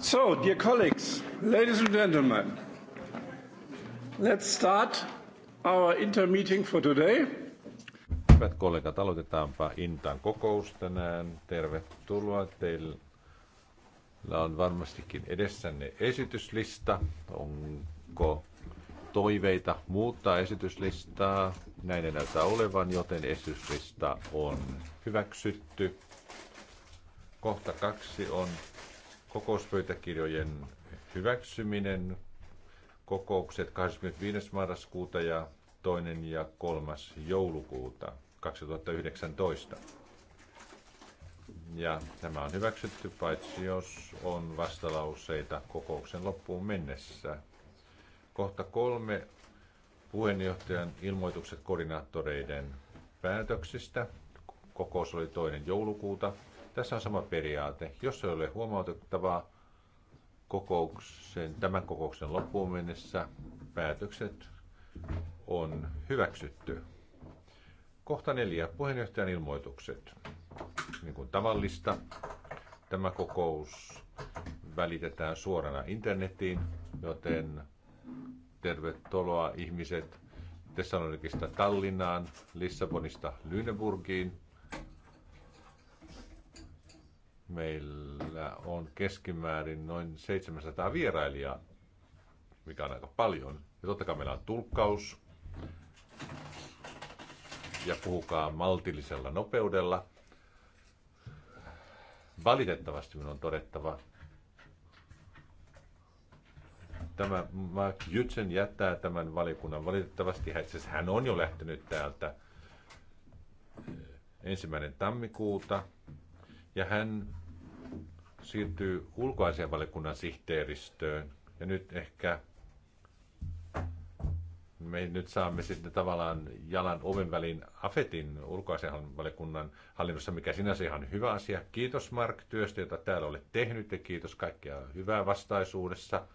So, dear colleagues, ladies and gentlemen, let's start our intermeeting for today. Hyvät kollegat, aloitetaanpa Intan kokous tänään. Tervetuloa teille. on varmastikin edessänne esityslista. Onko toiveita muuttaa esityslistaa? Näin ei näytä olevan, joten esityslista on hyväksytty. Kohta kaksi on kokouspöytäkirjojen hyväksyminen, kokoukset 25. marraskuuta ja toinen ja kolmas joulukuuta 2019. Ja tämä on hyväksytty, paitsi jos on vastalauseita kokouksen loppuun mennessä. Kohta kolme puheenjohtajan ilmoitukset koordinaattoreiden päätöksistä. Kokous oli toinen joulukuuta tässä on sama periaate. Jos ei ole huomautettavaa kokouksen, tämän kokouksen loppuun mennessä, päätökset on hyväksytty. Kohta neljä. Puheenjohtajan ilmoitukset. Niin kuin tavallista, tämä kokous välitetään suorana internetiin, joten tervetuloa ihmiset Tessalonikista Tallinnaan, Lissabonista Lüneburgiin, meillä on keskimäärin noin 700 vierailijaa, mikä on aika paljon. Ja totta kai meillä on tulkkaus. Ja puhukaa maltillisella nopeudella. Valitettavasti minun on todettava, tämä Mark Judson jättää tämän valikunnan. Valitettavasti siis hän on jo lähtenyt täältä eh, ensimmäinen tammikuuta. Ja hän siirtyy ulkoasianvaliokunnan sihteeristöön. Ja nyt ehkä me nyt saamme sitten tavallaan jalan oven väliin AFETin ulkoasianvaliokunnan hallinnossa, mikä sinänsä ihan hyvä asia. Kiitos Mark työstä, jota täällä olet tehnyt ja kiitos kaikkea hyvää vastaisuudessa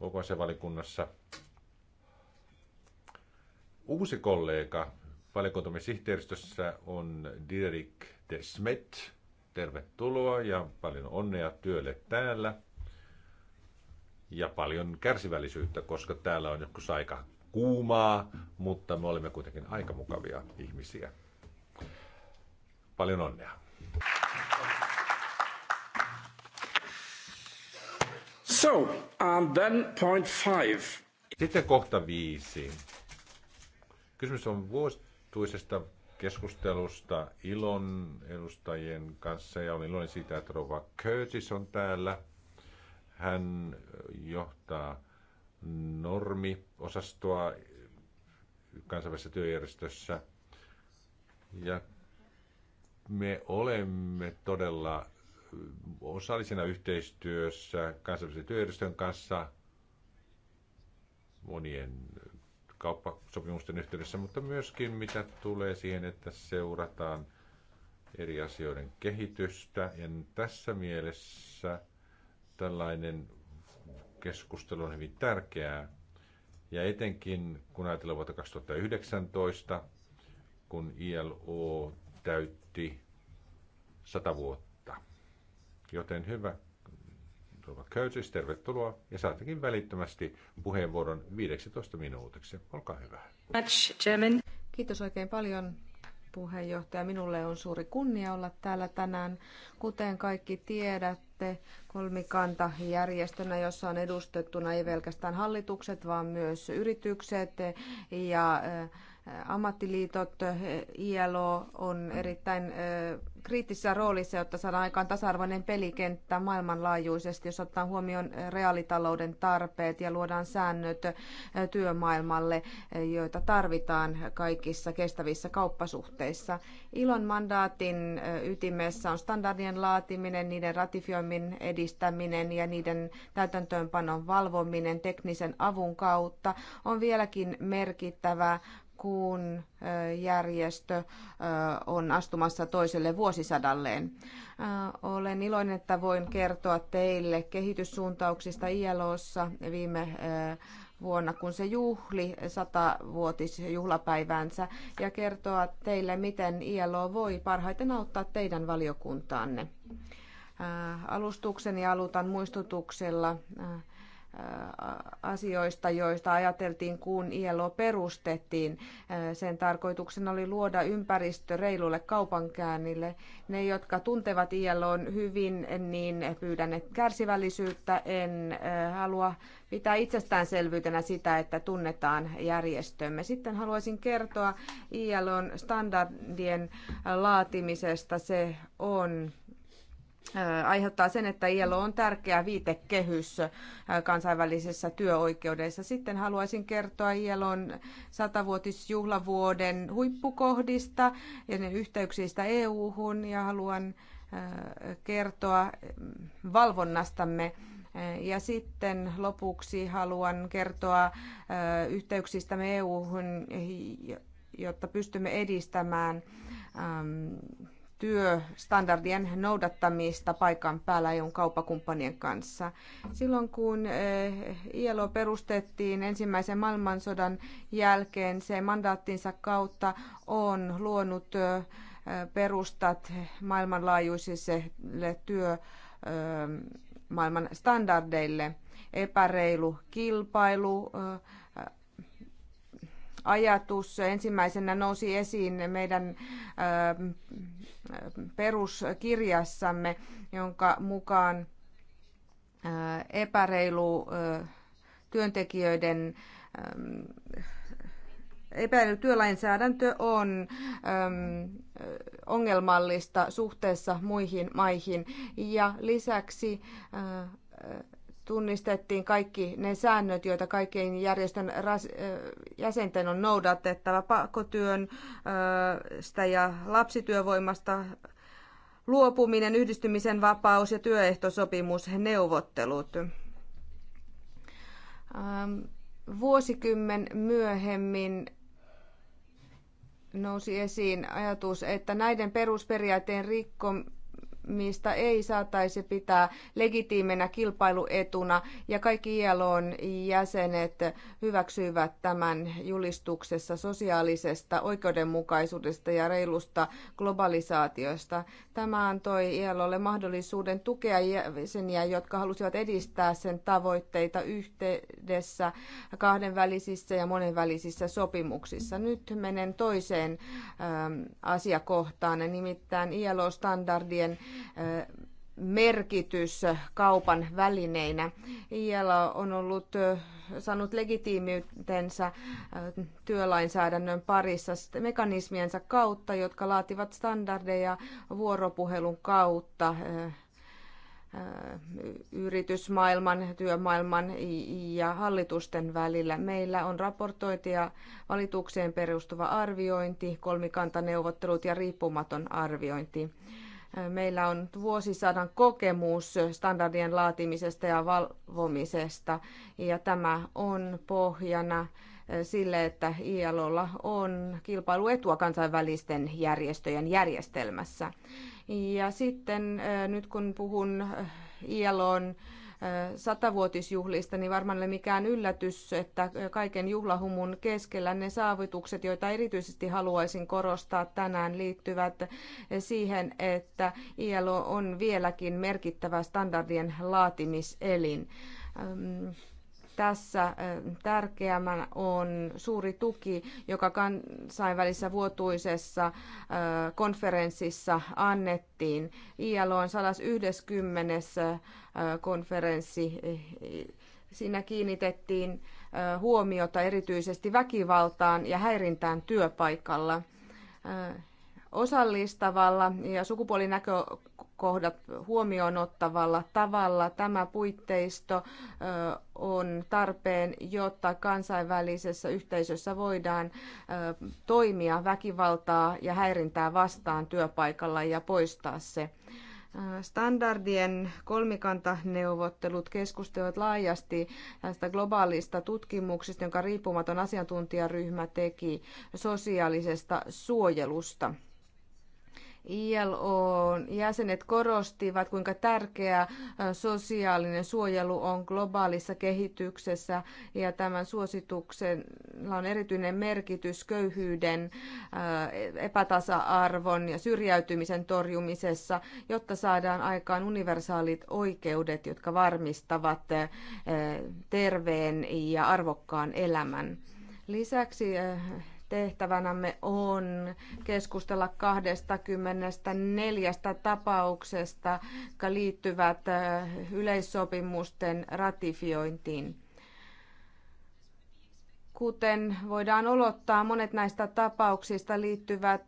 ulkoasianvaliokunnassa. Uusi kollega valiokuntamme sihteeristössä on Diderik de Smet, tervetuloa ja paljon onnea työlle täällä. Ja paljon kärsivällisyyttä, koska täällä on joskus aika kuumaa, mutta me olemme kuitenkin aika mukavia ihmisiä. Paljon onnea! So, and then point five. Sitten kohta viisi. Kysymys on vuotuisesta keskustelusta ilon edustajien kanssa ja olin iloinen siitä, että Rova Curtis on täällä. Hän johtaa normiosastoa kansainvälisessä työjärjestössä. Ja me olemme todella osallisena yhteistyössä kansainvälisen työjärjestön kanssa monien kauppasopimusten yhteydessä, mutta myöskin mitä tulee siihen, että seurataan eri asioiden kehitystä. Ja tässä mielessä tällainen keskustelu on hyvin tärkeää. Ja etenkin kun ajatellaan vuotta 2019, kun ILO täytti 100 vuotta. Joten hyvä Tuomas Köysis, tervetuloa ja saatakin välittömästi puheenvuoron 15 minuutiksi. Olkaa hyvä. Kiitos oikein paljon puheenjohtaja. Minulle on suuri kunnia olla täällä tänään. Kuten kaikki tiedätte, kolmikanta järjestönä, jossa on edustettuna ei pelkästään hallitukset, vaan myös yritykset ja äh, ammattiliitot, eh, ILO on erittäin eh, kriittisessä roolissa, jotta saadaan aikaan tasa-arvoinen pelikenttä maailmanlaajuisesti, jos ottaa huomioon eh, reaalitalouden tarpeet ja luodaan säännöt työmaailmalle, joita tarvitaan kaikissa kestävissä kauppasuhteissa. Ilon mandaatin ytimessä on standardien laatiminen, niiden ratifioimin edistäminen ja niiden täytäntöönpanon valvominen teknisen avun kautta on vieläkin merkittävä kun järjestö on astumassa toiselle vuosisadalleen. Olen iloinen, että voin kertoa teille kehityssuuntauksista ILOssa viime vuonna, kun se juhli 100-vuotisjuhlapäiväänsä ja kertoa teille, miten ILO voi parhaiten auttaa teidän valiokuntaanne. Alustukseni alutan muistutuksella asioista, joista ajateltiin, kun ILO perustettiin. Sen tarkoituksena oli luoda ympäristö reilulle kaupankäynnille. Ne, jotka tuntevat ILOn hyvin, niin pyydän kärsivällisyyttä. En halua pitää itsestäänselvyytenä sitä, että tunnetaan järjestömme. Sitten haluaisin kertoa ILOn standardien laatimisesta. Se on aiheuttaa sen, että ILO on tärkeä viitekehys kansainvälisessä työoikeudessa. Sitten haluaisin kertoa ILOn satavuotisjuhlavuoden huippukohdista ja ne yhteyksistä EU-hun ja haluan kertoa mm, valvonnastamme. Ja sitten lopuksi haluan kertoa yhteyksistämme EU-hun, jotta pystymme edistämään työstandardien noudattamista paikan päällä EUn kauppakumppanien kanssa. Silloin kun eh, ILO perustettiin ensimmäisen maailmansodan jälkeen, se mandaattinsa kautta on luonut eh, perustat maailmanlaajuisille eh, maailman standardeille. Epäreilu kilpailu, ajatus ensimmäisenä nousi esiin meidän peruskirjassamme, jonka mukaan äh, epäreilu äh, työntekijöiden ähm, epäily työlainsäädäntö on ähm, ongelmallista suhteessa muihin maihin ja lisäksi äh, tunnistettiin kaikki ne säännöt, joita kaikkien järjestön jäsenten on noudatettava pakotyönstä ja lapsityövoimasta luopuminen, yhdistymisen vapaus ja työehtosopimusneuvottelut. Ähm, vuosikymmen myöhemmin nousi esiin ajatus, että näiden perusperiaatteen rikkominen mistä ei saataisi pitää legitiimenä kilpailuetuna, ja kaikki ILOn jäsenet hyväksyivät tämän julistuksessa sosiaalisesta oikeudenmukaisuudesta ja reilusta globalisaatiosta. Tämä antoi ILOlle mahdollisuuden tukea jäseniä, jotka halusivat edistää sen tavoitteita yhteydessä kahdenvälisissä ja monenvälisissä sopimuksissa. Nyt menen toiseen ähm, asiakohtaan, nimittäin ILO-standardien merkitys kaupan välineinä. IL on ollut saanut legitiimiytensä työlainsäädännön parissa mekanismiensa kautta, jotka laativat standardeja vuoropuhelun kautta yritysmaailman, työmaailman ja hallitusten välillä. Meillä on raportointi ja valitukseen perustuva arviointi, kolmikantaneuvottelut ja riippumaton arviointi. Meillä on vuosisadan kokemus standardien laatimisesta ja valvomisesta, ja tämä on pohjana eh, sille, että ILOlla on kilpailuetua kansainvälisten järjestöjen järjestelmässä. Ja sitten eh, nyt kun puhun eh, ILOn satavuotisjuhlista, niin varmaan ole mikään yllätys, että kaiken juhlahumun keskellä ne saavutukset, joita erityisesti haluaisin korostaa tänään, liittyvät siihen, että ILO on vieläkin merkittävä standardien laatimiselin tässä tärkeämmän on suuri tuki, joka kansainvälisessä vuotuisessa konferenssissa annettiin. ILO on 110 konferenssi. Siinä kiinnitettiin huomiota erityisesti väkivaltaan ja häirintään työpaikalla. Osallistavalla ja sukupuolinäkökohdat huomioon ottavalla tavalla tämä puitteisto on tarpeen, jotta kansainvälisessä yhteisössä voidaan toimia väkivaltaa ja häirintää vastaan työpaikalla ja poistaa se. Standardien kolmikantaneuvottelut keskustelivat laajasti tästä globaalista tutkimuksesta, jonka riippumaton asiantuntijaryhmä teki sosiaalisesta suojelusta. ILOn jäsenet korostivat, kuinka tärkeä sosiaalinen suojelu on globaalissa kehityksessä ja tämän suosituksen on erityinen merkitys köyhyyden, epätasa-arvon ja syrjäytymisen torjumisessa, jotta saadaan aikaan universaalit oikeudet, jotka varmistavat terveen ja arvokkaan elämän. Lisäksi tehtävänämme on keskustella 24 tapauksesta, jotka liittyvät yleissopimusten ratifiointiin. Kuten voidaan olottaa, monet näistä tapauksista liittyvät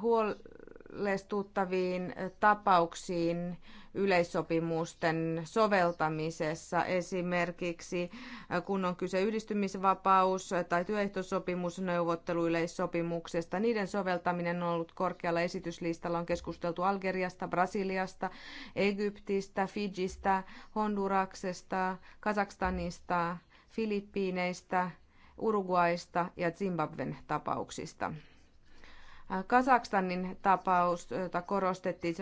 huolestuttaviin tapauksiin, yleissopimusten soveltamisessa, esimerkiksi äh, kun on kyse yhdistymisvapaus- tai työehtosopimusneuvotteluyleissopimuksesta. Niiden soveltaminen on ollut korkealla esityslistalla. On keskusteltu Algeriasta, Brasiliasta, Egyptistä, Fidjistä, Honduraksesta, Kazakstanista, Filippiineistä, Uruguaista ja Zimbabwen tapauksista. Äh, Kasakstanin tapaus, jota korostettiin,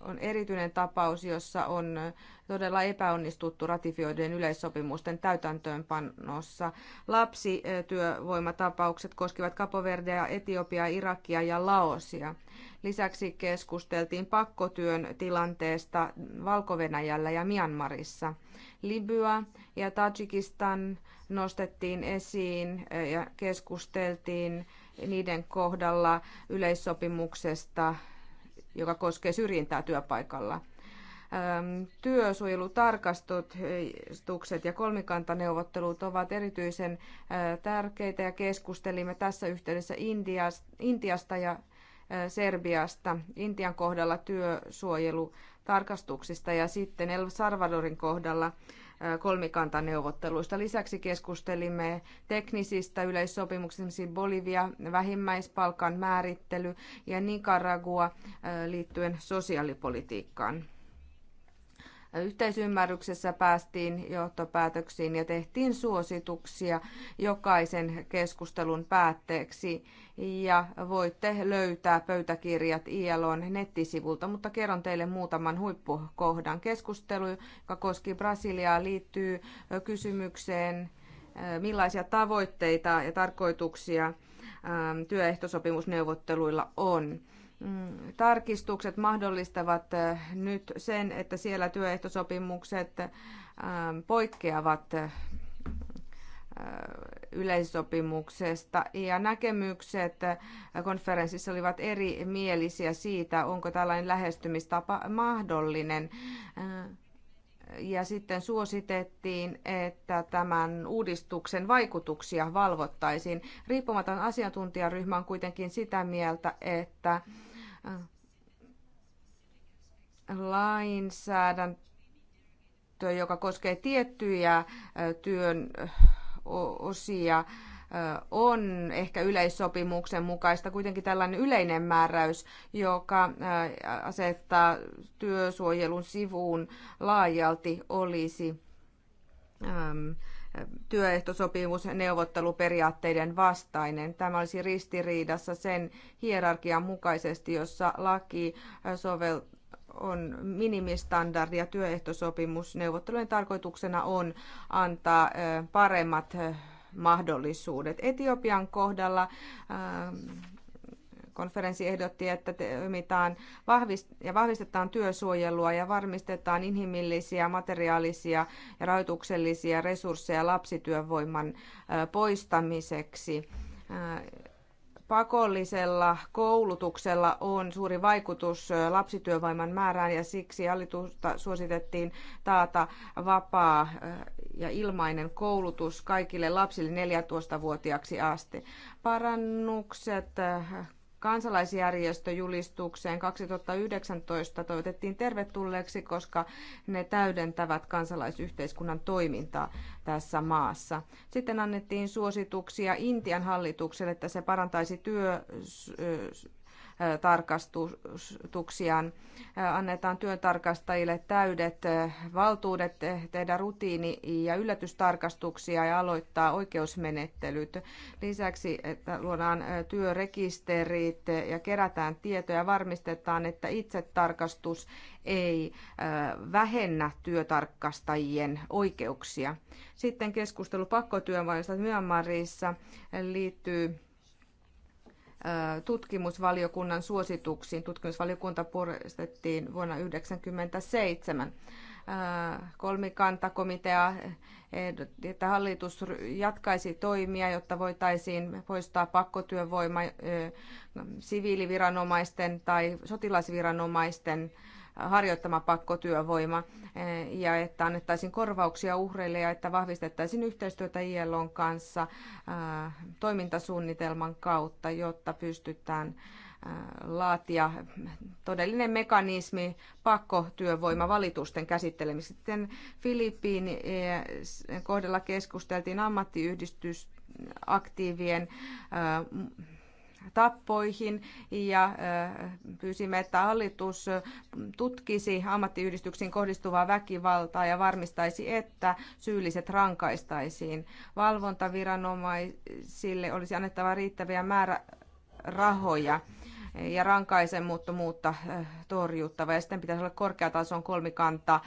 on erityinen tapaus, jossa on äh, todella epäonnistuttu ratifioiden yleissopimusten täytäntöönpanossa. Lapsityövoimatapaukset äh, koskivat Kapoverdea, Etiopiaa, Irakia ja Laosia. Lisäksi keskusteltiin pakkotyön tilanteesta valko ja Myanmarissa. Libya ja Tajikistan nostettiin esiin ja keskusteltiin niiden kohdalla yleissopimuksesta, joka koskee syrjintää työpaikalla. Työsuojelutarkastukset ja kolmikantaneuvottelut ovat erityisen tärkeitä ja keskustelimme tässä yhteydessä Intiasta ja Serbiasta, Intian kohdalla työsuojelutarkastuksista ja sitten El Salvadorin kohdalla kolmikantaneuvotteluista. Lisäksi keskustelimme teknisistä yleissopimuksista, esimerkiksi Bolivia, vähimmäispalkan määrittely ja Nicaragua liittyen sosiaalipolitiikkaan. Yhteisymmärryksessä päästiin johtopäätöksiin ja tehtiin suosituksia jokaisen keskustelun päätteeksi ja voitte löytää pöytäkirjat ILOn nettisivulta, mutta kerron teille muutaman huippukohdan. Keskustelu, joka koski Brasiliaa, liittyy kysymykseen, millaisia tavoitteita ja tarkoituksia työehtosopimusneuvotteluilla on. Mm, tarkistukset mahdollistavat äh, nyt sen, että siellä työehtosopimukset ähm, poikkeavat äh, yleissopimuksesta ja näkemykset äh, konferenssissa olivat eri mielisiä siitä, onko tällainen lähestymistapa mahdollinen. Ja sitten suositettiin, että tämän uudistuksen vaikutuksia valvottaisiin. Riippumaton asiantuntijaryhmä on kuitenkin sitä mieltä, että lainsäädäntö, joka koskee tiettyjä työn osia, on ehkä yleissopimuksen mukaista kuitenkin tällainen yleinen määräys, joka asettaa työsuojelun sivuun laajalti olisi työehtosopimusneuvotteluperiaatteiden vastainen. Tämä olisi ristiriidassa sen hierarkian mukaisesti, jossa laki äh, sovel on minimistandardi ja työehtosopimus. Neuvottelujen tarkoituksena on antaa äh, paremmat äh, mahdollisuudet. Etiopian kohdalla ähm, konferenssi ehdotti, että toimitaan ja vahvistetaan työsuojelua ja varmistetaan inhimillisiä, materiaalisia ja rahoituksellisia resursseja lapsityövoiman poistamiseksi pakollisella koulutuksella on suuri vaikutus lapsityövoiman määrään ja siksi hallitusta suositettiin taata vapaa ja ilmainen koulutus kaikille lapsille 14-vuotiaaksi asti. Parannukset kansalaisjärjestöjulistukseen 2019 toivotettiin tervetulleeksi, koska ne täydentävät kansalaisyhteiskunnan toimintaa tässä maassa. Sitten annettiin suosituksia Intian hallitukselle, että se parantaisi työ tarkastuksiaan. Annetaan työtarkastajille täydet valtuudet tehdä rutiini- ja yllätystarkastuksia ja aloittaa oikeusmenettelyt. Lisäksi että luodaan työrekisterit ja kerätään tietoja ja varmistetaan, että itsetarkastus ei vähennä työtarkastajien oikeuksia. Sitten keskustelu pakkotyövoimasta Myanmarissa liittyy tutkimusvaliokunnan suosituksiin. Tutkimusvaliokunta puolestettiin vuonna 1997. Kolmikantakomitea ehdotti, että hallitus jatkaisi toimia, jotta voitaisiin poistaa pakkotyövoima siviiliviranomaisten tai sotilasviranomaisten harjoittama pakkotyövoima eh, ja että annettaisiin korvauksia uhreille ja että vahvistettaisiin yhteistyötä ILOn kanssa eh, toimintasuunnitelman kautta, jotta pystytään eh, laatia todellinen mekanismi pakkotyövoimavalitusten käsittelemiseksi. Sitten Filippiin kohdalla keskusteltiin ammattiyhdistys aktiivien tappoihin ja pyysimme, että hallitus tutkisi ammattiyhdistyksiin kohdistuvaa väkivaltaa ja varmistaisi, että syylliset rankaistaisiin. Valvontaviranomaisille olisi annettava riittäviä määrärahoja ja rankaisemattomuutta torjuttava. Ja sitten pitäisi olla korkeatason kolmikanta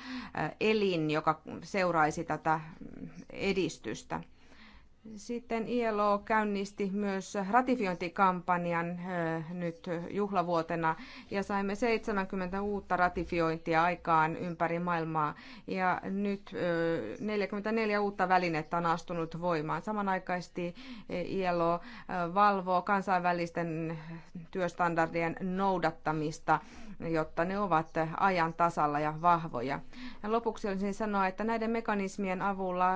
elin, joka seuraisi tätä mm, edistystä. Sitten ILO käynnisti myös ratifiointikampanjan nyt juhlavuotena ja saimme 70 uutta ratifiointia aikaan ympäri maailmaa ja nyt 44 uutta välinettä on astunut voimaan. Samanaikaisesti ILO valvoo kansainvälisten työstandardien noudattamista jotta ne ovat ajan tasalla ja vahvoja. Ja lopuksi olisin sanoa, että näiden mekanismien avulla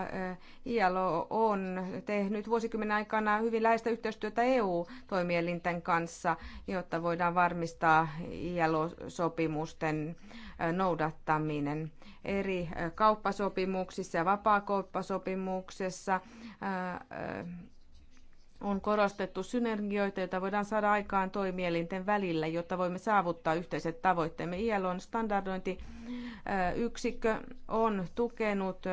ILO on tehnyt vuosikymmenen aikana hyvin läheistä yhteistyötä EU-toimielinten kanssa, jotta voidaan varmistaa ILO-sopimusten noudattaminen eri kauppasopimuksissa ja vapaakauppasopimuksessa on korostettu synergioita, joita voidaan saada aikaan toimielinten välillä, jotta voimme saavuttaa yhteiset tavoitteemme. ILOn standardointiyksikkö on tukenut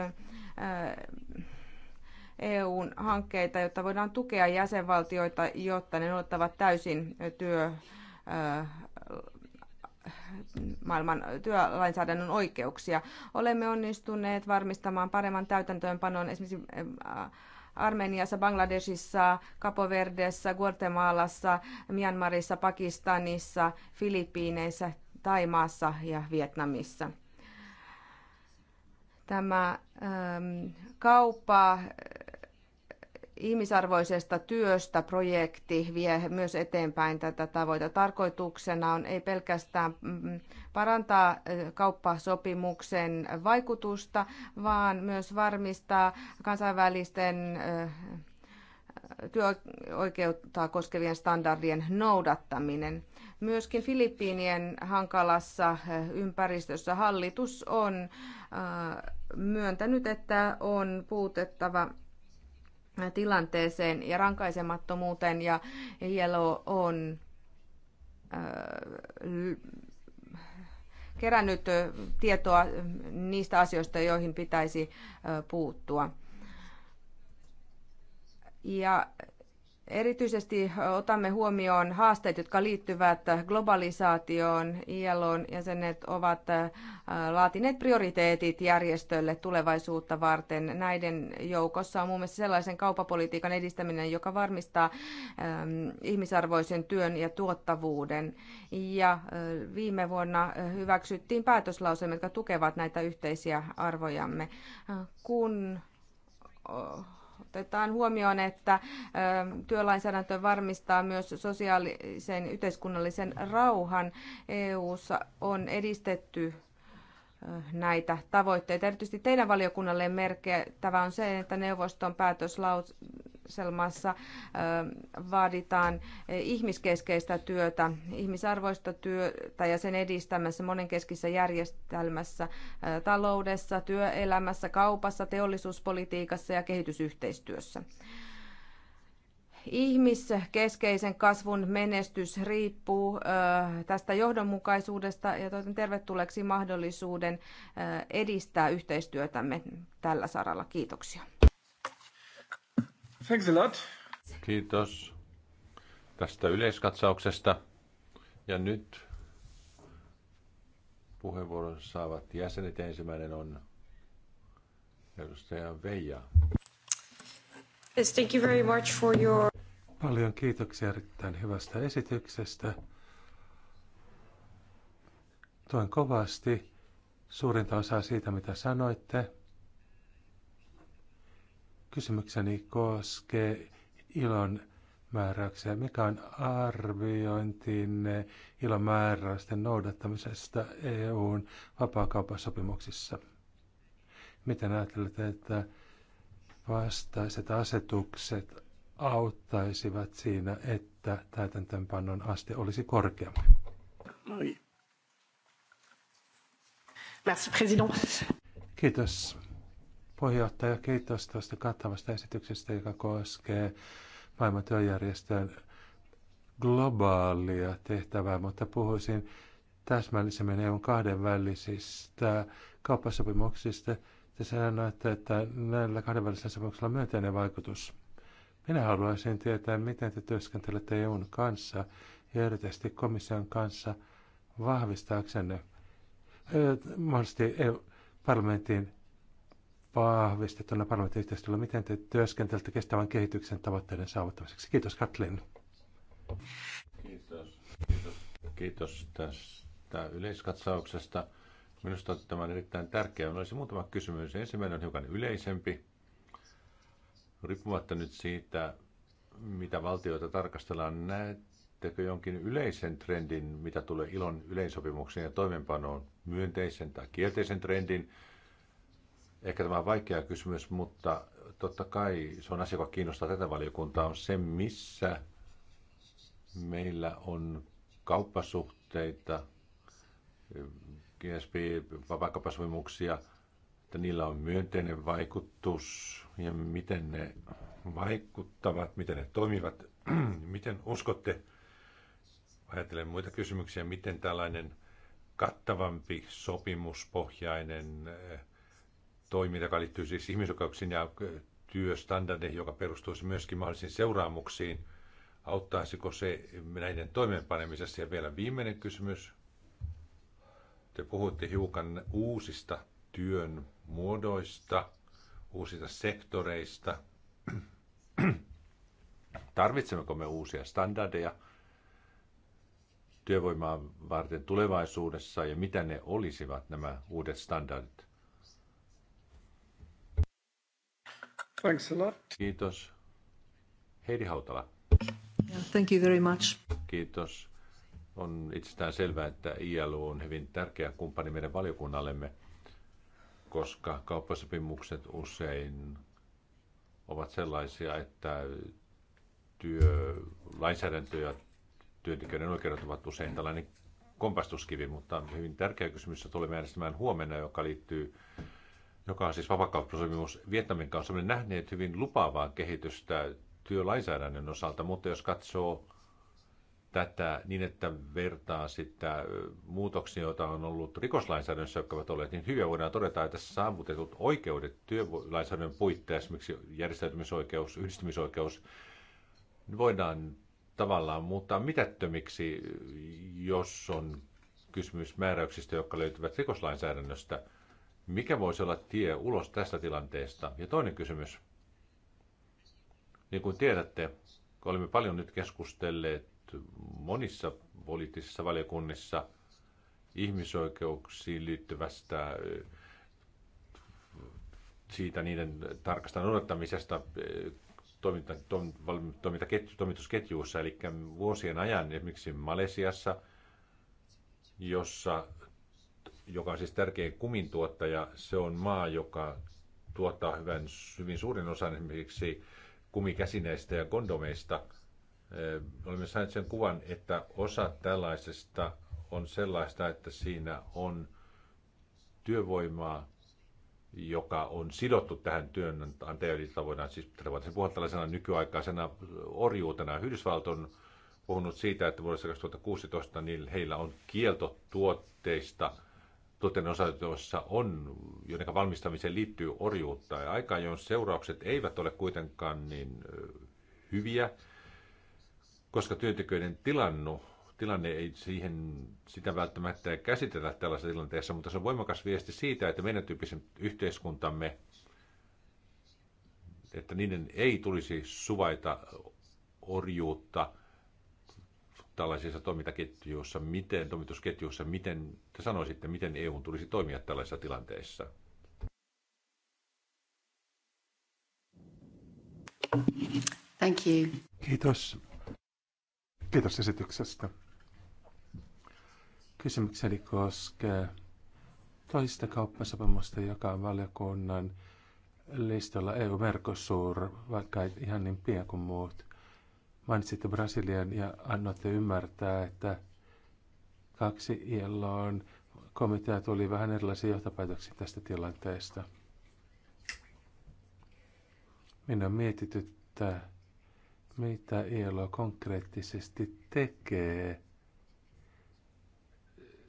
EUn hankkeita, jotta voidaan tukea jäsenvaltioita, jotta ne noudattavat täysin työ, maailman työlainsäädännön oikeuksia. Olemme onnistuneet varmistamaan paremman täytäntöönpanon esimerkiksi Armeniassa, Bangladesissa, Kapoverdessa, Guatemalassa, Myanmarissa, Pakistanissa, Filippiineissä, Taimaassa ja Vietnamissa. Tämä ähm, kauppa ihmisarvoisesta työstä projekti vie myös eteenpäin tätä tavoitetta. Tarkoituksena on ei pelkästään mm, parantaa kauppasopimuksen vaikutusta, vaan myös varmistaa kansainvälisten työoikeutta koskevien standardien noudattaminen. Myöskin Filippiinien hankalassa ympäristössä hallitus on myöntänyt, että on puutettava Äh, tilanteeseen ja rankaisemattomuuteen ja Jelo on äh, kerännyt äh, tietoa niistä asioista, joihin pitäisi puuttua. Ja Erityisesti otamme huomioon haasteet, jotka liittyvät globalisaatioon. ILOn jäsenet ovat äh, laatineet prioriteetit järjestölle tulevaisuutta varten. Näiden joukossa on muun muassa sellaisen kaupapolitiikan edistäminen, joka varmistaa ähm, ihmisarvoisen työn ja tuottavuuden. Ja äh, viime vuonna hyväksyttiin päätöslauselmia, jotka tukevat näitä yhteisiä arvojamme. Äh, kun otetaan huomioon, että työlainsäädäntö varmistaa myös sosiaalisen yhteiskunnallisen rauhan. EU:ssa on edistetty näitä tavoitteita. Erityisesti teidän valiokunnalle merkittävä on se, että neuvoston päätöslaus päätöselmassa vaaditaan ihmiskeskeistä työtä, ihmisarvoista työtä ja sen edistämässä monenkeskisessä järjestelmässä, taloudessa, työelämässä, kaupassa, teollisuuspolitiikassa ja kehitysyhteistyössä ihmiskeskeisen kasvun menestys riippuu tästä johdonmukaisuudesta ja toivon tervetulleeksi mahdollisuuden edistää yhteistyötämme tällä saralla. Kiitoksia. Thanks a lot. Kiitos tästä yleiskatsauksesta. Ja nyt puheenvuoron saavat jäsenet. Ensimmäinen on edustaja Veija. Yes, thank you very much for your... Paljon kiitoksia erittäin hyvästä esityksestä. Toin kovasti suurinta osaa siitä, mitä sanoitte. Kysymykseni koskee ilon määräyksiä. Mikä on arviointinne ilon määräysten noudattamisesta EUn vapaakauppasopimuksissa? Miten ajattelette, että vastaiset asetukset auttaisivat siinä, että täytäntöönpannon aste olisi korkeampi? Merci, président. Kiitos puheenjohtaja, kiitos tuosta kattavasta esityksestä, joka koskee maailman työjärjestön globaalia tehtävää, mutta puhuisin täsmällisemmin EUn kahdenvälisistä kauppasopimuksista. Te sanoitte, että näillä kahdenvälisillä sopimuksilla on myönteinen vaikutus. Minä haluaisin tietää, miten te työskentelette EUn kanssa ja erityisesti komission kanssa vahvistaaksenne mahdollisesti EU, parlamentin parlamentin yhteistyöllä. Miten te työskentelette kestävän kehityksen tavoitteiden saavuttamiseksi? Kiitos Katlin. Kiitos. Kiitos, Kiitos tästä yleiskatsauksesta. Minusta tämä on erittäin tärkeää. Minulla olisi muutama kysymys. Ensimmäinen on hiukan yleisempi. Riippumatta nyt siitä, mitä valtioita tarkastellaan, näettekö jonkin yleisen trendin, mitä tulee ilon yleisopimukseen ja toimeenpanoon, myönteisen tai kielteisen trendin, Ehkä tämä on vaikea kysymys, mutta totta kai se on asia, joka kiinnostaa tätä valiokuntaa, on se, missä meillä on kauppasuhteita, GSP, vapaakauppasopimuksia, että niillä on myönteinen vaikutus ja miten ne vaikuttavat, miten ne toimivat, miten uskotte, ajattelen muita kysymyksiä, miten tällainen kattavampi sopimuspohjainen äh, toiminta, joka liittyy siis ihmisoikeuksiin ja työstandardeihin, joka perustuisi myöskin mahdollisiin seuraamuksiin. Auttaisiko se näiden toimeenpanemisessa? Ja vielä viimeinen kysymys. Te puhuitte hiukan uusista työn muodoista, uusista sektoreista. Tarvitsemmeko me uusia standardeja työvoimaa varten tulevaisuudessa ja mitä ne olisivat nämä uudet standardit? Thanks a lot. Kiitos. Heidi Hautala. Yeah, thank you very much. Kiitos. On itsestään selvää, että ILO on hyvin tärkeä kumppani meidän valiokunnallemme, koska kauppasopimukset usein ovat sellaisia, että työ, lainsäädäntö ja työntekijöiden oikeudet ovat usein tällainen kompastuskivi, mutta hyvin tärkeä kysymys, jota tulemme äänestämään huomenna, joka liittyy joka on siis vapakauppasopimus Vietnamin kanssa, olemme nähneet hyvin lupaavaa kehitystä työlainsäädännön osalta, mutta jos katsoo tätä niin, että vertaa sitä muutoksia, joita on ollut rikoslainsäädännössä, jotka ovat olleet, niin hyvin voidaan todeta, että saavutetut oikeudet työlainsäädännön puitteissa, esimerkiksi järjestäytymisoikeus, yhdistymisoikeus, voidaan tavallaan muuttaa mitättömiksi, jos on kysymys määräyksistä, jotka löytyvät rikoslainsäädännöstä – mikä voisi olla tie ulos tästä tilanteesta? Ja toinen kysymys. Niin kuin tiedätte, olemme paljon nyt keskustelleet monissa poliittisissa valiokunnissa ihmisoikeuksiin liittyvästä siitä niiden tarkasta noudattamisesta toiminta, toiminta, toimitusketjuissa, eli vuosien ajan esimerkiksi Malesiassa, jossa joka on siis tärkein kumintuottaja, se on maa, joka tuottaa hyvän, hyvin suurin osan esimerkiksi kumikäsineistä ja kondomeista. Eh, olemme saaneet sen kuvan, että osa tällaisesta on sellaista, että siinä on työvoimaa, joka on sidottu tähän työnantajan, eli voidaan siis puhua tällaisena nykyaikaisena orjuutena. Yhdysvalto on puhunut siitä, että vuodessa 2016 niin heillä on kielto tuotteista – tuotteiden osatoissa on, joiden valmistamiseen liittyy orjuutta ja aikaa, jos seuraukset eivät ole kuitenkaan niin hyviä, koska työntekijöiden tilanne, tilanne ei siihen sitä välttämättä käsitellä tällaisessa tilanteessa, mutta se on voimakas viesti siitä, että meidän tyyppisen yhteiskuntamme, että niiden ei tulisi suvaita orjuutta – tällaisissa toimintaketjuissa, miten, toimitusketjuissa, miten te sanoisitte, miten EU tulisi toimia tällaisissa tilanteissa? Thank you. Kiitos. Kiitos esityksestä. Kysymykseni koskee toista kauppasopimusta, joka on valiokunnan listalla eu verkossuur vaikka ihan niin pieni kuin muut. Mainitsitte Brasilian ja annoitte ymmärtää, että kaksi ILOn komitea tuli vähän erilaisia johtopäätöksiä tästä tilanteesta. Minä mietityttää, mitä ILO konkreettisesti tekee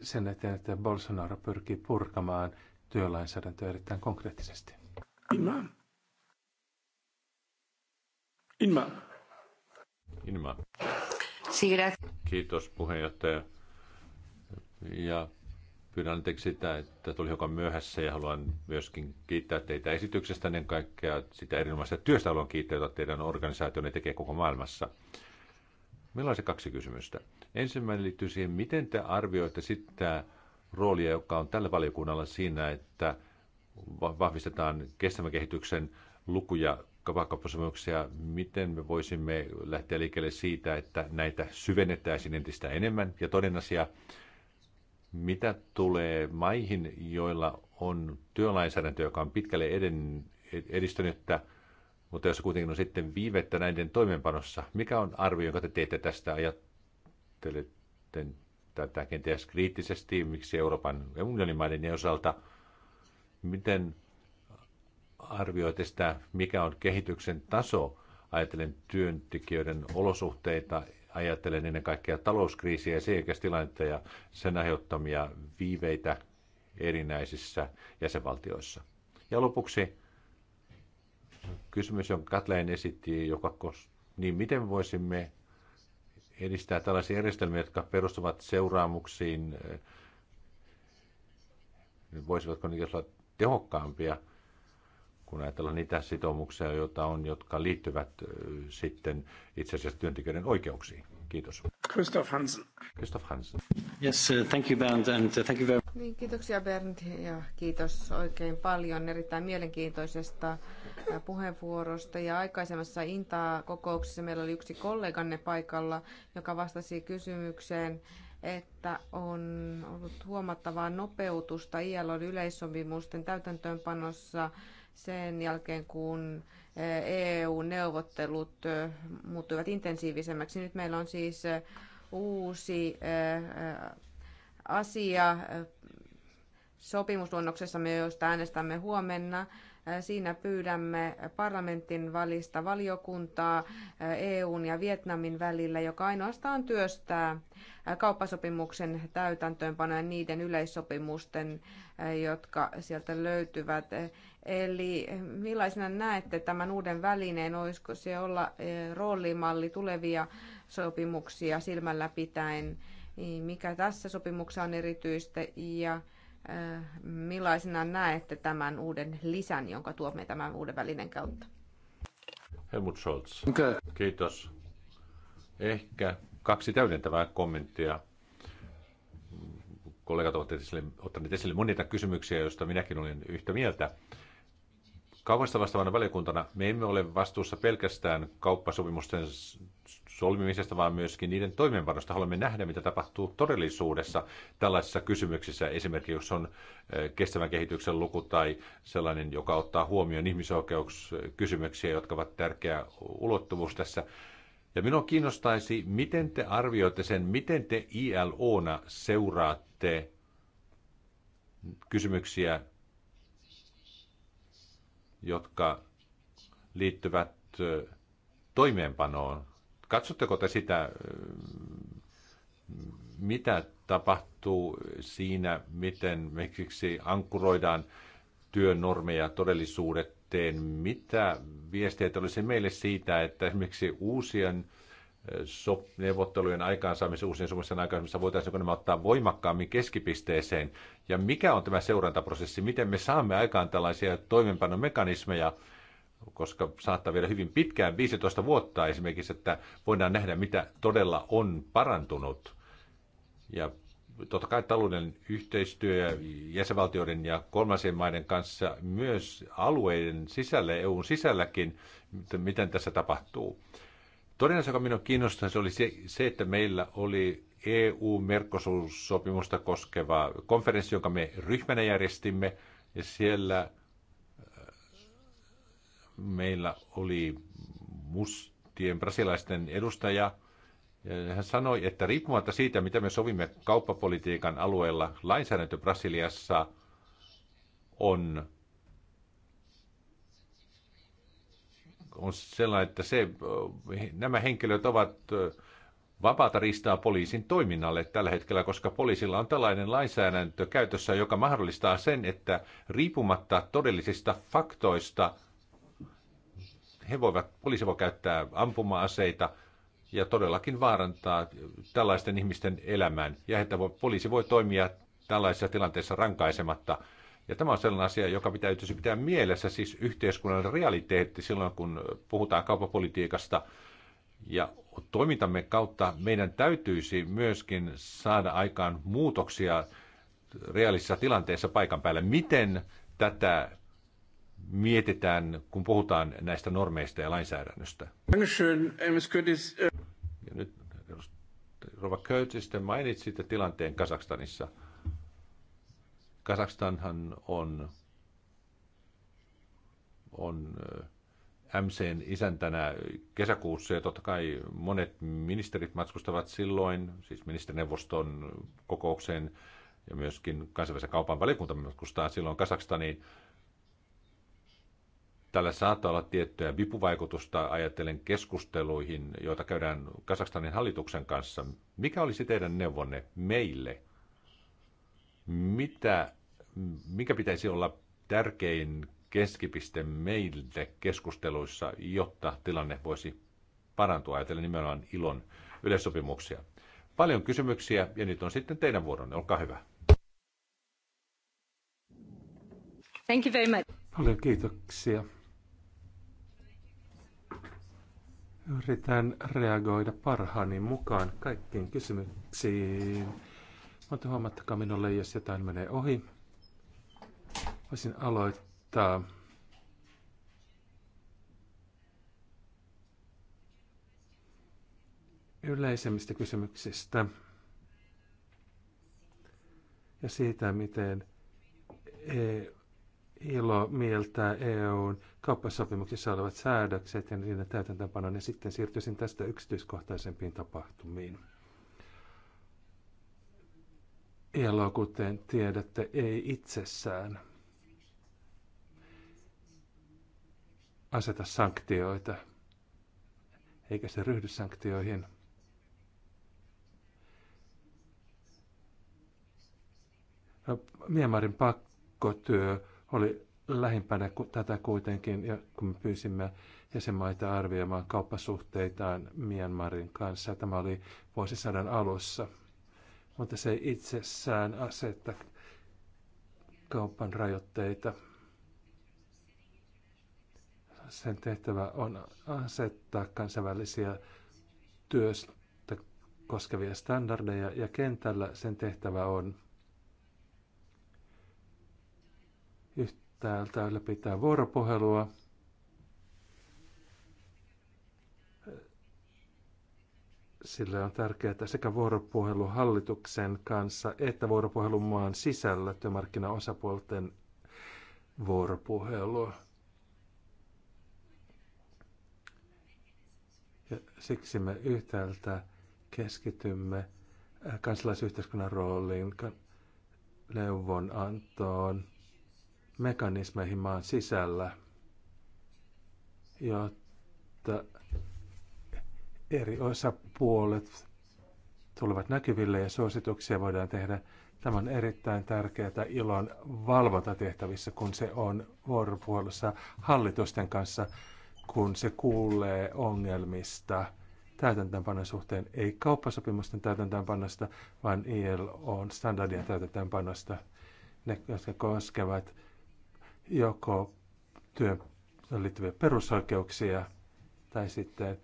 sen eteen, että Bolsonaro pyrkii purkamaan työlainsäädäntöä erittäin konkreettisesti. Inma. Inma. Inma. Siirrä. Kiitos puheenjohtaja. Ja pyydän anteeksi sitä, että tuli hiukan myöhässä ja haluan myöskin kiittää teitä esityksestä ennen kaikkea sitä erinomaista työstä haluan kiittää, jota teidän organisaationne tekee koko maailmassa. Meillä on se kaksi kysymystä. Ensimmäinen liittyy siihen, miten te arvioitte sitä roolia, joka on tällä valiokunnalla siinä, että vahvistetaan kestävän kehityksen lukuja vakaussopimuksia, miten me voisimme lähteä liikkeelle siitä, että näitä syvennettäisiin entistä enemmän. Ja toinen asia, mitä tulee maihin, joilla on työlainsäädäntö, joka on pitkälle eden, edistynyttä, mutta jos kuitenkin on sitten viivettä näiden toimeenpanossa, mikä on arvio, jonka te teette tästä? Ajattelette tätä kenties kriittisesti, miksi Euroopan unionin maiden osalta, miten arvioitte sitä, mikä on kehityksen taso, ajatellen työntekijöiden olosuhteita, ajatellen ennen kaikkea talouskriisiä ja selkeästilannetta ja sen aiheuttamia viiveitä erinäisissä jäsenvaltioissa. Ja lopuksi kysymys, jonka Katleen esitti, joka kos, niin miten voisimme edistää tällaisia järjestelmiä, jotka perustuvat seuraamuksiin, voisivatko niitä olla tehokkaampia kun ajatellaan niitä sitoumuksia, joita on, jotka liittyvät sitten itse asiassa työntekijöiden oikeuksiin. Kiitos. Christoph Hansen. Christoph Hansen. Yes, uh, thank you Bernd and uh, thank you very niin, kiitoksia Bernd ja kiitos oikein paljon erittäin mielenkiintoisesta puheenvuorosta. Ja aikaisemmassa Intaa-kokouksessa meillä oli yksi kolleganne paikalla, joka vastasi kysymykseen, että on ollut huomattavaa nopeutusta ilo yleissopimusten täytäntöönpanossa – sen jälkeen, kun EU-neuvottelut eh, e eh, muuttuivat intensiivisemmäksi. Nyt meillä on siis eh, uusi asia sopimusluonnoksessa, josta äänestämme huomenna. Siinä pyydämme parlamentin valista valiokuntaa EUn ja Vietnamin välillä, joka ainoastaan työstää kauppasopimuksen täytäntöönpanoja niiden yleissopimusten, jotka sieltä löytyvät. Eli millaisena näette tämän uuden välineen? Olisiko se olla eh, roolimalli tulevia sopimuksia silmällä pitäen? Mikä tässä sopimuksessa on erityistä ja millaisena näette tämän uuden lisän, jonka tuomme tämän uuden välinen kautta? Helmut Scholz. Okay. Kiitos. Ehkä kaksi täydentävää kommenttia. Kollegat ovat esille, ottaneet esille monia kysymyksiä, joista minäkin olen yhtä mieltä. Kaupasta vastaavana valiokuntana me emme ole vastuussa pelkästään kauppasopimusten solmimisesta, vaan myöskin niiden toimeenpanosta. Haluamme nähdä, mitä tapahtuu todellisuudessa tällaisissa kysymyksissä. Esimerkiksi jos on eh, kestävän kehityksen luku tai sellainen, joka ottaa huomioon ihmisoikeuskysymyksiä, jotka ovat tärkeä ulottuvuus tässä. Ja minua kiinnostaisi, miten te arvioitte sen, miten te ILOna seuraatte kysymyksiä, jotka liittyvät eh, toimeenpanoon Katsotteko te sitä, äh, mitä tapahtuu siinä, miten miksi ankkuroidaan työn normeja todellisuuteen? Mitä viestejä olisi meille siitä, että esimerkiksi uusien äh, sop- neuvottelujen aikaansaamisessa, uusien sopimusten aikaansaamisessa voitaisiin nämä ottaa voimakkaammin keskipisteeseen? Ja mikä on tämä seurantaprosessi? Miten me saamme aikaan tällaisia toimenpanomekanismeja, koska saattaa vielä hyvin pitkään, 15 vuotta esimerkiksi, että voidaan nähdä, mitä todella on parantunut. Ja totta kai talouden yhteistyö jäsenvaltioiden ja kolmansien maiden kanssa myös alueiden sisällä, EUn sisälläkin, miten tässä tapahtuu. Todennäköisesti, joka minua se oli se, se, että meillä oli EU-merkosuussopimusta koskeva konferenssi, jonka me ryhmänä järjestimme, ja siellä meillä oli mustien brasilaisten edustaja. Hän sanoi, että riippumatta siitä, mitä me sovimme kauppapolitiikan alueella, lainsäädäntö Brasiliassa on, on sellainen, että se, nämä henkilöt ovat vapaata ristaa poliisin toiminnalle tällä hetkellä, koska poliisilla on tällainen lainsäädäntö käytössä, joka mahdollistaa sen, että riippumatta todellisista faktoista – he voivat, poliisi voi käyttää ampuma-aseita ja todellakin vaarantaa tällaisten ihmisten elämän. Ja että voi, poliisi voi toimia tällaisessa tilanteessa rankaisematta. Ja tämä on sellainen asia, joka pitää pitäytyisi pitää mielessä, siis yhteiskunnan realiteetti silloin, kun puhutaan kauppapolitiikasta. Ja toimintamme kautta meidän täytyisi myöskin saada aikaan muutoksia reaalisissa tilanteissa paikan päällä. Miten tätä mietitään, kun puhutaan näistä normeista ja lainsäädännöstä. Ja nyt Rova Köytsistä mainitsitte tilanteen Kasakstanissa. Kasakstanhan on, on äh, MCn isäntänä kesäkuussa ja totta kai monet ministerit matkustavat silloin, siis ministerineuvoston kokoukseen ja myöskin kansainvälisen kaupan valikunta matkustaa silloin Kasakstaniin. Tällä saattaa olla tiettyä vipuvaikutusta ajatellen keskusteluihin, joita käydään Kasakstanin hallituksen kanssa. Mikä olisi teidän neuvonne meille? Mitä, mikä pitäisi olla tärkein keskipiste meille keskusteluissa, jotta tilanne voisi parantua ajatellen nimenomaan ilon yleissopimuksia? Paljon kysymyksiä ja nyt on sitten teidän vuoronne. Olkaa hyvä. Thank you very much. Paljon kiitoksia. Yritän reagoida parhaani mukaan kaikkiin kysymyksiin. Mutta huomattakaa minulle, jos jotain menee ohi. Voisin aloittaa. yleisemmistä kysymyksistä ja siitä, miten e ilo mieltää EUn kauppasopimuksissa olevat säädökset ja niiden täytäntöönpanon, ja sitten siirtyisin tästä yksityiskohtaisempiin tapahtumiin. ILO, kuten tiedätte, ei itsessään aseta sanktioita, eikä se ryhdy sanktioihin. Miemarin pakkotyö oli lähimpänä tätä kuitenkin, ja kun me pyysimme jäsenmaita arvioimaan kauppasuhteitaan Myanmarin kanssa. Tämä oli vuosisadan alussa. Mutta se ei itsessään asetta kaupan rajoitteita. Sen tehtävä on asettaa kansainvälisiä työstä koskevia standardeja ja kentällä sen tehtävä on täältä ylläpitää vuoropuhelua. Sille on tärkeää sekä vuoropuhelu hallituksen kanssa että vuoropuhelun maan sisällä työmarkkinaosapuolten vuoropuhelua. Ja siksi me yhtäältä keskitymme äh, kansalaisyhteiskunnan rooliin, neuvonantoon, mekanismeihin maan sisällä, jotta eri osapuolet tulevat näkyville ja suosituksia voidaan tehdä. Tämä on erittäin tärkeää ilon valvontatehtävissä, kun se on vuoropuolussa hallitusten kanssa, kun se kuulee ongelmista täytäntöönpanon suhteen, ei kauppasopimusten täytäntöönpanosta, vaan on standardien täytäntöönpanosta, ne, jotka koskevat joko työn liittyviä perusoikeuksia tai sitten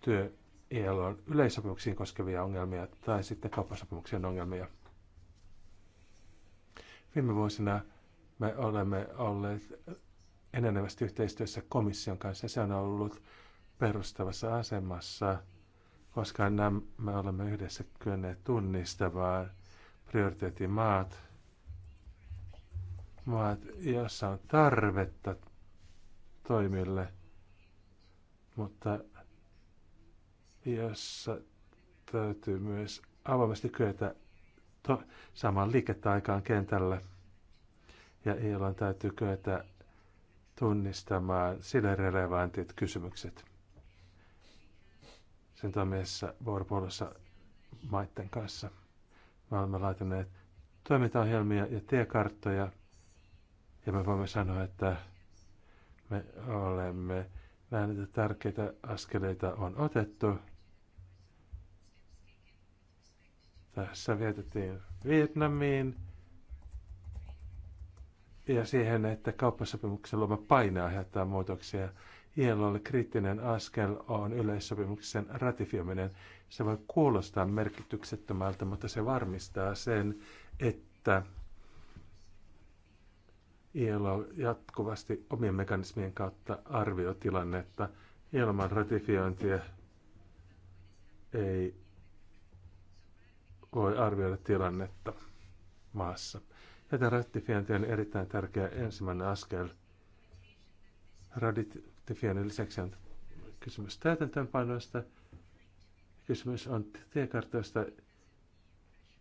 työ ELOn yleissopimuksiin koskevia ongelmia tai sitten kauppasopimuksien ongelmia. Viime vuosina me olemme olleet enenevästi yhteistyössä komission kanssa ja se on ollut perustavassa asemassa, koska nämä me olemme yhdessä kyenneet tunnistamaan prioriteettimaat että joissa on tarvetta toimille, mutta iässä täytyy myös avoimesti kyetä to- saamaan liikettä aikaan kentällä. Ja jolloin täytyy kyetä tunnistamaan sille relevantit kysymykset sen toimessa vuoropuolussa maiden kanssa. Me olemme laitaneet toimintaohjelmia ja tiekarttoja ja me voimme sanoa, että me olemme näin, että tärkeitä askeleita on otettu. Tässä vietettiin Vietnamiin ja siihen, että kauppasopimuksen luoma paine aiheuttaa muutoksia. ILOlle kriittinen askel on yleissopimuksen ratifioiminen. Se voi kuulostaa merkityksettömältä, mutta se varmistaa sen, että ILO jatkuvasti omien mekanismien kautta arvioi tilannetta. Ilman ratifiointia ei voi arvioida tilannetta maassa. Tätä ratifiointi on erittäin tärkeä ensimmäinen askel. Ratifioinnin lisäksi on kysymys täytäntöönpanoista. Kysymys on tiekartoista,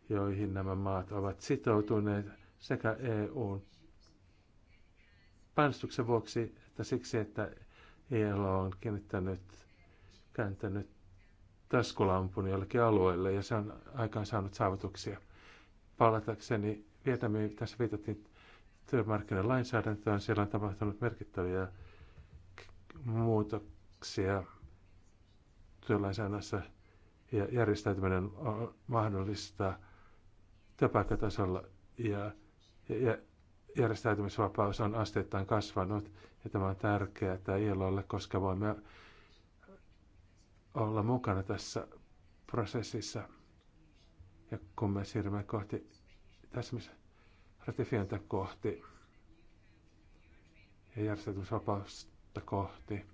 joihin nämä maat ovat sitoutuneet sekä EUn painostuksen vuoksi, että siksi, että ELO on kiinnittänyt, kääntänyt taskulampun jollekin alueelle ja se on aikaan saanut saavutuksia. Palatakseni Vietnamiin, tässä viitattiin työmarkkinoiden lainsäädäntöön, siellä on tapahtunut merkittäviä muutoksia työlainsäädännössä ja järjestäytyminen on mahdollista työpaikkatasolla ja, ja, ja järjestäytymisvapaus on asteittain kasvanut ja tämä on tärkeää että ILOlle, koska voimme olla mukana tässä prosessissa. Ja kun me siirrymme kohti täsmisratifiointia kohti ja järjestäytymisvapausta kohti.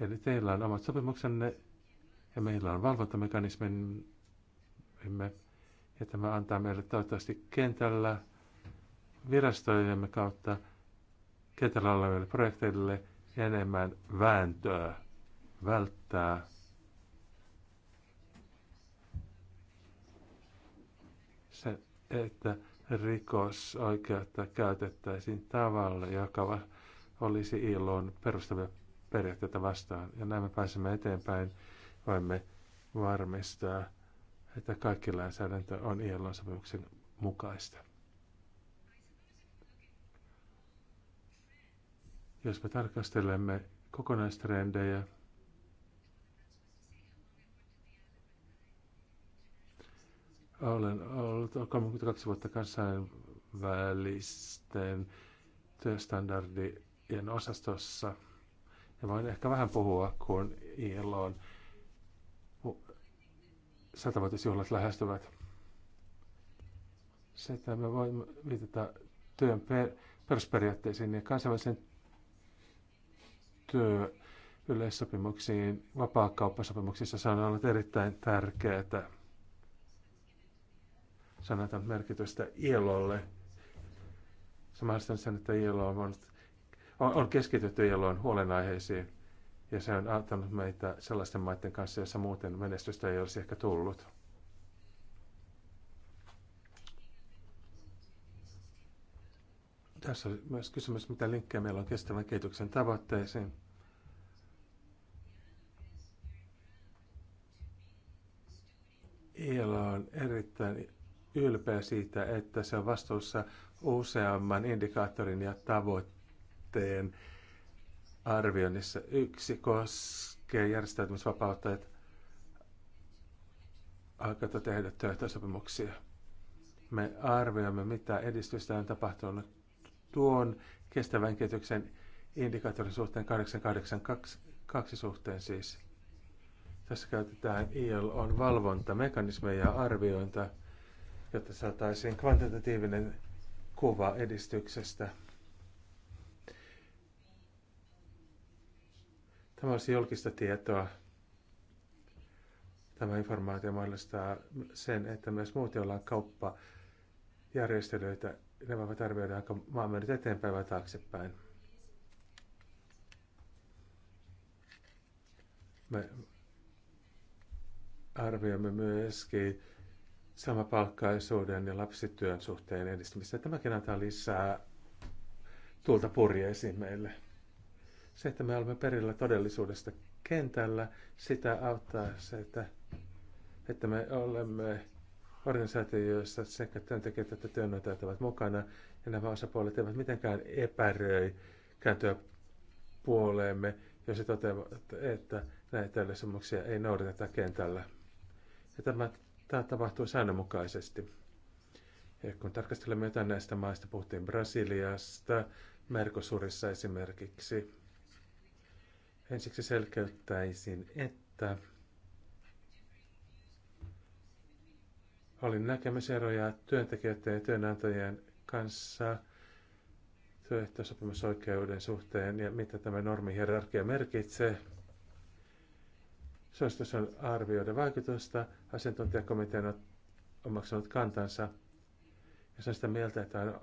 Eli teillä on omat sopimuksenne ja meillä on valvontamekanismimme ja tämä antaa meille toivottavasti kentällä virastojemme kautta kentällä oleville projekteille enemmän vääntöä, välttää se, että rikosoikeutta käytettäisiin tavalla, joka olisi ilon perustavia periaatteita vastaan. Ja näin me pääsemme eteenpäin, voimme varmistaa, että kaikki lainsäädäntö on ilon sopimuksen mukaista. Jos me tarkastelemme kokonaistrendejä, olen ollut 32 vuotta kansainvälisten työstandardien osastossa ja voin ehkä vähän puhua, kun on satavuotisjuhlat lähestyvät. Se, että me voimme viitata työn perusperiaatteisiin ja kansainvälisen työ yleissopimuksiin, vapaakauppasopimuksissa se on ollut erittäin tärkeää. Sanatan merkitystä ILOlle. Se mahdollistaa sen, että ILO on, voinut, on, on keskitytty ILOn huolenaiheisiin. Ja se on auttanut meitä sellaisten maiden kanssa, joissa muuten menestystä ei olisi ehkä tullut. Tässä on myös kysymys, mitä linkkejä meillä on kestävän kehityksen tavoitteisiin. ILO on erittäin ylpeä siitä, että se on vastuussa useamman indikaattorin ja tavoitteen arvioinnissa. Yksi koskee järjestäytymisvapautta, että alkaa tehdä työehtosopimuksia. Me arvioimme, mitä edistystä on tapahtunut tuon kestävän kehityksen indikaattorin suhteen 882 suhteen siis. Tässä käytetään ILOn valvontamekanismeja ja arviointa, jotta saataisiin kvantitatiivinen kuva edistyksestä. Tämä olisi julkista tietoa. Tämä informaatio mahdollistaa sen, että myös muut, joilla on kauppajärjestelyitä, ne voivat arvioida, onko maa mennyt eteenpäin vai taaksepäin. Me arvioimme myöskin samapalkkaisuuden ja lapsityön suhteen edistämistä. Tämäkin antaa lisää tuolta purjeisiin meille. Se, että me olemme perillä todellisuudesta kentällä, sitä auttaa se, että, että me olemme organisaatioissa sekä työntekijät että työnantajat ovat mukana, ja nämä osapuolet eivät mitenkään epäröi kääntyä puoleemme, jos se toteavat, että näitä yleisömyksiä ei noudateta kentällä. Ja tämä, tämä tapahtuu säännönmukaisesti. Ja kun tarkastelemme jotain näistä maista, puhuttiin Brasiliasta, Mercosurissa esimerkiksi. Ensiksi selkeyttäisin, että oli näkemyseroja työntekijöiden ja työnantajien kanssa työehtosopimusoikeuden suhteen ja mitä tämä normihierarkia merkitsee. Suositus on arvioida vaikutusta. Asiantuntijakomitea on omaksunut kantansa. Ja se on sitä mieltä, että on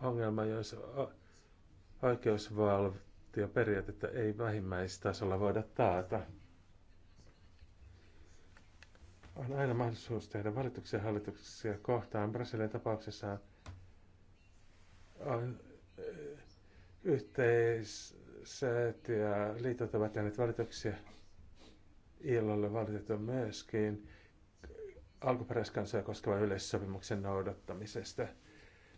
ongelma, jos oikeusvaltioperiaatetta ei vähimmäistasolla voida taata. On aina mahdollisuus tehdä valituksia hallituksia kohtaan. Brasilian tapauksessa on eh, yhteiset ja liitot ovat tehneet valituksia ILOlle valitettu myöskin alkuperäiskansoja koskevan yleissopimuksen noudattamisesta.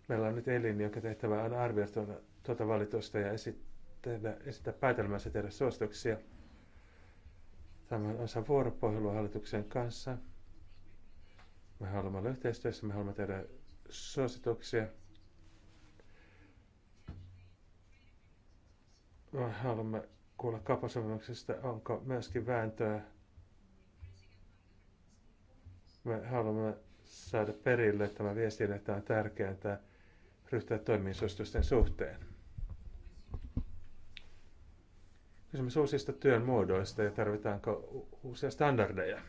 Meillä on nyt elin, joka tehtävä on arvioida tuota, tuota valitusta ja esittää, esittää päätelmänsä tehdä suosituksia. Tämä on osa vuoropuhelua hallituksen kanssa. Me haluamme olla yhteistyössä, me haluamme tehdä suosituksia. Me haluamme kuulla kauppasopimuksesta, onko myöskin vääntöä. Me haluamme saada perille tämä viesti, että tämä on tärkeää ryhtyä toimiin suositusten suhteen. Kysymys uusista työn muodoista ja tarvitaanko uusia standardeja.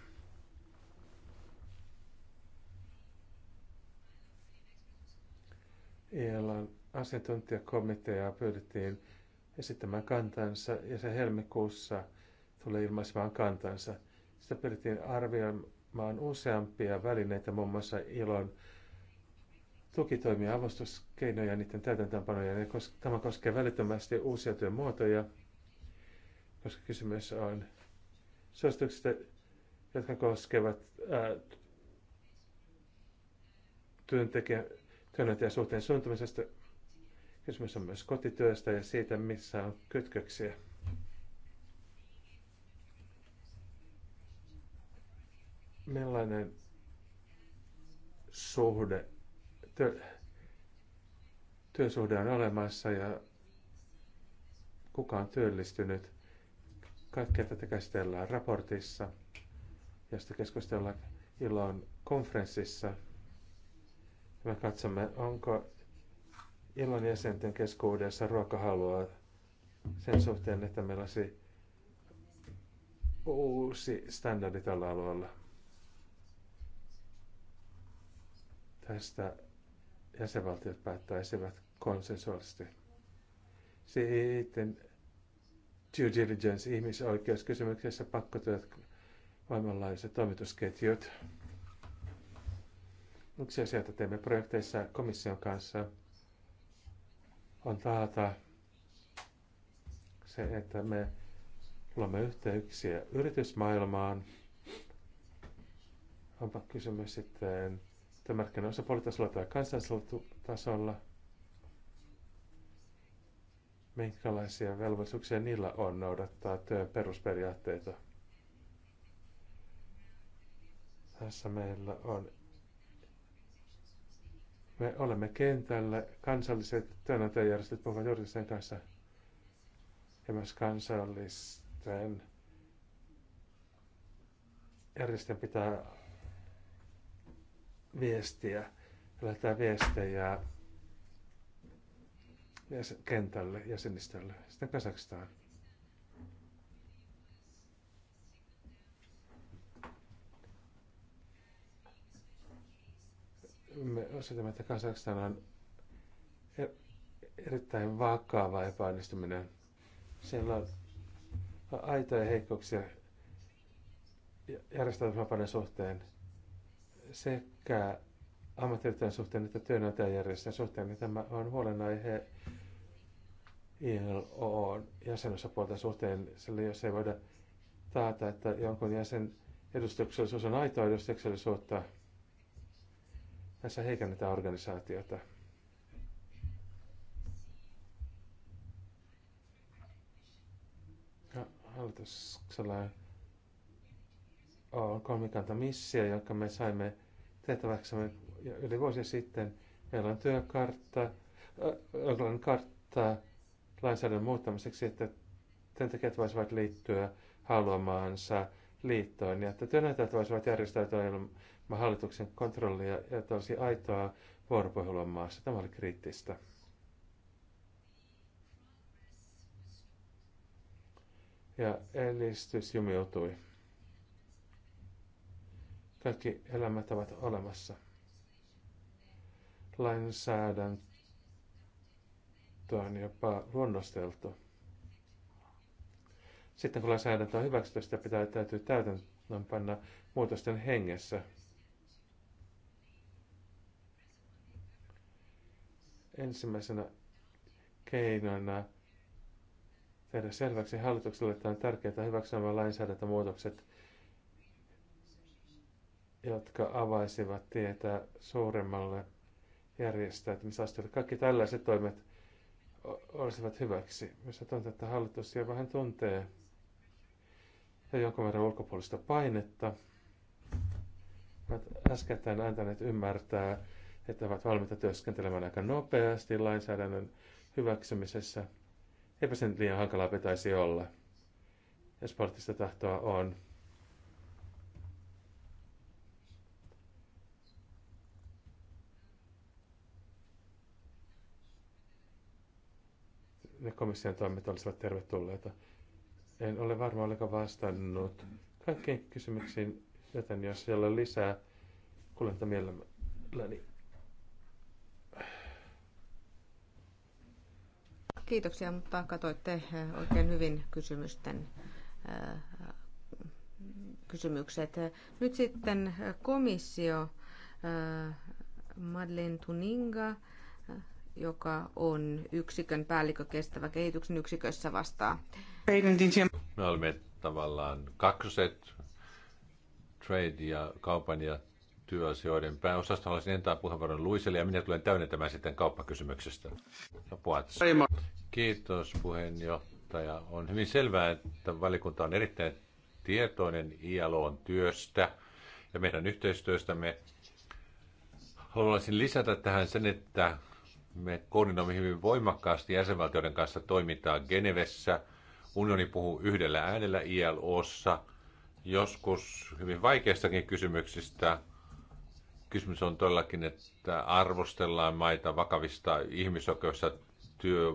ILAn asiantuntijakomiteaa pyydettiin esittämään kantansa ja se helmikuussa tulee ilmaisemaan kantansa. Sitä pyrittiin arvioimaan useampia välineitä, muun muassa ilon tukitoimia, avustuskeinoja, niiden täytäntöönpanoja. tämä koskee välittömästi uusia työmuotoja, koska kysymys on suosituksista, jotka koskevat ää, työntekijän, työnantajan suhteen suuntumisesta Kysymys on myös kotityöstä ja siitä, missä on kytköksiä. Millainen suhde, työ, työsuhde on olemassa ja kuka on työllistynyt. Kaikkea tätä käsitellään raportissa, josta keskustellaan ilon konferenssissa. Me katsomme, onko ilon jäsenten keskuudessa ruokahalua sen suhteen, että meillä olisi uusi standardi tällä alueella. Tästä jäsenvaltiot päättäisivät konsensuaalisesti. Sitten due diligence ihmisoikeuskysymyksessä pakkotyöt, maailmanlaajuiset toimitusketjut. Yksi asia, että teemme projekteissa komission kanssa – on taata se, että me luomme yhteyksiä yritysmaailmaan. Onpa kysymys sitten työmarkkinan osapuolitasolla tai kansallisella tasolla. Minkälaisia velvollisuuksia niillä on noudattaa työn perusperiaatteita? Tässä meillä on me olemme kentällä, kansalliset työnantajajärjestöt puhuvat yritysten kanssa ja myös kansallisten järjestöjen pitää viestiä, lähettää viestejä kentälle, jäsenistölle, sitten Kasakstaan. me osoitamme, että Kazakstan on e- erittäin vakava epäonnistuminen. Siellä on aitoja heikkouksia järjestäytymisvapauden suhteen sekä ammattiliittojen suhteen että työnantajajärjestöjen suhteen, niin tämä on huolenaihe ILO jäsenosapuolten suhteen, sillä jos ei voida taata, että jonkun jäsen edustuksellisuus on aitoa edustuksellisuutta, Näissä heikennetään organisaatiota. Ja hallituksella on kolmikanta missio, jonka me saimme tehtäväksemme yli vuosi sitten. Meillä on työkartta, Englannin kartta lainsäädännön muuttamiseksi, että työntekijät voisivat liittyä haluamaansa liittoon ja että työnantajat voisivat järjestäytyä hallituksen kontrollia ja että olisi aitoa vuoropuhelua maassa. Tämä oli kriittistä. Ja edistys jumiutui. Kaikki elämät ovat olemassa. Lainsäädäntö on jopa luonnosteltu. Sitten kun lainsäädäntö on hyväksytty, sitä pitää täytyy täytäntöön panna muutosten hengessä – ensimmäisenä keinona tehdä selväksi hallitukselle, että on tärkeää hyväksymään lainsäädäntömuutokset, jotka avaisivat tietä suuremmalle järjestäytymisasteelle. Kaikki tällaiset toimet olisivat hyväksi. Myös tuntuu, että hallitus jo vähän tuntee ja jonkun verran ulkopuolista painetta. Mä äskettäin antaneet ymmärtää, että ovat valmiita työskentelemään aika nopeasti lainsäädännön hyväksymisessä. Eipä sen liian hankalaa pitäisi olla. jos poliittista tahtoa on. Ne komission toimet olisivat tervetulleita. En ole varma, oliko vastannut kaikkiin kysymyksiin, joten jos siellä on lisää, kuulen mielelläni. Kiitoksia, mutta katoitte eh, oikein hyvin kysymysten eh, kysymykset. Nyt sitten eh, komissio Madeleine Tuninga, joka on yksikön päällikkö kestävä kehityksen yksikössä vastaa. Me olemme tavallaan kaksoset, trade ja kaupan ja työasioiden pääosasta. Haluaisin entää puheenvuoron Luiselle ja minä tulen täydentämään sitten kauppakysymyksestä. Kiitos puheenjohtaja. On hyvin selvää, että valikunta on erittäin tietoinen ILOn työstä ja meidän yhteistyöstämme. Haluaisin lisätä tähän sen, että me koordinoimme hyvin voimakkaasti jäsenvaltioiden kanssa toimintaa Genevessä. Unioni puhuu yhdellä äänellä ILOssa, joskus hyvin vaikeistakin kysymyksistä, Kysymys on todellakin, että arvostellaan maita vakavista ihmisoikeus- työ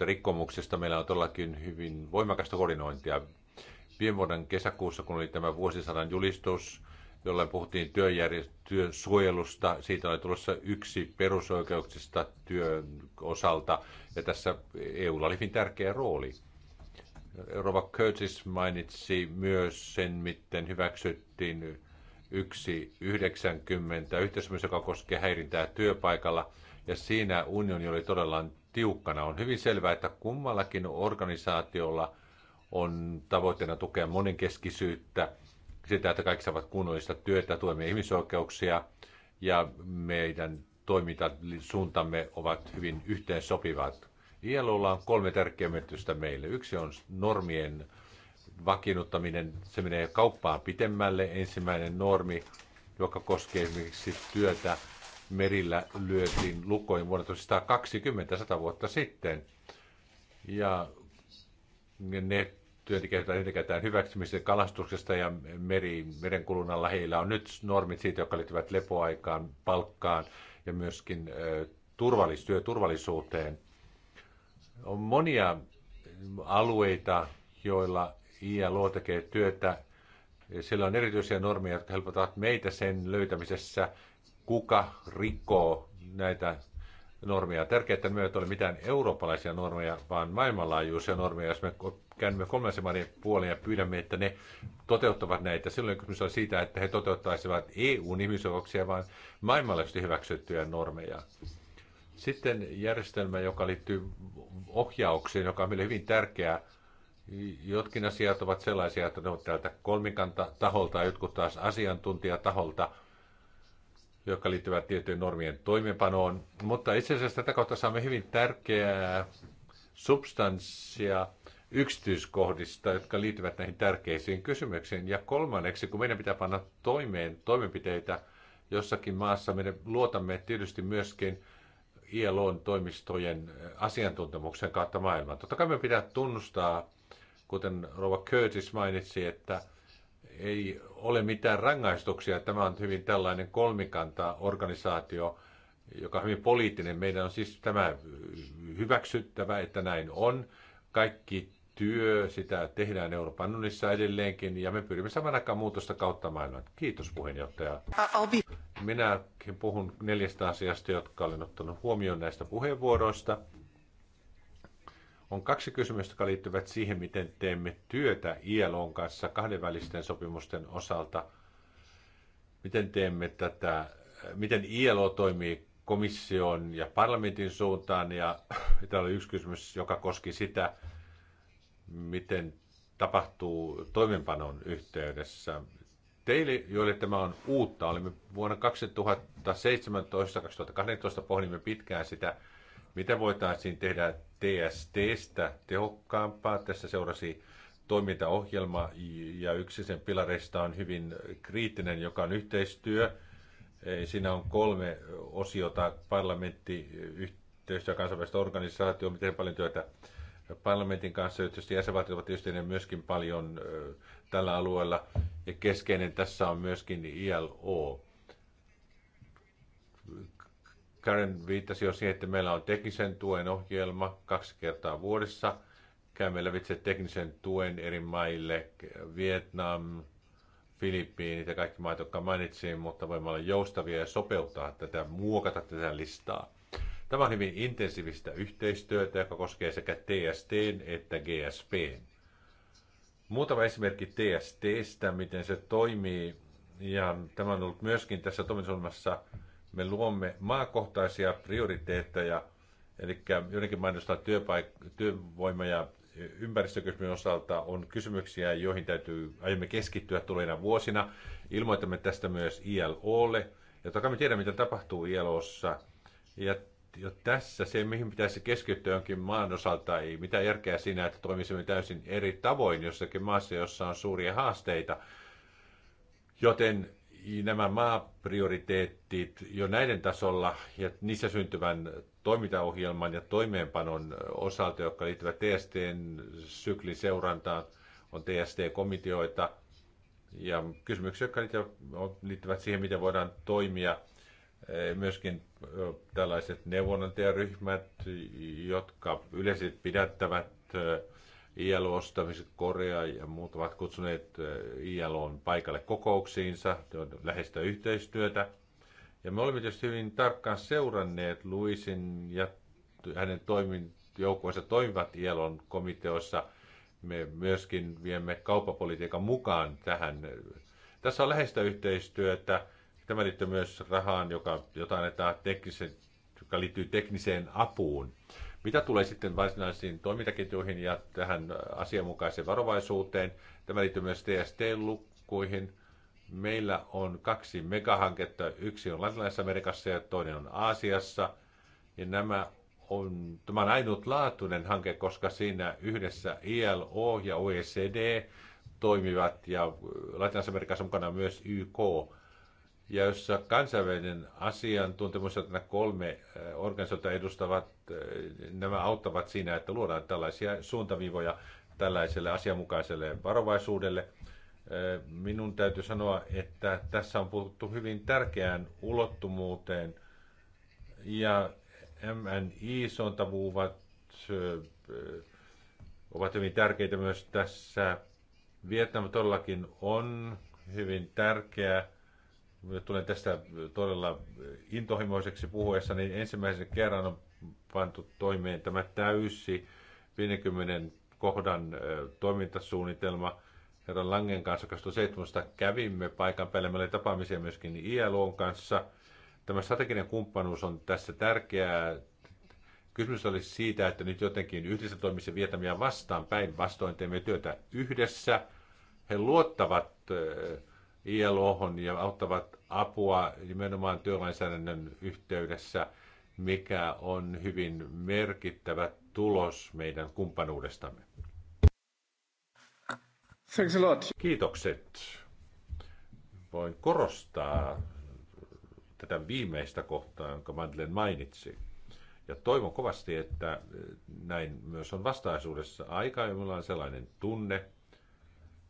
rikkomuksesta Meillä on todellakin hyvin voimakasta koordinointia. Viime vuoden kesäkuussa, kun oli tämä vuosisadan julistus, jolla puhuttiin työn suojelusta. Siitä oli tulossa yksi perusoikeuksista työn osalta, ja tässä EUlla oli hyvin tärkeä rooli. Rova Curtis mainitsi myös sen, miten hyväksyttiin 1.90 yhteisömys, joka koskee häirintää työpaikalla. Ja siinä unioni oli todella tiukkana. On hyvin selvää, että kummallakin organisaatiolla on tavoitteena tukea monenkeskisyyttä, sitä, että kaikki saavat kunnollista työtä, tuemme ihmisoikeuksia ja meidän toimintasuuntamme ovat hyvin yhteensopivat. ILOlla on kolme tärkeää merkitystä meille. Yksi on normien vakiinnuttaminen, se menee kauppaan pitemmälle. Ensimmäinen normi, joka koskee esimerkiksi työtä merillä, lyötiin lukoin vuonna 1920, 100 vuotta sitten. Ja ne työntekijät käytetään hyväksymistä kalastuksesta ja meri, merenkulun alla heillä on nyt normit siitä, jotka liittyvät lepoaikaan, palkkaan ja myöskin turvallis, työturvallisuuteen. On monia alueita, joilla ILO tekee työtä. Sillä on erityisiä normeja, jotka helpottavat meitä sen löytämisessä, kuka rikkoo näitä normeja. Tärkeää, että me ei ole mitään eurooppalaisia normeja, vaan maailmanlaajuisia normeja. Jos me käymme kolmansien maiden puoleen ja pyydämme, että ne toteuttavat näitä, silloin kysymys on siitä, että he toteuttaisivat eu ihmisoikeuksia, vaan maailmanlaajuisesti hyväksyttyjä normeja. Sitten järjestelmä, joka liittyy ohjaukseen, joka on meille hyvin tärkeää, Jotkin asiat ovat sellaisia, että ne ovat täältä kolmikanta taholta ja jotkut taas asiantuntijataholta, jotka liittyvät tiettyjen normien toimeenpanoon. Mutta itse asiassa tätä kautta saamme hyvin tärkeää substanssia yksityiskohdista, jotka liittyvät näihin tärkeisiin kysymyksiin. Ja kolmanneksi, kun meidän pitää panna toimeen toimenpiteitä jossakin maassa, me luotamme tietysti myöskin ILOn toimistojen asiantuntemuksen kautta maailmaa. Totta kai me pitää tunnustaa kuten Rova Curtis mainitsi, että ei ole mitään rangaistuksia. Tämä on hyvin tällainen kolmikanta-organisaatio, joka on hyvin poliittinen. Meidän on siis tämä hyväksyttävä, että näin on. Kaikki työ, sitä tehdään Euroopan unissa edelleenkin ja me pyrimme saman aikaan muutosta kautta maailman. Kiitos puheenjohtaja. Minäkin puhun neljästä asiasta, jotka olen ottanut huomioon näistä puheenvuoroista. On kaksi kysymystä, jotka liittyvät siihen, miten teemme työtä ILOn kanssa kahdenvälisten sopimusten osalta. Miten teemme tätä, miten ILO toimii komission ja parlamentin suuntaan. Ja täällä oli yksi kysymys, joka koski sitä, miten tapahtuu toimenpanon yhteydessä. Teille, joille tämä on uutta, olimme vuonna 2017-2018 pohdimme pitkään sitä, mitä voitaisiin tehdä TSTstä tehokkaampaa? Tässä seurasi toimintaohjelma ja yksi sen pilareista on hyvin kriittinen, joka on yhteistyö. Siinä on kolme osiota, parlamentti, yhteistyö ja kansainvälistä organisaatio, miten paljon työtä parlamentin kanssa, tietysti jäsenvaltiot ovat tietysti myöskin paljon tällä alueella, ja keskeinen tässä on myöskin ILO. Karen viittasi jo siihen, että meillä on teknisen tuen ohjelma kaksi kertaa vuodessa. Käymme lävitse teknisen tuen eri maille, Vietnam, Filippiinit ja kaikki maat, jotka mainitsin, mutta voimme olla joustavia ja sopeuttaa tätä, muokata tätä listaa. Tämä on hyvin intensiivistä yhteistyötä, joka koskee sekä TST että GSP. Muutama esimerkki TSTstä, miten se toimii. Ja tämä on ollut myöskin tässä toimintasuunnassa me luomme maakohtaisia prioriteetteja, eli jonnekin mainostaa työpaik- työvoima- ja ympäristökysymyksen osalta on kysymyksiä, joihin täytyy, aiomme keskittyä tulevina vuosina. Ilmoitamme tästä myös ILOlle, ja toki me tiedämme, mitä tapahtuu ILOssa. Ja jo tässä se, mihin pitäisi keskittyä jonkin maan osalta, ei mitä järkeä siinä, että toimisimme täysin eri tavoin jossakin maassa, jossa on suuria haasteita. Joten nämä maaprioriteettit jo näiden tasolla ja niissä syntyvän toimintaohjelman ja toimeenpanon osalta, jotka liittyvät TSTn syklin seurantaan, on TST-komiteoita ja kysymyksiä, jotka liittyvät siihen, miten voidaan toimia. Myöskin tällaiset neuvonantajaryhmät, jotka yleisesti pidättävät ILO-ostamiset, Korea ja muut ovat kutsuneet eh, ILOn paikalle kokouksiinsa, läheistä yhteistyötä. Ja me olemme tietysti hyvin tarkkaan seuranneet Luisin ja hänen joukkueensa toimivat ILOn komiteoissa. Me myöskin viemme kauppapolitiikan mukaan tähän. Tässä on läheistä yhteistyötä. Tämä liittyy myös rahaan, joka, jota annetaan teknisen, joka liittyy tekniseen apuun. Mitä tulee sitten varsinaisiin toimintaketjuihin ja tähän asianmukaiseen varovaisuuteen, tämä liittyy myös tst lukkuihin Meillä on kaksi megahanketta, yksi on Latinalaisessa Amerikassa ja toinen on Aasiassa. Ja nämä on, tämä on ainutlaatuinen hanke, koska siinä yhdessä ILO ja OECD toimivat ja Latinalaisessa Amerikassa mukana myös YK ja jossa kansainvälinen asiantuntemus, jota nämä kolme eh, organisaatiota edustavat, Eh, nämä auttavat siinä, että luodaan tällaisia suuntaviivoja tällaiselle asianmukaiselle varovaisuudelle. Eh, minun täytyy sanoa, että tässä on puhuttu hyvin tärkeään ulottumuuteen ja MNI-suuntavuuvat eh, ovat hyvin tärkeitä myös tässä. Vietnam todellakin on hyvin tärkeä. Tulen tästä todella intohimoiseksi puhuessa, niin ensimmäisen kerran on pantu toimeen tämä täysi 50 kohdan toimintasuunnitelma. Herran Langen kanssa 2017 kävimme paikan päälle. Meillä oli tapaamisia myöskin ILOn kanssa. Tämä strateginen kumppanuus on tässä tärkeää. Kysymys oli siitä, että nyt jotenkin yhdessä toimisi vietämiä vastaan päin vastoin teemme työtä yhdessä. He luottavat ILOhon ja auttavat apua nimenomaan työlainsäädännön yhteydessä – mikä on hyvin merkittävä tulos meidän kumppanuudestamme. Thanks a lot. Kiitokset. Voin korostaa tätä viimeistä kohtaa, jonka Madeleine mainitsi. Ja toivon kovasti, että näin myös on vastaisuudessa aika, jolla on sellainen tunne,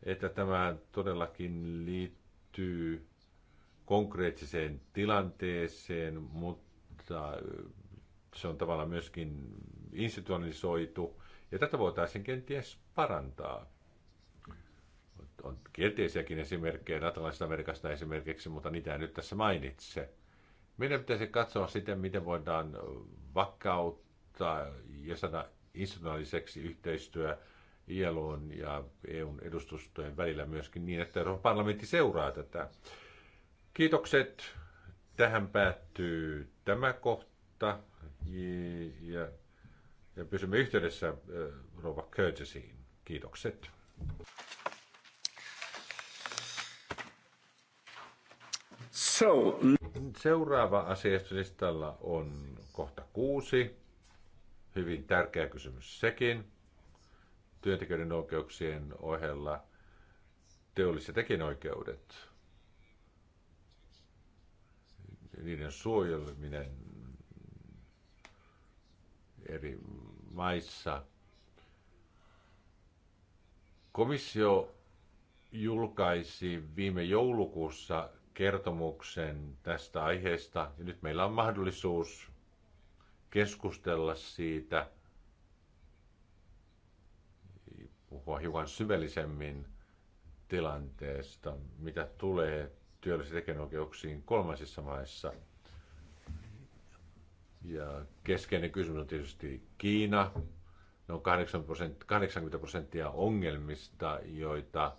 että tämä todellakin liittyy konkreettiseen tilanteeseen, mutta mutta äh, se on tavallaan myöskin institutionalisoitu, ja tätä voitaisiin kenties parantaa. On kielteisiäkin esimerkkejä Latinalaisesta Amerikasta esimerkiksi, mutta niitä en nyt tässä mainitse. Meidän pitäisi katsoa sitä, miten voidaan vakauttaa ja saada institutionaaliseksi yhteistyö ILOn ja EUn edustustojen välillä myöskin niin, että Euroopan parlamentti seuraa tätä. Kiitokset Tähän päättyy tämä kohta ja, ja pysymme yhteydessä äh, Rova Curtisiin. Kiitokset. So. Seuraava listalla on kohta kuusi. Hyvin tärkeä kysymys sekin. Työntekijöiden oikeuksien ohella teolliset tekinoikeudet niiden suojeleminen eri maissa. Komissio julkaisi viime joulukuussa kertomuksen tästä aiheesta ja nyt meillä on mahdollisuus keskustella siitä, puhua hiukan syvällisemmin tilanteesta, mitä tulee työllisyys- tekijänoikeuksiin kolmansissa maissa. Ja keskeinen kysymys on tietysti Kiina. Ne on 80 prosenttia ongelmista, joita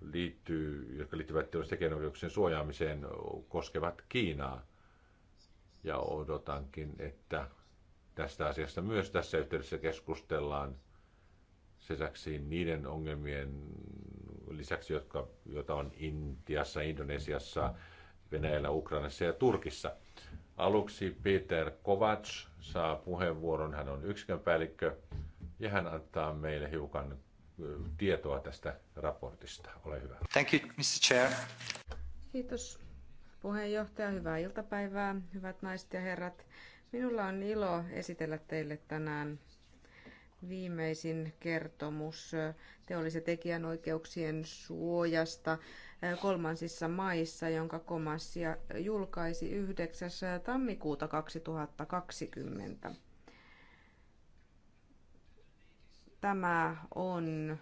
liittyy, jotka liittyvät teollisten tekijänoikeuksien suojaamiseen, koskevat Kiinaa. Ja odotankin, että tästä asiasta myös tässä yhteydessä keskustellaan sesäksi niiden ongelmien lisäksi, jotka, joita on Intiassa, Indonesiassa, Venäjällä, Ukrainassa ja Turkissa. Aluksi Peter Kovac saa puheenvuoron, hän on yksikön päällikkö ja hän antaa meille hiukan tietoa tästä raportista. Ole hyvä. Thank you, Mr. Chair. Kiitos puheenjohtaja, hyvää iltapäivää, hyvät naiset ja herrat. Minulla on ilo esitellä teille tänään viimeisin kertomus teollisen tekijänoikeuksien suojasta kolmansissa maissa, jonka komassia julkaisi 9. tammikuuta 2020. Tämä on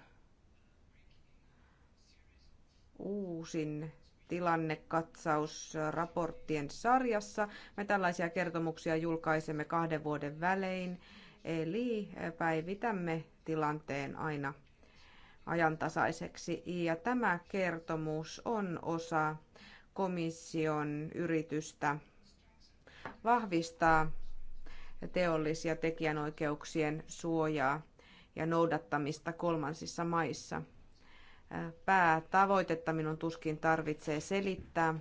uusin tilannekatsaus raporttien sarjassa. Me tällaisia kertomuksia julkaisemme kahden vuoden välein Eli päivitämme tilanteen aina ajantasaiseksi. Ja tämä kertomus on osa komission yritystä vahvistaa teollisia tekijänoikeuksien suojaa ja noudattamista kolmansissa maissa. Päätavoitetta minun tuskin tarvitsee selittää.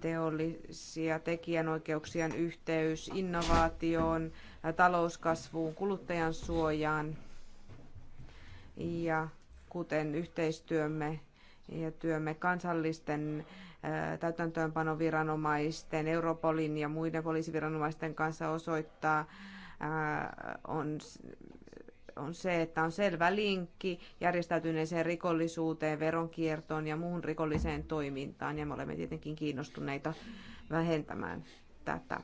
Teollisia tekijänoikeuksien yhteys innovaatioon, talouskasvuun, kuluttajan suojaan ja kuten yhteistyömme ja työmme kansallisten täytäntöönpanoviranomaisten, Europolin ja muiden poliisiviranomaisten kanssa osoittaa, on, on se, että on selvä linkki järjestäytyneeseen rikollisuuteen, veronkiertoon ja muuhun rikolliseen toimintaan, ja me olemme tietenkin kiinnostuneita vähentämään tätä.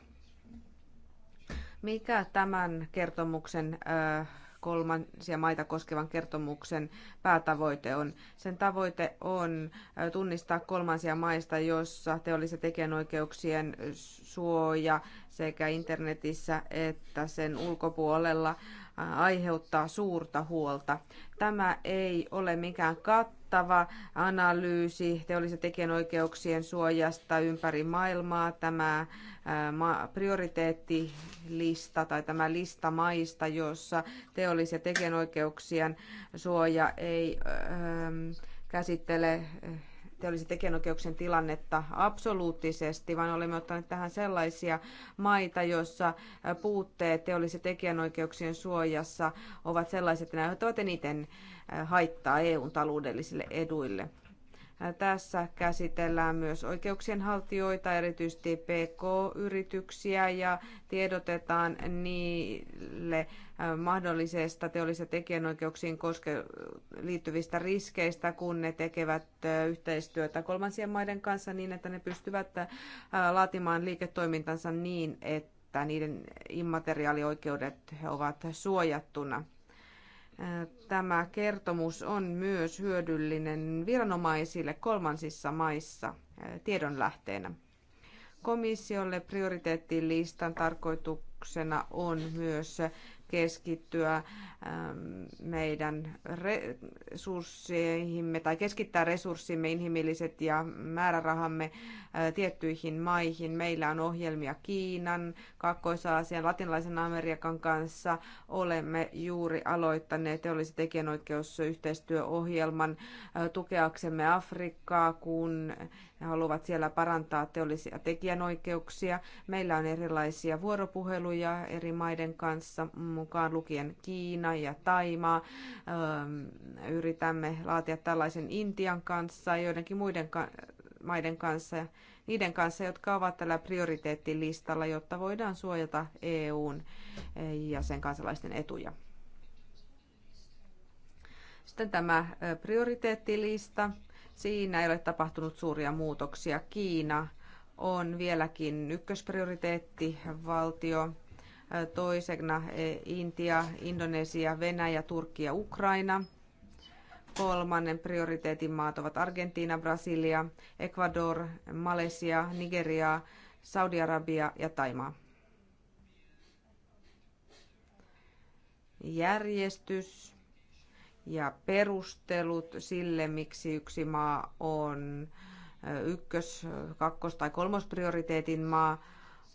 Mikä tämän kertomuksen kolmansia maita koskevan kertomuksen päätavoite on. Sen tavoite on tunnistaa kolmansia maista, joissa teollisen tekijänoikeuksien suoja sekä internetissä että sen ulkopuolella Äh, aiheuttaa suurta huolta. Tämä ei ole mikään kattava analyysi teollisen tekijänoikeuksien suojasta ympäri maailmaa. Tämä äh, prioriteettilista tai tämä lista maista, jossa teollisen tekijänoikeuksien suoja ei ähm, käsittele olisi tekijänoikeuksien tilannetta absoluuttisesti, vaan olemme ottaneet tähän sellaisia maita, joissa puutteet olisi tekijänoikeuksien suojassa ovat sellaiset, että ne aiheuttavat eniten haittaa EUn taloudellisille eduille. Tässä käsitellään myös oikeuksien haltijoita, erityisesti PK-yrityksiä ja tiedotetaan niille äh, mahdollisesta teollisen tekijänoikeuksiin koske- liittyvistä riskeistä, kun ne tekevät äh, yhteistyötä kolmansien maiden kanssa niin, että ne pystyvät äh, laatimaan liiketoimintansa niin, että niiden immateriaalioikeudet ovat suojattuna. Tämä kertomus on myös hyödyllinen viranomaisille kolmansissa maissa tiedonlähteenä. Komissiolle prioriteettilistan tarkoituksena on myös keskittyä ähm, meidän resursseihimme tai keskittää resurssimme, inhimilliset ja määrärahamme äh, tiettyihin maihin. Meillä on ohjelmia Kiinan, kaakkois aasian Latinalaisen Amerikan kanssa. Olemme juuri aloittaneet teollisen tekijänoikeusyhteistyöohjelman äh, tukeaksemme Afrikkaa, kun ne haluavat siellä parantaa teollisia tekijänoikeuksia. Meillä on erilaisia vuoropuheluja eri maiden kanssa, mukaan lukien Kiina ja Taimaa. Yritämme laatia tällaisen Intian kanssa, joidenkin muiden maiden kanssa, niiden kanssa, jotka ovat tällä prioriteettilistalla, jotta voidaan suojata EUn eh, ja sen kansalaisten etuja. Sitten tämä prioriteettilista. Siinä ei ole tapahtunut suuria muutoksia. Kiina on vieläkin ykkösprioriteetti valtio. Toisena e, Intia, Indonesia, Venäjä, Turkki ja Ukraina. Kolmannen prioriteetin maat ovat Argentiina, Brasilia, Ecuador, Malesia, Nigeria, Saudi-Arabia ja Taimaa. Järjestys ja perustelut sille, miksi yksi maa on ykkös-, kakkos- tai kolmosprioriteetin maa,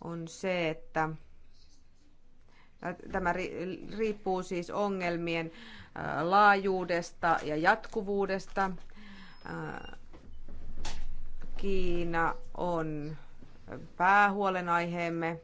on se, että tämä riippuu siis ongelmien laajuudesta ja jatkuvuudesta. Kiina on päähuolenaiheemme.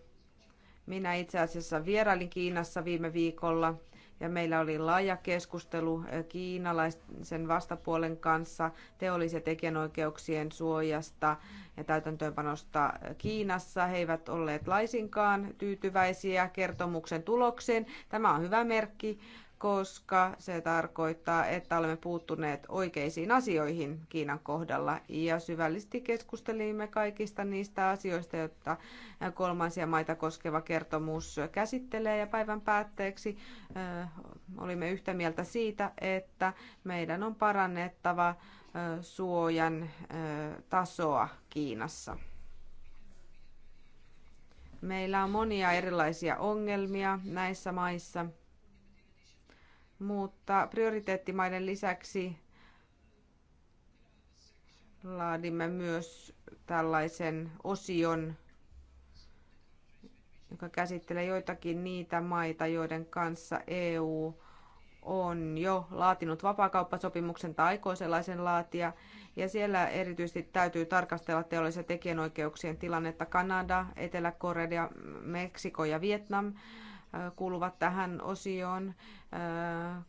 Minä itse asiassa vierailin Kiinassa viime viikolla – ja meillä oli laaja keskustelu eh, kiinalaisen vastapuolen kanssa teollisen ja tekijänoikeuksien suojasta ja täytäntöönpanosta Kiinassa. He eivät olleet laisinkaan tyytyväisiä kertomuksen tulokseen. Tämä on hyvä merkki koska se tarkoittaa, että olemme puuttuneet oikeisiin asioihin Kiinan kohdalla ja syvällisesti keskustelimme kaikista niistä asioista, joita kolmansia maita koskeva kertomus käsittelee ja päivän päätteeksi olimme yhtä mieltä siitä, että meidän on parannettava suojan tasoa Kiinassa. Meillä on monia erilaisia ongelmia näissä maissa – mutta prioriteettimaiden lisäksi laadimme myös tällaisen osion, joka käsittelee joitakin niitä maita, joiden kanssa EU on jo laatinut vapaakauppasopimuksen tai aikoo sellaisen laatia. Ja siellä erityisesti täytyy tarkastella teollisen tekijänoikeuksien tilannetta Kanada, Etelä-Korea, Meksiko ja Vietnam kuuluvat tähän osioon.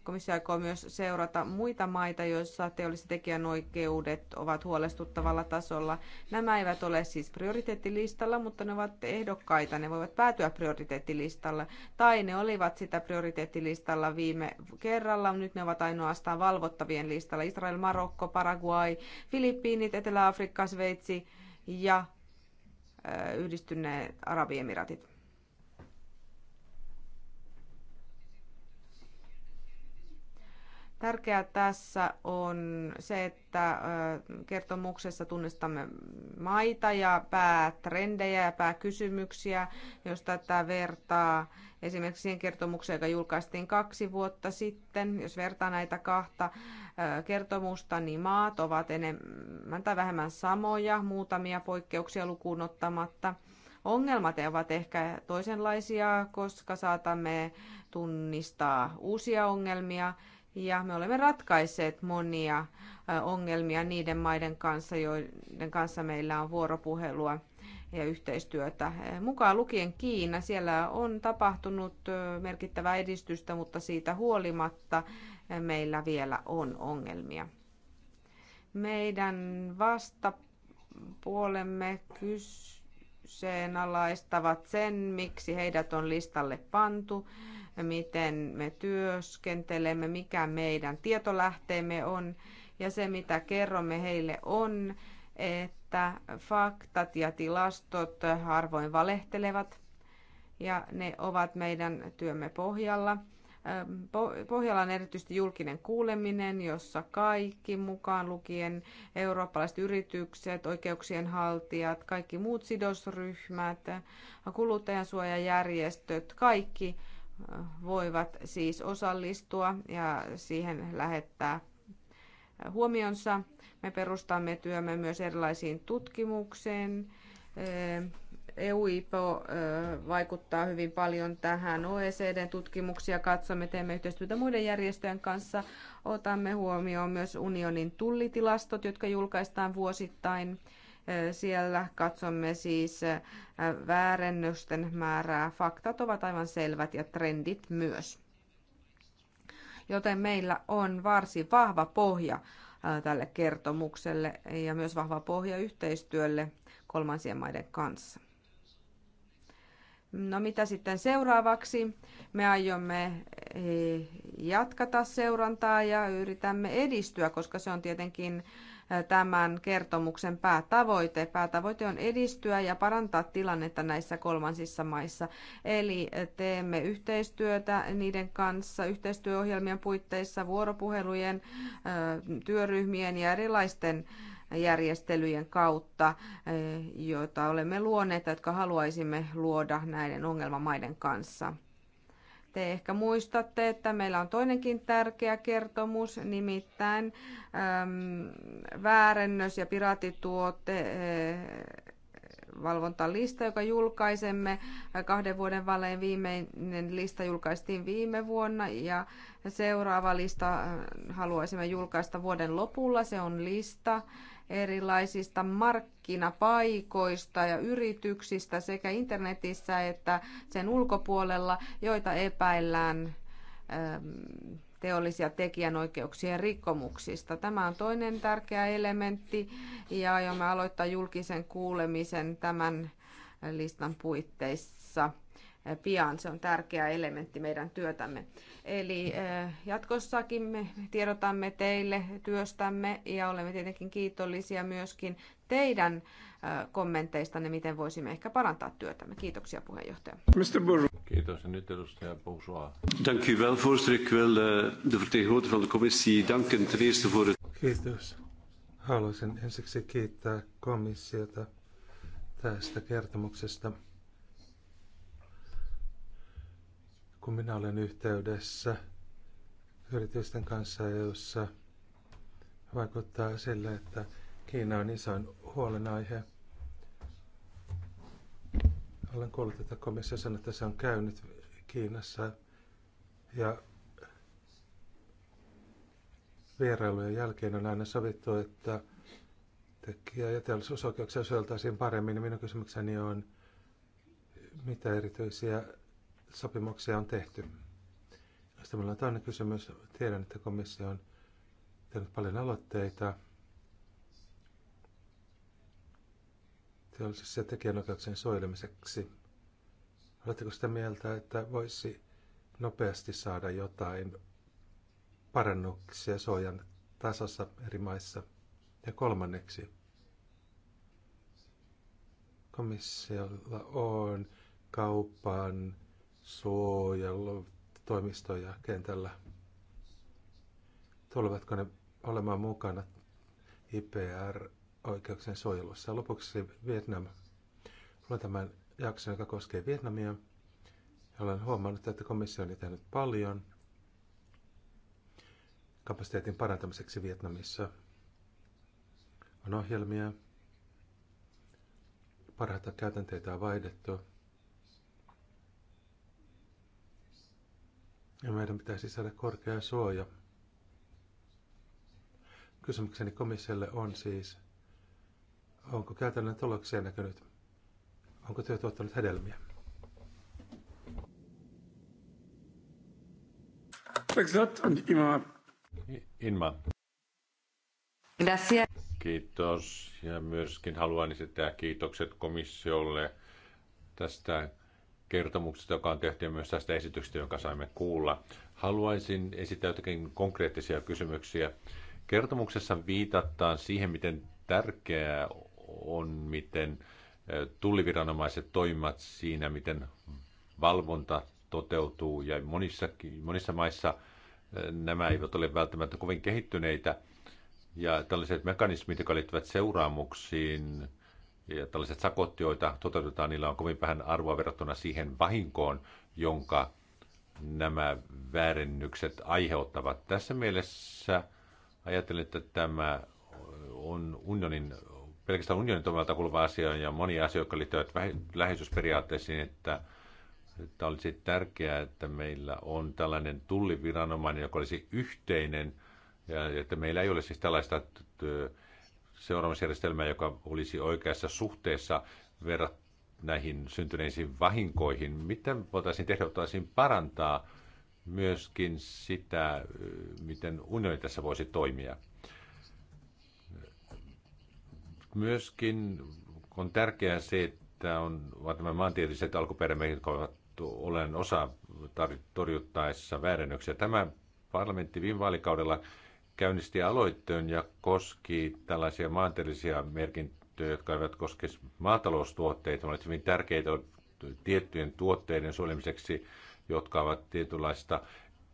Komissio aikoo myös seurata muita maita, joissa teolliset tekijänoikeudet ovat huolestuttavalla tasolla. Nämä eivät ole siis prioriteettilistalla, mutta ne ovat ehdokkaita. Ne voivat päätyä prioriteettilistalla. Tai ne olivat sitä prioriteettilistalla viime kerralla. Nyt ne ovat ainoastaan valvottavien listalla. Israel, Marokko, Paraguay, Filippiinit, Etelä-Afrikka, Sveitsi ja yhdistyneet Arabiemiraatit. Tärkeää tässä on se, että kertomuksessa tunnistamme maita ja päätrendejä ja pääkysymyksiä, jos tätä vertaa esimerkiksi siihen kertomukseen, joka julkaistiin kaksi vuotta sitten. Jos vertaa näitä kahta kertomusta, niin maat ovat enemmän tai vähemmän samoja, muutamia poikkeuksia lukuun ottamatta. Ongelmat ovat ehkä toisenlaisia, koska saatamme tunnistaa uusia ongelmia ja me olemme ratkaisseet monia ongelmia niiden maiden kanssa, joiden kanssa meillä on vuoropuhelua ja yhteistyötä. Mukaan lukien Kiina, siellä on tapahtunut merkittävää edistystä, mutta siitä huolimatta meillä vielä on ongelmia. Meidän vastapuolemme kysy kyseenalaistavat sen, miksi heidät on listalle pantu, miten me työskentelemme, mikä meidän tietolähteemme on. Ja se, mitä kerromme heille on, että faktat ja tilastot harvoin valehtelevat ja ne ovat meidän työmme pohjalla – Pohjalla on erityisesti julkinen kuuleminen, jossa kaikki mukaan lukien eurooppalaiset yritykset, oikeuksien haltijat, kaikki muut sidosryhmät, kuluttajansuojajärjestöt, kaikki äh, voivat siis osallistua ja siihen lähettää huomionsa. Me perustamme työmme myös erilaisiin tutkimukseen äh, EU-IPO vaikuttaa hyvin paljon tähän. oecd tutkimuksia katsomme, teemme yhteistyötä muiden järjestöjen kanssa. Otamme huomioon myös unionin tullitilastot, jotka julkaistaan vuosittain. Siellä katsomme siis väärennösten määrää. Faktat ovat aivan selvät ja trendit myös. Joten meillä on varsin vahva pohja tälle kertomukselle ja myös vahva pohja yhteistyölle kolmansien maiden kanssa. No mitä sitten seuraavaksi? Me aiomme eh, jatkata seurantaa ja yritämme edistyä, koska se on tietenkin eh, tämän kertomuksen päätavoite. Päätavoite on edistyä ja parantaa tilannetta näissä kolmansissa maissa. Eli eh, teemme yhteistyötä niiden kanssa yhteistyöohjelmien puitteissa, vuoropuhelujen, työryhmien ja erilaisten järjestelyjen kautta, eh, joita olemme luoneet, jotka haluaisimme luoda näiden ongelmamaiden kanssa. Te ehkä muistatte, että meillä on toinenkin tärkeä kertomus, nimittäin äm, väärennös- ja piraatituote äh, eh, valvontalista, joka julkaisemme kahden vuoden välein. Viimeinen lista julkaistiin viime vuonna ja seuraava lista hm, haluaisimme julkaista vuoden lopulla. Se on lista, erilaisista markkinapaikoista ja yrityksistä sekä internetissä että sen ulkopuolella, joita epäillään ähm, teollisia tekijänoikeuksien rikkomuksista. Tämä on toinen tärkeä elementti ja aiomme aloittaa julkisen kuulemisen tämän listan puitteissa pian. Se on tärkeä elementti meidän työtämme. Eli eh, jatkossakin me tiedotamme teille työstämme ja olemme tietenkin kiitollisia myöskin teidän eh, kommenteistanne, miten voisimme ehkä parantaa työtämme. Kiitoksia puheenjohtaja. Mr. Burr. Kiitos. Ja nyt edustaja Bourgeois. Dank u wel, voorzitter. Ik wil eh, de vertegenwoordiger van de commissie danken ten eerste voor het... Kiitos. Haluaisin ensiksi kiittää komissiota tästä kertomuksesta. kun minä olen yhteydessä yritysten kanssa, jossa vaikuttaa sille, että Kiina on isoin huolenaihe. Olen kuullut, että komissio sanoi, että se on käynyt Kiinassa ja vierailujen jälkeen on aina sovittu, että tekijä- ja teollisuusoikeuksia suojeltaisiin paremmin. Minun kysymykseni on, mitä erityisiä sopimuksia on tehty. Sitten meillä on toinen kysymys. Tiedän, että komissio on tehnyt paljon aloitteita. teollisessa ja tekijänoikeuksien suojelemiseksi. Oletteko sitä mieltä, että voisi nopeasti saada jotain parannuksia suojan tasossa eri maissa? Ja kolmanneksi, komissiolla on kaupan suojelutoimistoja kentällä. Tulevatko ne olemaan mukana IPR-oikeuksien suojelussa? Lopuksi Vietnam. Olen tämän jakson, joka koskee Vietnamia. Olen huomannut, että komissio on tehnyt paljon kapasiteetin parantamiseksi Vietnamissa. On ohjelmia, parhaita käytänteitä on vaihdettu – ja meidän pitäisi saada korkea suoja. Kysymykseni komissiolle on siis, onko käytännön tuloksia näkynyt? Onko työ tuottanut hedelmiä? Inma. Inma. Gracias. Kiitos ja myöskin haluan esittää kiitokset komissiolle tästä kertomuksesta, joka on tehty ja myös tästä esityksestä, jonka saimme kuulla. Haluaisin esittää jotakin konkreettisia kysymyksiä. Kertomuksessa viitataan siihen, miten tärkeää on, miten tulliviranomaiset toimivat siinä, miten valvonta toteutuu ja monissa, monissa maissa nämä eivät ole välttämättä kovin kehittyneitä. Ja tällaiset mekanismit, jotka liittyvät seuraamuksiin, ja tällaiset sakot, joita toteutetaan, niillä on kovin vähän arvoa verrattuna siihen vahinkoon, jonka nämä väärennykset aiheuttavat. Tässä mielessä ajattelen, että tämä on unionin, pelkästään unionin toimivalta kuuluva asia ja monia asioita, jotka liittyvät läheisyysperiaatteisiin, että, että olisi tärkeää, että meillä on tällainen tulliviranomainen, joka olisi yhteinen, ja että meillä ei ole siis tällaista seuraamusjärjestelmää, joka olisi oikeassa suhteessa verrattuna näihin syntyneisiin vahinkoihin. Miten voitaisiin tehdä, voitaisiin parantaa myöskin sitä, miten unioni tässä voisi toimia? Myöskin on tärkeää se, että on tämä maantieteelliset alkuperämerkit, jotka ovat olen osa torjuttaessa väärennöksiä. Tämä parlamentti viime vaalikaudella käynnisti aloitteen ja koski tällaisia maantelisia merkintöjä, jotka eivät koske maataloustuotteita, vaan hyvin tärkeitä tiettyjen tuotteiden suojelemiseksi, jotka ovat tietynlaista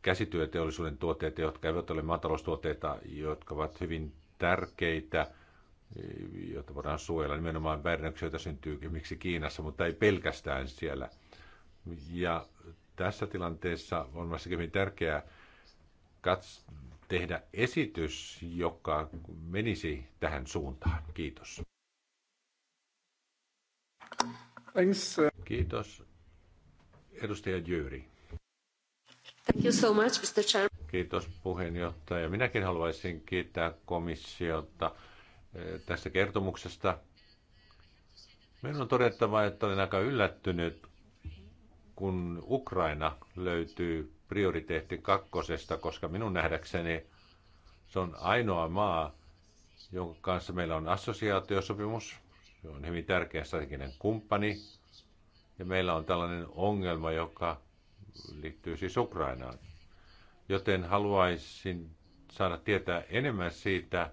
käsityöteollisuuden tuotteita, jotka eivät ole maataloustuotteita, jotka ovat hyvin tärkeitä, joita voidaan suojella. Nimenomaan väärennöksiä, joita syntyy miksi Kiinassa, mutta ei pelkästään siellä. Ja tässä tilanteessa on myös hyvin tärkeää kats- tehdä esitys, joka menisi tähän suuntaan. Kiitos. Thanks. Kiitos. Edustaja Jyri. Thank you so much, Mr. Chairman. Kiitos puheenjohtaja. Minäkin haluaisin kiittää komissiota eh, tästä kertomuksesta. Minun on todettava, että olen aika yllättynyt, kun Ukraina löytyy prioriteetti kakkosesta, koska minun nähdäkseni se on ainoa maa, jonka kanssa meillä on assosiaatiosopimus. Se on hyvin tärkeä strateginen kumppani. Ja meillä on tällainen ongelma, joka liittyy siis Ukrainaan. Joten haluaisin saada tietää enemmän siitä,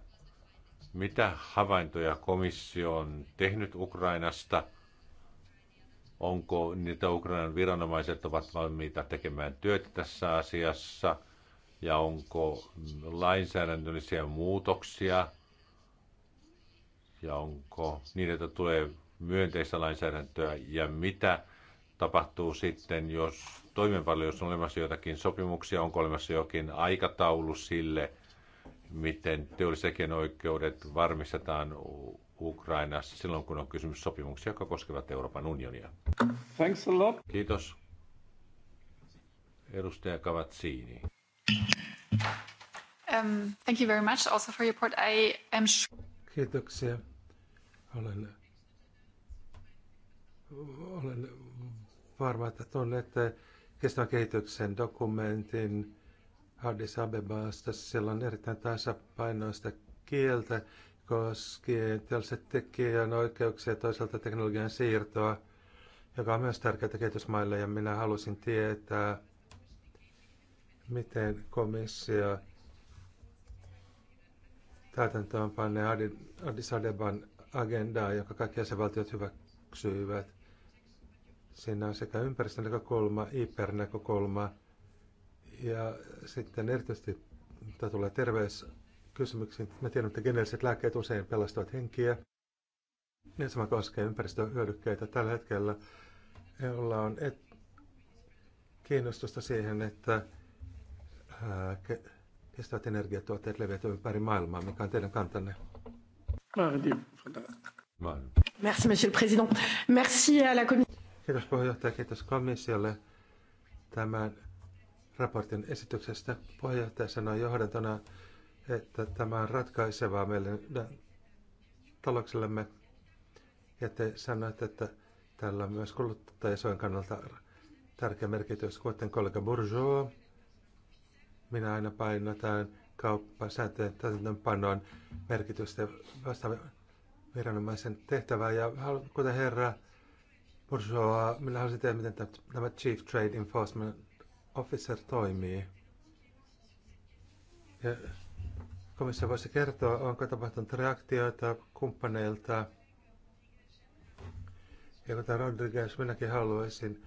mitä havaintoja komissio on tehnyt Ukrainasta – onko niitä Ukrainan viranomaiset ovat valmiita tekemään työtä tässä asiassa ja onko lainsäädännöllisiä muutoksia ja onko niin, että tulee myönteistä lainsäädäntöä ja mitä tapahtuu sitten, jos toimeenpanolla, jos on olemassa jotakin sopimuksia, onko olemassa jokin aikataulu sille, miten teollisekin oikeudet varmistetaan Ukrainassa silloin, kun on kysymys sopimuksia, jotka koskevat Euroopan unionia. Thanks a lot. Kiitos. Edustaja Kavatsiini. Um, thank you very much also for your report. I am sure... Kiitoksia. Olen, olen varma, että tunnette kestävän kehityksen dokumentin Addis Abebaasta. Siellä on erittäin tasapainoista kieltä koskien tällaiset tekijänoikeuksia ja toisaalta teknologian siirtoa, joka on myös tärkeää kehitysmaille. Ja minä halusin tietää, miten komissio täytäntöön panee Addis Adeban agendaa, joka kaikki jäsenvaltiot hyväksyivät. Siinä on sekä ympäristön näkökulma, IPR-näkökulma ja sitten erityisesti tulee terveys kysymyksiin. Me tiedämme, että geneeriset lääkkeet usein pelastavat henkiä. Niin sama koskee ympäristöhyödykkeitä. Tällä hetkellä EUlla on et, kiinnostusta siihen, että ää, ke, kestävät energiatuotteet leviävät ympäri maailmaa. Mikä on teidän kantanne? Merci, monsieur le président. Merci à la Kiitos puheenjohtaja, kiitos komissiolle tämän raportin esityksestä. Puheenjohtaja sanoi johdantona, että tämä on ratkaisevaa meille taloksellemme. Ja te sanoitte, että tällä on myös kuluttajasuojan kannalta tärkeä merkitys, kuten kollega Bourgeois. Minä aina painotan kauppasääntöjen täytäntöönpanon merkitystä vastaavan viranomaisen tehtävää. Ja kuten herra Bourgeois, minä haluaisin tehdä, miten tämä Chief Trade Enforcement Officer toimii. Ja Komissio voisi kertoa, onko tapahtunut reaktioita kumppaneilta. Ja kuten Rodriguez, minäkin haluaisin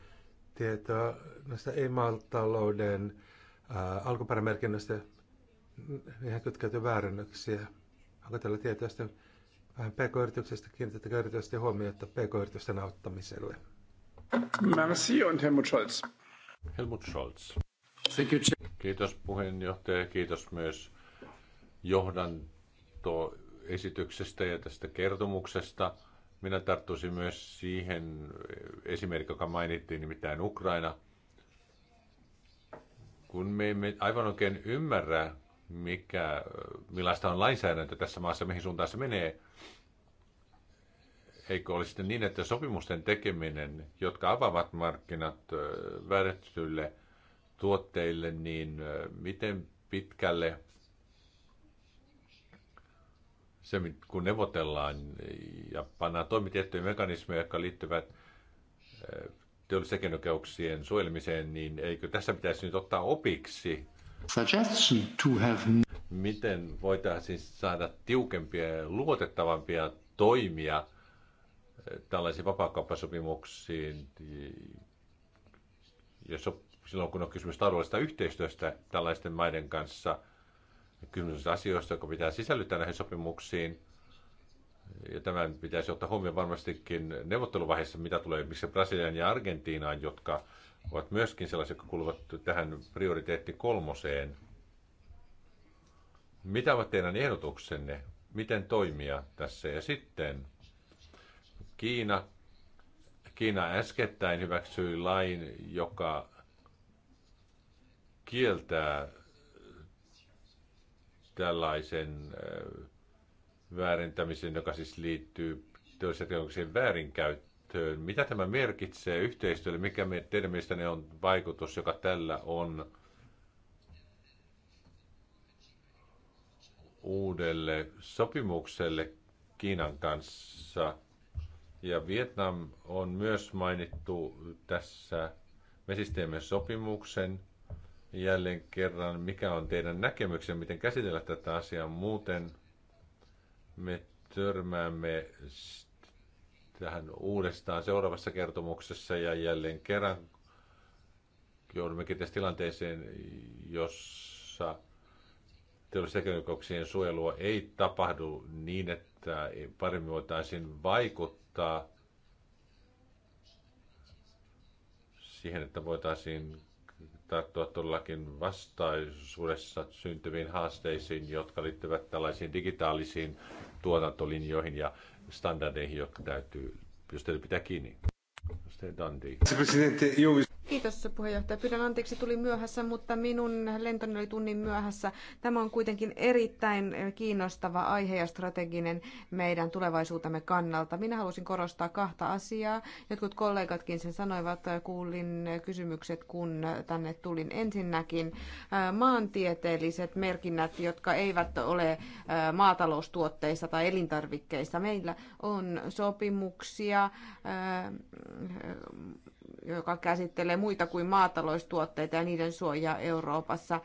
tietoa näistä e-maatalouden alkuperämerkinnöistä. Niihin kytkeytyy väärännöksiä. Onko tällä tietoa sitten vähän pk-yrityksestä? Kiinnitettekö erityisesti huomiota pk-yritysten auttamiselle? Merci on Helmut Scholz. Helmut Scholz. Kiitos puheenjohtaja kiitos myös johdantoesityksestä ja tästä kertomuksesta. Minä tarttuisin myös siihen esimerkki, joka mainittiin, nimittäin Ukraina. Kun me emme aivan oikein ymmärrä, mikä, millaista on lainsäädäntö tässä maassa, mihin suuntaan se menee, eikö olisi sitten niin, että sopimusten tekeminen, jotka avaavat markkinat vääristyille tuotteille, niin miten pitkälle se, kun neuvotellaan ja pannaan toimi tiettyjä mekanismeja, jotka liittyvät eh, oikeuksien suojelmiseen, niin eikö tässä pitäisi nyt ottaa opiksi? Miten voitaisiin saada tiukempia ja luotettavampia toimia eh, tällaisiin vapaakauppasopimuksiin, ja silloin kun on kysymys taloudellisesta yhteistyöstä tällaisten maiden kanssa – kysymys asioista, jotka pitää sisällyttää näihin sopimuksiin. Ja tämän pitäisi ottaa huomioon varmastikin neuvotteluvaiheessa, mitä tulee missä Brasilian ja Argentiinaan, jotka ovat myöskin sellaisia, jotka kuuluvat tähän prioriteetti kolmoseen. Mitä ovat teidän ehdotuksenne? Miten toimia tässä? Ja sitten Kiina. Kiina äskettäin hyväksyi lain, joka kieltää tällaisen väärentämisen, joka siis liittyy teollisuusjäteoikeuksien väärinkäyttöön. Mitä tämä merkitsee yhteistyölle? Mikä me, teidän mielestänne on vaikutus, joka tällä on uudelle sopimukselle Kiinan kanssa? Ja Vietnam on myös mainittu tässä. Me sopimuksen, jälleen kerran, mikä on teidän näkemyksen, miten käsitellä tätä asiaa. Muuten me törmäämme tähän uudestaan seuraavassa kertomuksessa ja jälleen kerran joudumme kenties tilanteeseen, jossa teollisuusteknologian suojelua ei tapahdu niin, että paremmin voitaisiin vaikuttaa siihen, että voitaisiin suhtautua todellakin vastaisuudessa syntyviin haasteisiin, jotka liittyvät tällaisiin digitaalisiin tuotantolinjoihin ja standardeihin, jotka täytyy, jos täytyy pitää kiinni. Kiitos puheenjohtaja. Pyydän anteeksi, tuli myöhässä, mutta minun lentoni oli tunnin myöhässä. Tämä on kuitenkin erittäin eh, kiinnostava aihe ja strateginen meidän tulevaisuutemme kannalta. Minä halusin korostaa kahta asiaa. Jotkut kollegatkin sen sanoivat, kuulin kysymykset, kun tänne tulin. Ensinnäkin eh, maantieteelliset merkinnät, jotka eivät ole eh, maataloustuotteissa tai elintarvikkeissa. Meillä on sopimuksia Eh, joka käsittelee muita kuin maataloustuotteita ja niiden suojaa Euroopassa. Eh,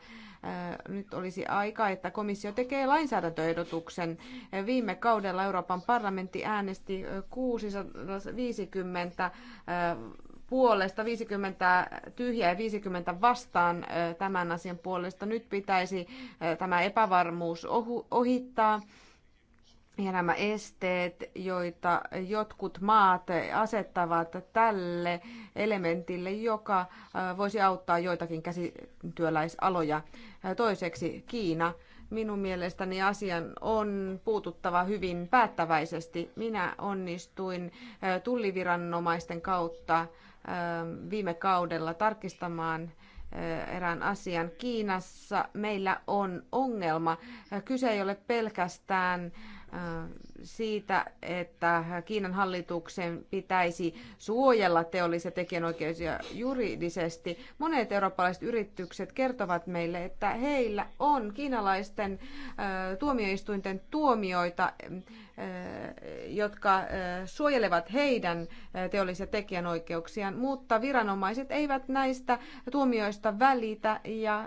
nyt olisi aika, että komissio tekee lainsäädäntöehdotuksen. Eh, viime kaudella Euroopan parlamentti äänesti 650 puolesta, 50 tyhjää ja 50 vastaan tämän asian puolesta. Nyt pitäisi tämä epävarmuus ohittaa ja nämä esteet, joita jotkut maat asettavat tälle elementille, joka voisi auttaa joitakin käsityöläisaloja. Toiseksi Kiina. Minun mielestäni asian on puututtava hyvin päättäväisesti. Minä onnistuin tulliviranomaisten kautta viime kaudella tarkistamaan erään asian. Kiinassa meillä on ongelma. Kyse ei ole pelkästään siitä, että Kiinan hallituksen pitäisi suojella teollisia tekijänoikeuksia juridisesti. Monet eurooppalaiset yritykset kertovat meille, että heillä on kiinalaisten tuomioistuinten tuomioita, jotka suojelevat heidän teollisia tekijänoikeuksiaan, mutta viranomaiset eivät näistä tuomioista välitä ja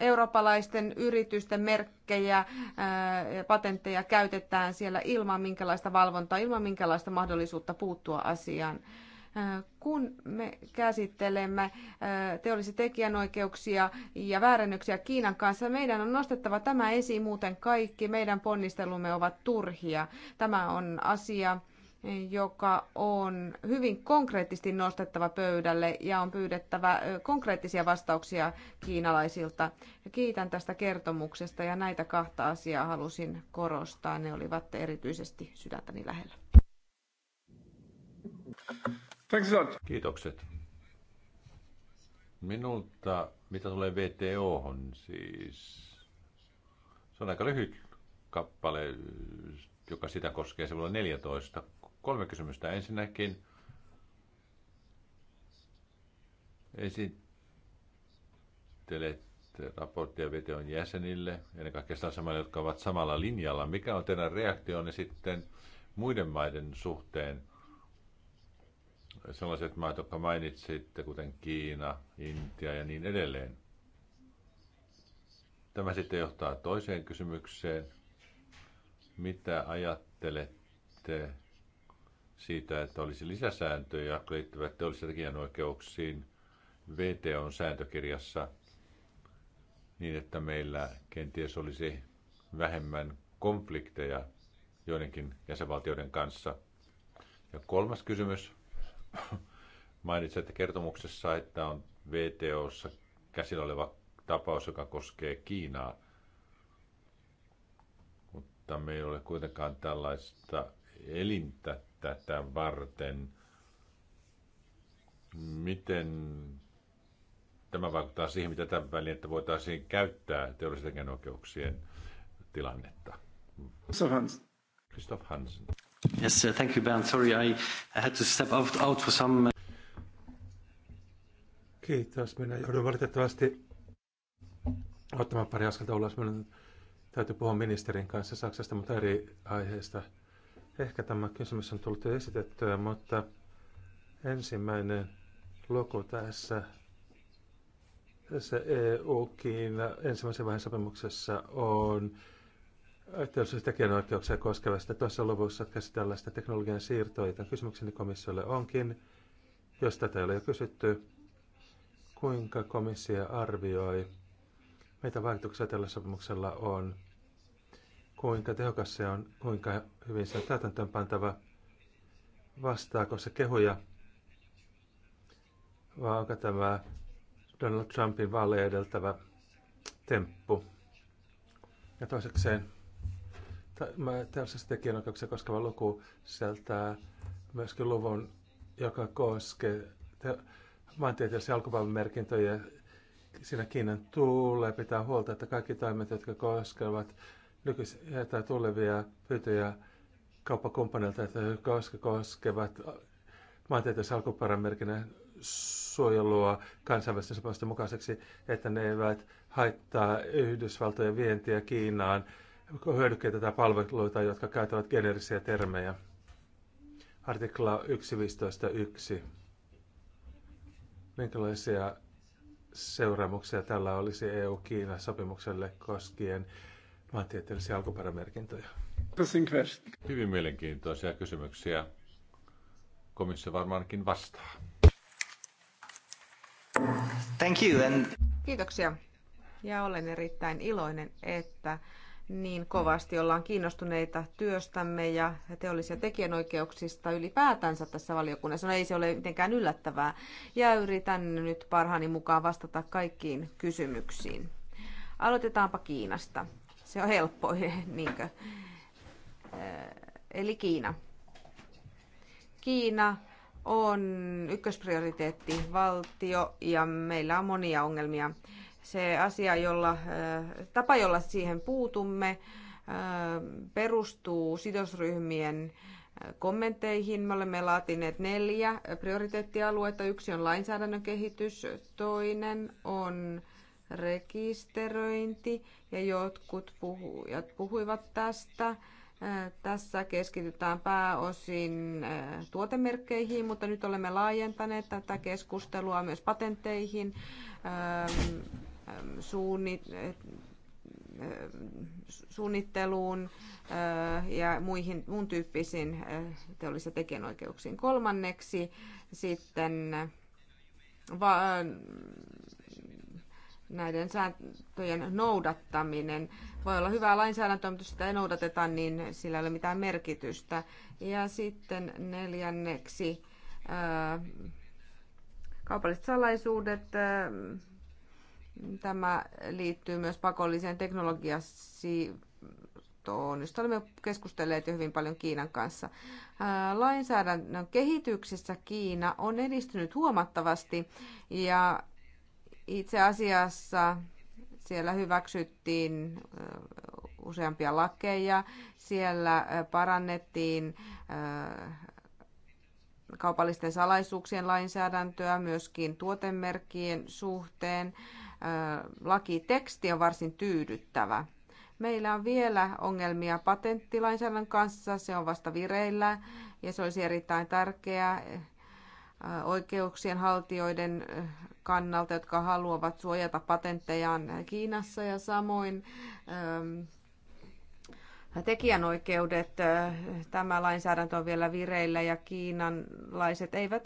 eurooppalaisten yritysten merkkejä ja patentteja käytetään siellä ilman minkälaista valvontaa, ilman minkälaista mahdollisuutta puuttua asiaan. Kun me käsittelemme teollisia tekijänoikeuksia ja väärännyksiä Kiinan kanssa, meidän on nostettava tämä esiin, muuten kaikki meidän ponnistelumme ovat turhia. Tämä on asia, joka on hyvin konkreettisesti nostettava pöydälle ja on pyydettävä konkreettisia vastauksia kiinalaisilta. Ja kiitän tästä kertomuksesta ja näitä kahta asiaa halusin korostaa. Ne olivat erityisesti sydäntäni lähellä. Kiitokset. Minulta, mitä tulee VTOhon siis, se on aika lyhyt kappale, joka sitä koskee se olla 14 Kolme kysymystä. Ensinnäkin esittelet raporttia videon jäsenille, ennen kaikkea samalla, jotka ovat samalla linjalla. Mikä on teidän reaktionne sitten muiden maiden suhteen? Sellaiset maat, jotka mainitsitte, kuten Kiina, Intia ja niin edelleen. Tämä sitten johtaa toiseen kysymykseen. Mitä ajattelette siitä, että olisi lisäsääntöjä, jotka liittyvät teollisiin tekijänoikeuksiin VTOn sääntökirjassa niin, että meillä kenties olisi vähemmän konflikteja joidenkin jäsenvaltioiden kanssa. Ja kolmas kysymys. Mainitsette kertomuksessa, että on VTOssa käsillä oleva tapaus, joka koskee Kiinaa. Mutta meillä ei ole kuitenkaan tällaista elintä tätä varten. Miten tämä vaikuttaa siihen, mitä tämän väliin, että voitaisiin käyttää teollisten oikeuksien tilannetta? Christoph Hansen. Christoph Hansen. Yes, sir. thank you, Bernd. Sorry, I, I had to step out, out for some... Uh, Kiitos. Minä joudun valitettavasti ottamaan pari askelta ulos. Minun täytyy puhua ministerin kanssa Saksasta, mutta eri aiheesta. Ehkä tämä kysymys on tullut jo esitettyä, mutta ensimmäinen luku tässä tässä EUkin ensimmäisen vaiheen sopimuksessa on teollisuus- tekijänoikeuksia koskevasta. Tuossa luvussa käsitellään sitä teknologian siirtoa, jota kysymykseni komissiolle onkin, jos tätä ei ole jo kysytty, kuinka komissio arvioi, mitä vaikutuksia tällä sopimuksella on kuinka tehokas se on, kuinka hyvin se on täytäntöönpantava, vastaako se kehuja, vai onko tämä Donald Trumpin vaaleja edeltävä temppu. Ja toisekseen, tällaisessa tekijänoikeuksia koskeva luku sieltä myöskin luvun, joka koskee te- maantieteellisiä alkupäivämerkintöjä. Siinä Kiinan tuulee pitää huolta, että kaikki toimet, jotka koskevat nykyisiä tai tulevia pyyntöjä kauppakumppaneilta, jotka koskevat maantieteellisen alkuperämerkinnän suojelua kansainvälisten sopimusten mukaiseksi, että ne eivät haittaa Yhdysvaltojen vientiä Kiinaan, hyödykkeitä tai palveluita, jotka käyttävät generisiä termejä. Artikla 1.15.1. Minkälaisia seuraamuksia tällä olisi EU-Kiina-sopimukselle koskien maantieteellisiä alkuperämerkintöjä. Hyvin mielenkiintoisia kysymyksiä. Komissio varmaankin vastaa. Thank you and... Kiitoksia. Ja olen erittäin iloinen, että niin kovasti ollaan kiinnostuneita työstämme ja teollisia tekijänoikeuksista ylipäätänsä tässä valiokunnassa. No ei se ole mitenkään yllättävää. Ja yritän nyt parhaani mukaan vastata kaikkiin kysymyksiin. Aloitetaanpa Kiinasta. Se on helppo, niinkö? Eli Kiina. Kiina on ykkösprioriteetti valtio ja meillä on monia ongelmia. Se asia, jolla, tapa, jolla siihen puutumme, perustuu sidosryhmien kommentteihin. Me olemme laatineet neljä prioriteettialuetta. Yksi on lainsäädännön kehitys, toinen on rekisteröinti ja jotkut puhujat puhuivat tästä. Tässä keskitytään pääosin tuotemerkkeihin, mutta nyt olemme laajentaneet tätä keskustelua myös patenteihin suunnitteluun ja muihin, muun tyyppisiin teollisiin tekijänoikeuksiin. Kolmanneksi sitten näiden sääntöjen noudattaminen. Voi olla hyvää lainsäädäntöä, mutta jos sitä ei noudateta, niin sillä ei ole mitään merkitystä. Ja sitten neljänneksi äh, kaupalliset salaisuudet. Äh, tämä liittyy myös pakolliseen teknologiasiirtoon, josta olemme keskustelleet jo hyvin paljon Kiinan kanssa. Äh, lainsäädännön kehityksessä Kiina on edistynyt huomattavasti ja itse asiassa siellä hyväksyttiin useampia lakeja, siellä parannettiin kaupallisten salaisuuksien lainsäädäntöä myöskin tuotemerkkien suhteen. Lakiteksti on varsin tyydyttävä. Meillä on vielä ongelmia patenttilainsäädännön kanssa, se on vasta vireillä ja se olisi erittäin tärkeää, Äh, oikeuksien haltijoiden äh, kannalta, jotka haluavat suojata patenttejaan Kiinassa ja samoin ähm, tekijänoikeudet. Äh, tämä lainsäädäntö on vielä vireillä ja kiinanlaiset eivät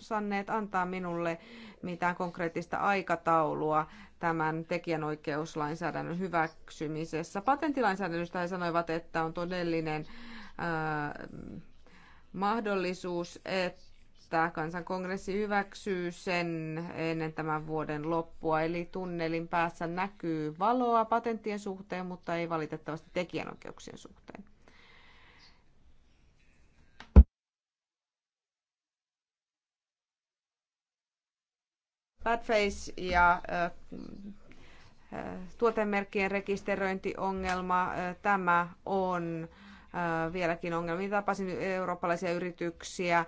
osanneet antaa minulle mitään konkreettista aikataulua tämän tekijänoikeuslainsäädännön hyväksymisessä. Patentilainsäädännöstä he sanoivat, että on todellinen mahdollisuus, että että kansankongressi hyväksyy sen ennen tämän vuoden loppua. Eli tunnelin päässä näkyy valoa patenttien suhteen, mutta ei valitettavasti tekijänoikeuksien suhteen. Badface ja tuotemerkkien rekisteröintiongelma, tämä on Äh, vieläkin ongelmia. Tapasin eurooppalaisia yrityksiä äh,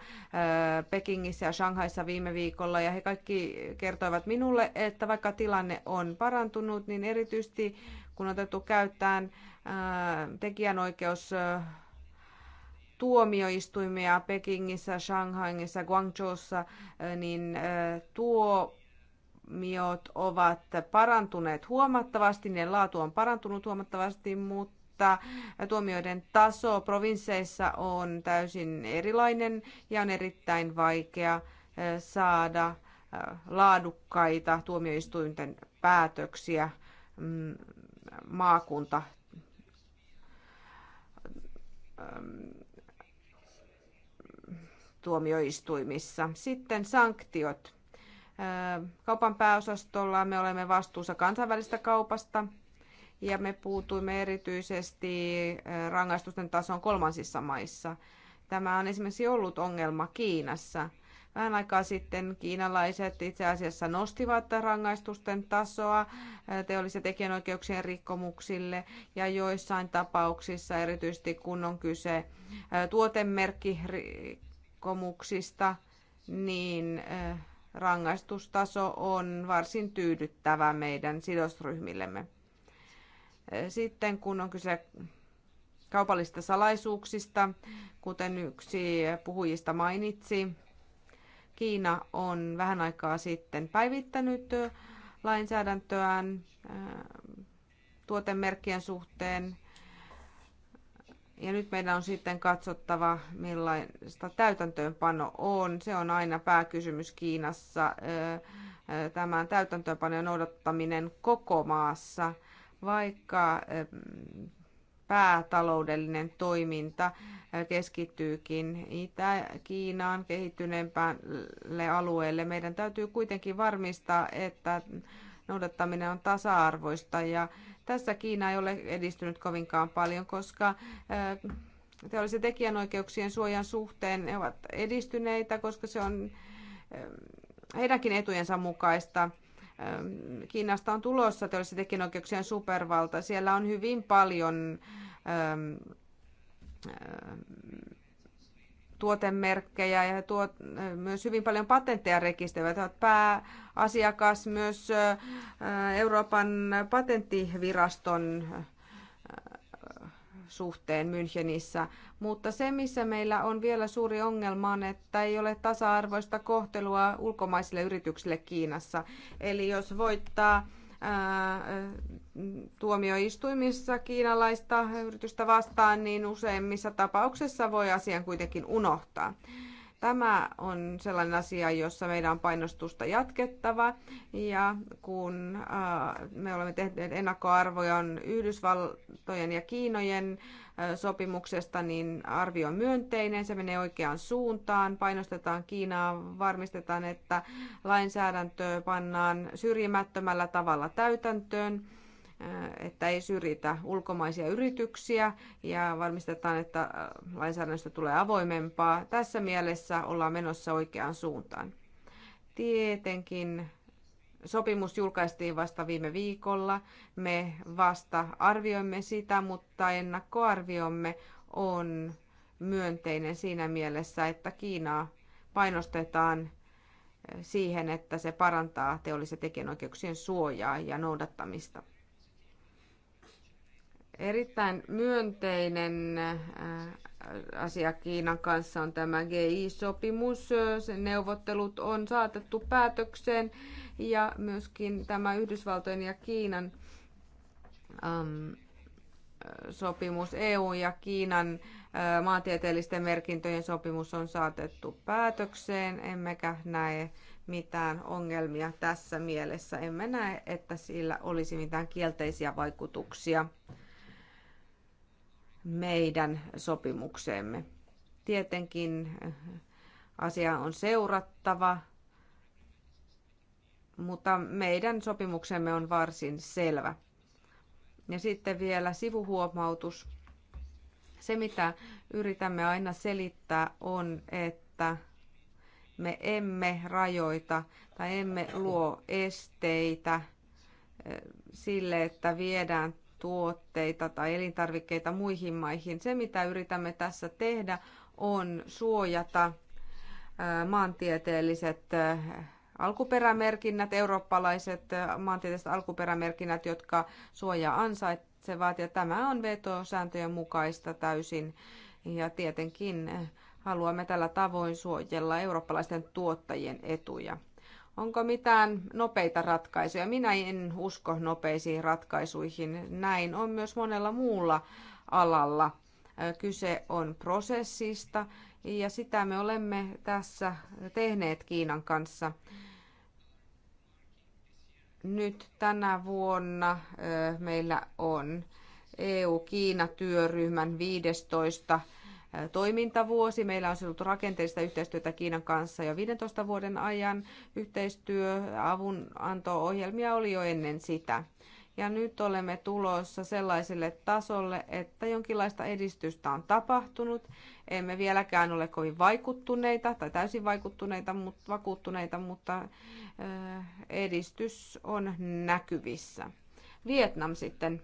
Pekingissä ja Shanghaissa viime viikolla ja he kaikki kertoivat minulle, että vaikka tilanne on parantunut, niin erityisesti kun on otettu käyttään äh, tekijänoikeus tuomioistuimia Pekingissä, Shanghaissa, Guangzhoussa, niin tuomiot ovat parantuneet huomattavasti, ne laatu on parantunut huomattavasti, mutta mutta tuomioiden taso provinsseissa on täysin erilainen ja on erittäin vaikea eh, saada eh, laadukkaita tuomioistuinten päätöksiä mm, maakunta eh, tuomioistuimissa. Sitten sanktiot. Kaupan pääosastolla me olemme vastuussa kansainvälistä kaupasta ja me puutuimme erityisesti rangaistusten tason kolmansissa maissa. Tämä on esimerkiksi ollut ongelma Kiinassa. Vähän aikaa sitten kiinalaiset itse asiassa nostivat rangaistusten tasoa teollisen tekijänoikeuksien rikkomuksille ja joissain tapauksissa, erityisesti kun on kyse tuotemerkkirikkomuksista, niin rangaistustaso on varsin tyydyttävä meidän sidosryhmillemme. Sitten kun on kyse kaupallisista salaisuuksista, kuten yksi puhujista mainitsi, Kiina on vähän aikaa sitten päivittänyt lainsäädäntöään äh, tuotemerkkien suhteen. Ja nyt meidän on sitten katsottava, millaista täytäntöönpano on. Se on aina pääkysymys Kiinassa, äh, äh, tämän täytäntöönpanon noudattaminen koko maassa – vaikka päätaloudellinen toiminta eh, keskittyykin Itä-Kiinaan kehittyneempälle alueelle. Meidän täytyy kuitenkin varmistaa, että noudattaminen on tasa-arvoista ja tässä Kiina ei ole edistynyt kovinkaan paljon, koska eh, teollisen tekijänoikeuksien suojan suhteen ne ovat edistyneitä, koska se on heidänkin etujensa mukaista Kiinasta on tulossa teollisten tekijänoikeuksien supervalta. Siellä on hyvin paljon tuotemerkkejä ja tuot, myös hyvin paljon patentteja rekisteröivät. Pääasiakas myös Euroopan patenttiviraston suhteen Münchenissä. Mutta se, missä meillä on vielä suuri ongelma, on, että ei ole tasa-arvoista kohtelua ulkomaisille yrityksille Kiinassa. Eli jos voittaa tuomioistuimissa kiinalaista yritystä vastaan, niin useimmissa tapauksissa voi asian kuitenkin unohtaa. Tämä on sellainen asia, jossa meidän on painostusta jatkettava ja kun äh, me olemme tehneet ennakkoarvoja Yhdysvaltojen ja Kiinojen äh, sopimuksesta, niin arvio on myönteinen, se menee oikeaan suuntaan, painostetaan Kiinaa, varmistetaan, että lainsäädäntö pannaan syrjimättömällä tavalla täytäntöön että ei syrjitä ulkomaisia yrityksiä ja varmistetaan, että lainsäädännöstä tulee avoimempaa. Tässä mielessä ollaan menossa oikeaan suuntaan. Tietenkin sopimus julkaistiin vasta viime viikolla. Me vasta arvioimme sitä, mutta ennakkoarviomme on myönteinen siinä mielessä, että Kiinaa painostetaan siihen, että se parantaa teollisen tekijänoikeuksien suojaa ja noudattamista. Erittäin myönteinen äh, asia Kiinan kanssa on tämä GI-sopimus. Sen neuvottelut on saatettu päätökseen ja myöskin tämä Yhdysvaltojen ja Kiinan äm, sopimus, EU ja Kiinan ä, äh, maantieteellisten merkintöjen sopimus on saatettu päätökseen, emmekä näe mitään ongelmia tässä mielessä. Emme näe, että sillä olisi mitään kielteisiä vaikutuksia meidän sopimukseemme. Tietenkin äh, asia on seurattava, mutta meidän sopimuksemme on varsin selvä. Ja sitten vielä sivuhuomautus. Se, mitä yritämme aina selittää, on, että me emme rajoita tai emme luo esteitä äh, sille, että viedään tuotteita tai elintarvikkeita muihin maihin. Se, mitä yritämme tässä tehdä, on suojata maantieteelliset alkuperämerkinnät, eurooppalaiset maantieteelliset alkuperämerkinnät, jotka suojaa ansaitsevat. Ja tämä on vetosääntöjen mukaista täysin. Ja tietenkin haluamme tällä tavoin suojella eurooppalaisten tuottajien etuja. Onko mitään nopeita ratkaisuja? Minä en usko nopeisiin ratkaisuihin. Näin on myös monella muulla alalla. Kyse on prosessista ja sitä me olemme tässä tehneet Kiinan kanssa. Nyt tänä vuonna meillä on EU-Kiina-työryhmän 15 toimintavuosi. Meillä on ollut rakenteellista yhteistyötä Kiinan kanssa jo 15 vuoden ajan. Yhteistyö, avunanto-ohjelmia oli jo ennen sitä. Ja nyt olemme tulossa sellaiselle tasolle, että jonkinlaista edistystä on tapahtunut. Emme vieläkään ole kovin vaikuttuneita tai täysin vaikuttuneita, mutta vakuuttuneita, mutta edistys on näkyvissä. Vietnam sitten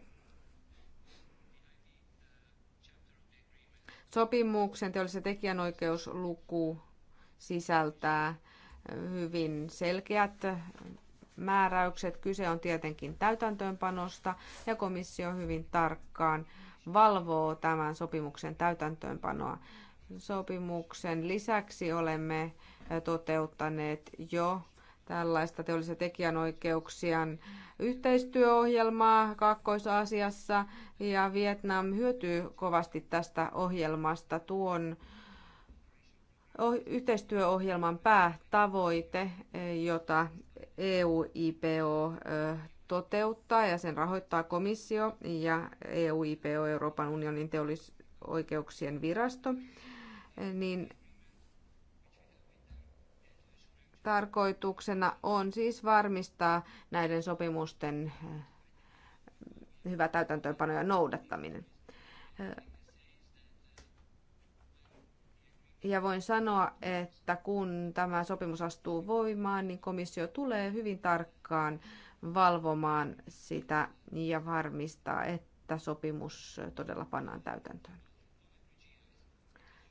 Sopimuksen teollisen tekijänoikeusluku sisältää hyvin selkeät määräykset. Kyse on tietenkin täytäntöönpanosta ja komissio hyvin tarkkaan valvoo tämän sopimuksen täytäntöönpanoa. Sopimuksen lisäksi olemme toteuttaneet jo tällaista teollisen tekijänoikeuksien yhteistyöohjelmaa Kaakkois-Aasiassa ja Vietnam hyötyy kovasti tästä ohjelmasta. Tuon yhteistyöohjelman päätavoite, jota EU-IPO toteuttaa ja sen rahoittaa komissio ja EU-IPO Euroopan unionin teollisoikeuksien virasto, niin Tarkoituksena on siis varmistaa näiden sopimusten eh, hyvä täytäntöönpano ja noudattaminen. Eh, ja voin sanoa, että kun tämä sopimus astuu voimaan, niin komissio tulee hyvin tarkkaan valvomaan sitä ja varmistaa, että sopimus todella pannaan täytäntöön.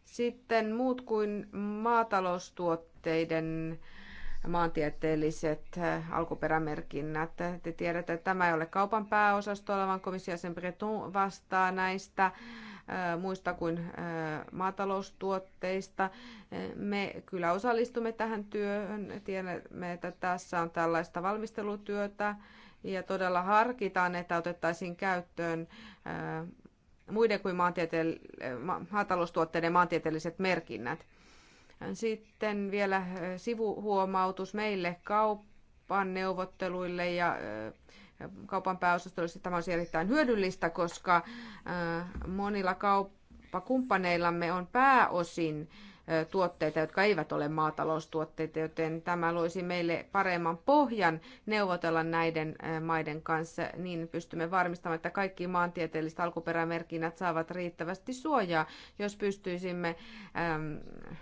Sitten muut kuin maataloustuotteiden äh, maantieteelliset äh, alkuperämerkinnät. Te tiedätte, että tämä ei ole kaupan pääosastolla, vaan komissio sen Breton vastaa näistä äh, muista kuin äh, maataloustuotteista. Me kyllä osallistumme tähän työhön. Tiedämme, että tässä on tällaista valmistelutyötä ja todella harkitaan, että otettaisiin käyttöön muiden kuin maataloustuotteiden maantieteelliset merkinnät. Sitten vielä sivuhuomautus meille kaupan neuvotteluille ja kaupan pääosastolle. Tämä on erittäin hyödyllistä, koska monilla kauppakumppaneillamme on pääosin tuotteita, jotka eivät ole maataloustuotteita, joten tämä loisi meille paremman pohjan neuvotella näiden maiden kanssa, niin pystymme varmistamaan, että kaikki maantieteelliset alkuperämerkinnät saavat riittävästi suojaa, jos pystyisimme ähm,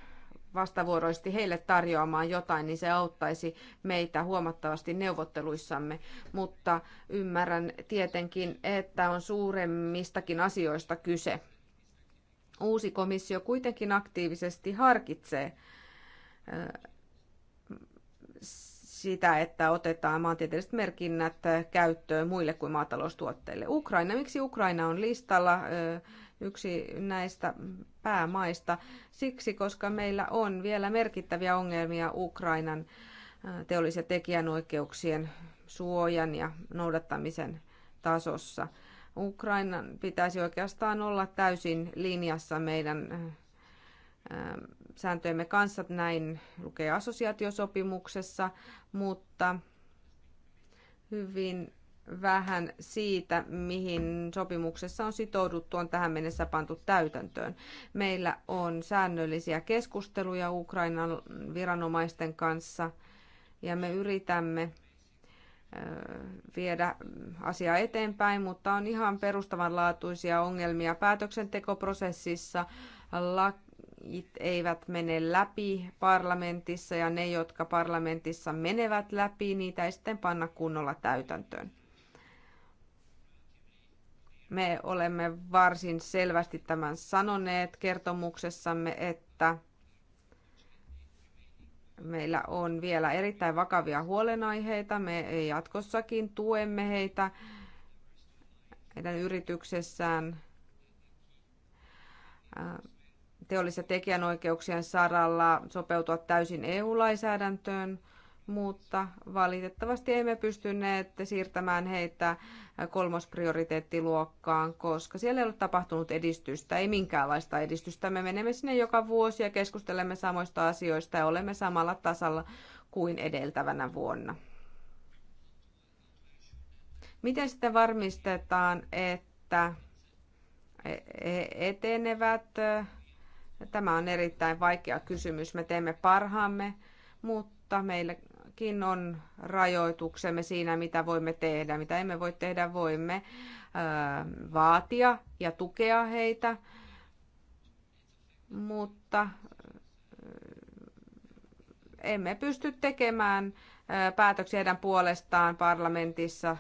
vastavuoroisesti heille tarjoamaan jotain, niin se auttaisi meitä huomattavasti neuvotteluissamme. Mutta ymmärrän tietenkin, että on suuremmistakin asioista kyse. Uusi komissio kuitenkin aktiivisesti harkitsee äh, sitä, että otetaan maantieteelliset merkinnät käyttöön muille kuin maataloustuotteille. Ukraina, miksi Ukraina on listalla? Äh, yksi näistä päämaista siksi, koska meillä on vielä merkittäviä ongelmia Ukrainan teollis- ja tekijänoikeuksien suojan ja noudattamisen tasossa. Ukrainan pitäisi oikeastaan olla täysin linjassa meidän sääntöjemme kanssa, näin lukee assosiaatiosopimuksessa, mutta hyvin vähän siitä, mihin sopimuksessa on sitouduttu, on tähän mennessä pantu täytäntöön. Meillä on säännöllisiä keskusteluja Ukrainan viranomaisten kanssa ja me yritämme viedä asiaa eteenpäin, mutta on ihan perustavanlaatuisia ongelmia päätöksentekoprosessissa. Lait eivät mene läpi parlamentissa ja ne, jotka parlamentissa menevät läpi, niitä ei sitten panna kunnolla täytäntöön. Me olemme varsin selvästi tämän sanoneet kertomuksessamme, että meillä on vielä erittäin vakavia huolenaiheita. Me jatkossakin tuemme heitä heidän yrityksessään teollis- ja tekijänoikeuksien saralla sopeutua täysin EU-lainsäädäntöön – mutta valitettavasti emme pystyneet siirtämään heitä kolmosprioriteettiluokkaan, koska siellä ei ole tapahtunut edistystä, ei minkäänlaista edistystä. Me menemme sinne joka vuosi ja keskustelemme samoista asioista ja olemme samalla tasalla kuin edeltävänä vuonna. Miten sitten varmistetaan, että e-, e-, etenevät? Tämä on erittäin vaikea kysymys. Me teemme parhaamme, mutta meillä meilläkin on rajoituksemme siinä, mitä voimme tehdä. Mitä emme voi tehdä, voimme vaatia ja tukea heitä, mutta emme pysty tekemään päätöksiä heidän puolestaan parlamentissa.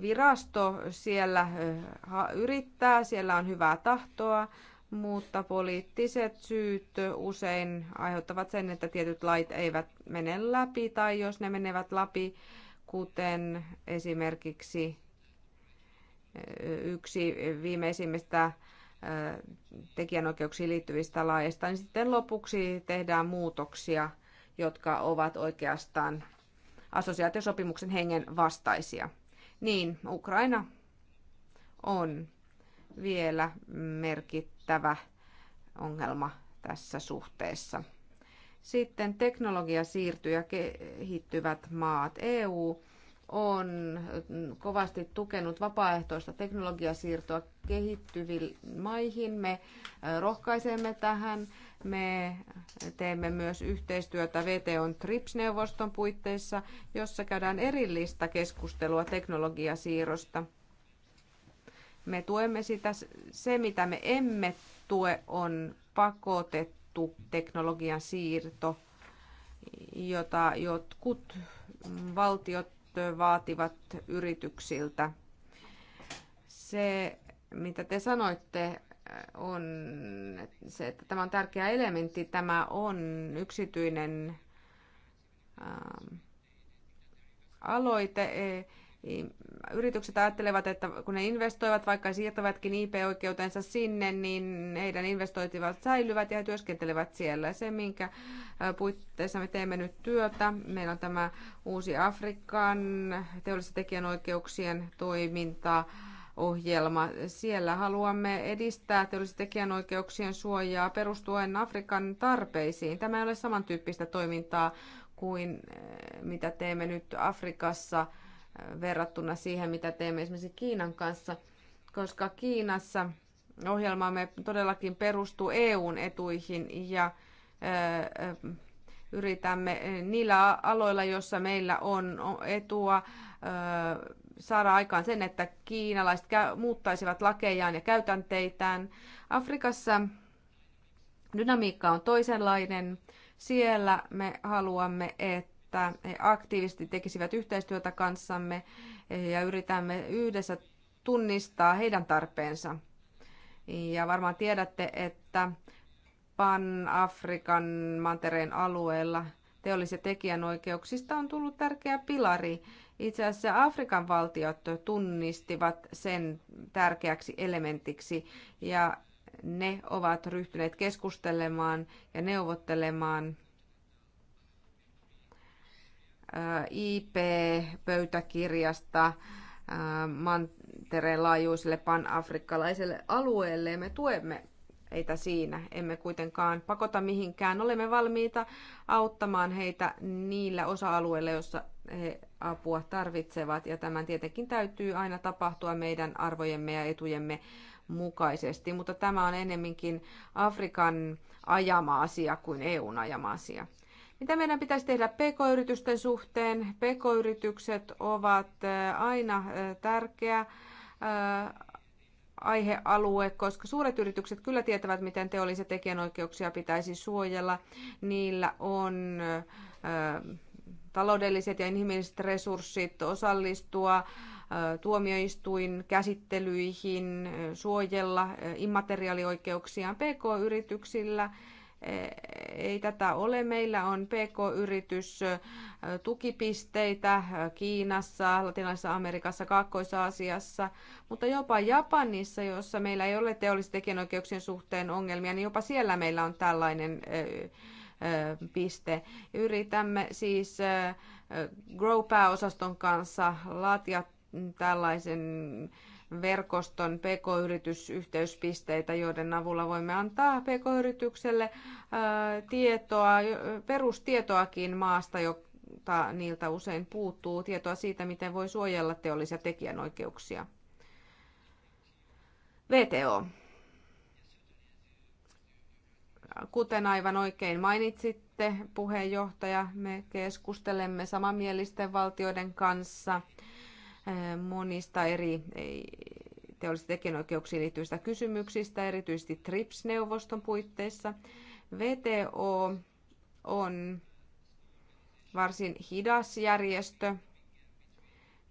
Virasto siellä yrittää, siellä on hyvää tahtoa, mutta poliittiset syyt usein aiheuttavat sen, että tietyt lait eivät mene läpi tai jos ne menevät läpi, kuten esimerkiksi eh, yksi viimeisimmistä eh, tekijänoikeuksiin liittyvistä laeista, niin sitten lopuksi tehdään muutoksia, jotka ovat oikeastaan assosiaatiosopimuksen hengen vastaisia. Niin, Ukraina on vielä merkitty merkittävä ongelma tässä suhteessa. Sitten teknologia siirtyy ja kehittyvät maat. EU on kovasti tukenut vapaaehtoista teknologiasiirtoa kehittyviin maihin. Me rohkaisemme tähän. Me teemme myös yhteistyötä VTOn TRIPS-neuvoston puitteissa, jossa käydään erillistä keskustelua teknologiasiirrosta me tuemme sitä. Se, mitä me emme tue, on pakotettu teknologian siirto, jota jotkut valtiot vaativat yrityksiltä. Se, mitä te sanoitte, on se, että tämä on tärkeä elementti. Tämä on yksityinen ähm, aloite. Äh, niin, yritykset ajattelevat, että kun ne investoivat, vaikka siirtävätkin IP-oikeutensa sinne, niin heidän investoitivat säilyvät ja he työskentelevät siellä. Se, minkä puitteissa me teemme nyt työtä, meillä on tämä uusi Afrikan teollisten tekijänoikeuksien toiminta, ohjelma. Siellä haluamme edistää teollisten tekijänoikeuksien suojaa perustuen Afrikan tarpeisiin. Tämä ei ole samantyyppistä toimintaa kuin mitä teemme nyt Afrikassa – verrattuna siihen, mitä teemme esimerkiksi Kiinan kanssa, koska Kiinassa ohjelmamme todellakin perustuu EUn etuihin ja yritämme niillä aloilla, joissa meillä on etua, saada aikaan sen, että kiinalaiset muuttaisivat lakejaan ja käytänteitään. Afrikassa dynamiikka on toisenlainen. Siellä me haluamme, että että he aktiivisesti tekisivät yhteistyötä kanssamme ja yritämme yhdessä tunnistaa heidän tarpeensa. Ja varmaan tiedätte, että Pan-Afrikan mantereen alueella teollis- ja tekijänoikeuksista on tullut tärkeä pilari. Itse asiassa Afrikan valtiot tunnistivat sen tärkeäksi elementiksi ja ne ovat ryhtyneet keskustelemaan ja neuvottelemaan IP-pöytäkirjasta mantereen laajuiselle panafrikkalaiselle alueelle ja me tuemme heitä siinä. Emme kuitenkaan pakota mihinkään. Olemme valmiita auttamaan heitä niillä osa-alueilla, joissa he apua tarvitsevat. Ja tämän tietenkin täytyy aina tapahtua meidän arvojemme ja etujemme mukaisesti. Mutta tämä on enemminkin Afrikan ajama asia kuin EUn ajama asia. Mitä meidän pitäisi tehdä pk-yritysten suhteen? Pk-yritykset ovat aina tärkeä aihealue, koska suuret yritykset kyllä tietävät, miten teollisia tekijänoikeuksia pitäisi suojella. Niillä on taloudelliset ja inhimilliset resurssit osallistua tuomioistuin käsittelyihin, suojella immateriaalioikeuksia pk-yrityksillä ei tätä ole. Meillä on PK-yritys tukipisteitä Kiinassa, Latinalaisessa Amerikassa, Kaakkois-Aasiassa, mutta jopa Japanissa, jossa meillä ei ole teollisten tekijänoikeuksien suhteen ongelmia, niin jopa siellä meillä on tällainen piste. Yritämme siis Grow-pääosaston kanssa laatia tällaisen verkoston pk-yritysyhteyspisteitä, joiden avulla voimme antaa pk-yritykselle äh, tietoa, perustietoakin maasta, jota niiltä usein puuttuu, tietoa siitä, miten voi suojella teollisia tekijänoikeuksia. VTO. Kuten aivan oikein mainitsitte, puheenjohtaja, me keskustelemme samanmielisten valtioiden kanssa – Äh, monista eri teollisista tekijänoikeuksiin liittyvistä kysymyksistä, erityisesti TRIPS-neuvoston puitteissa. VTO on varsin hidas järjestö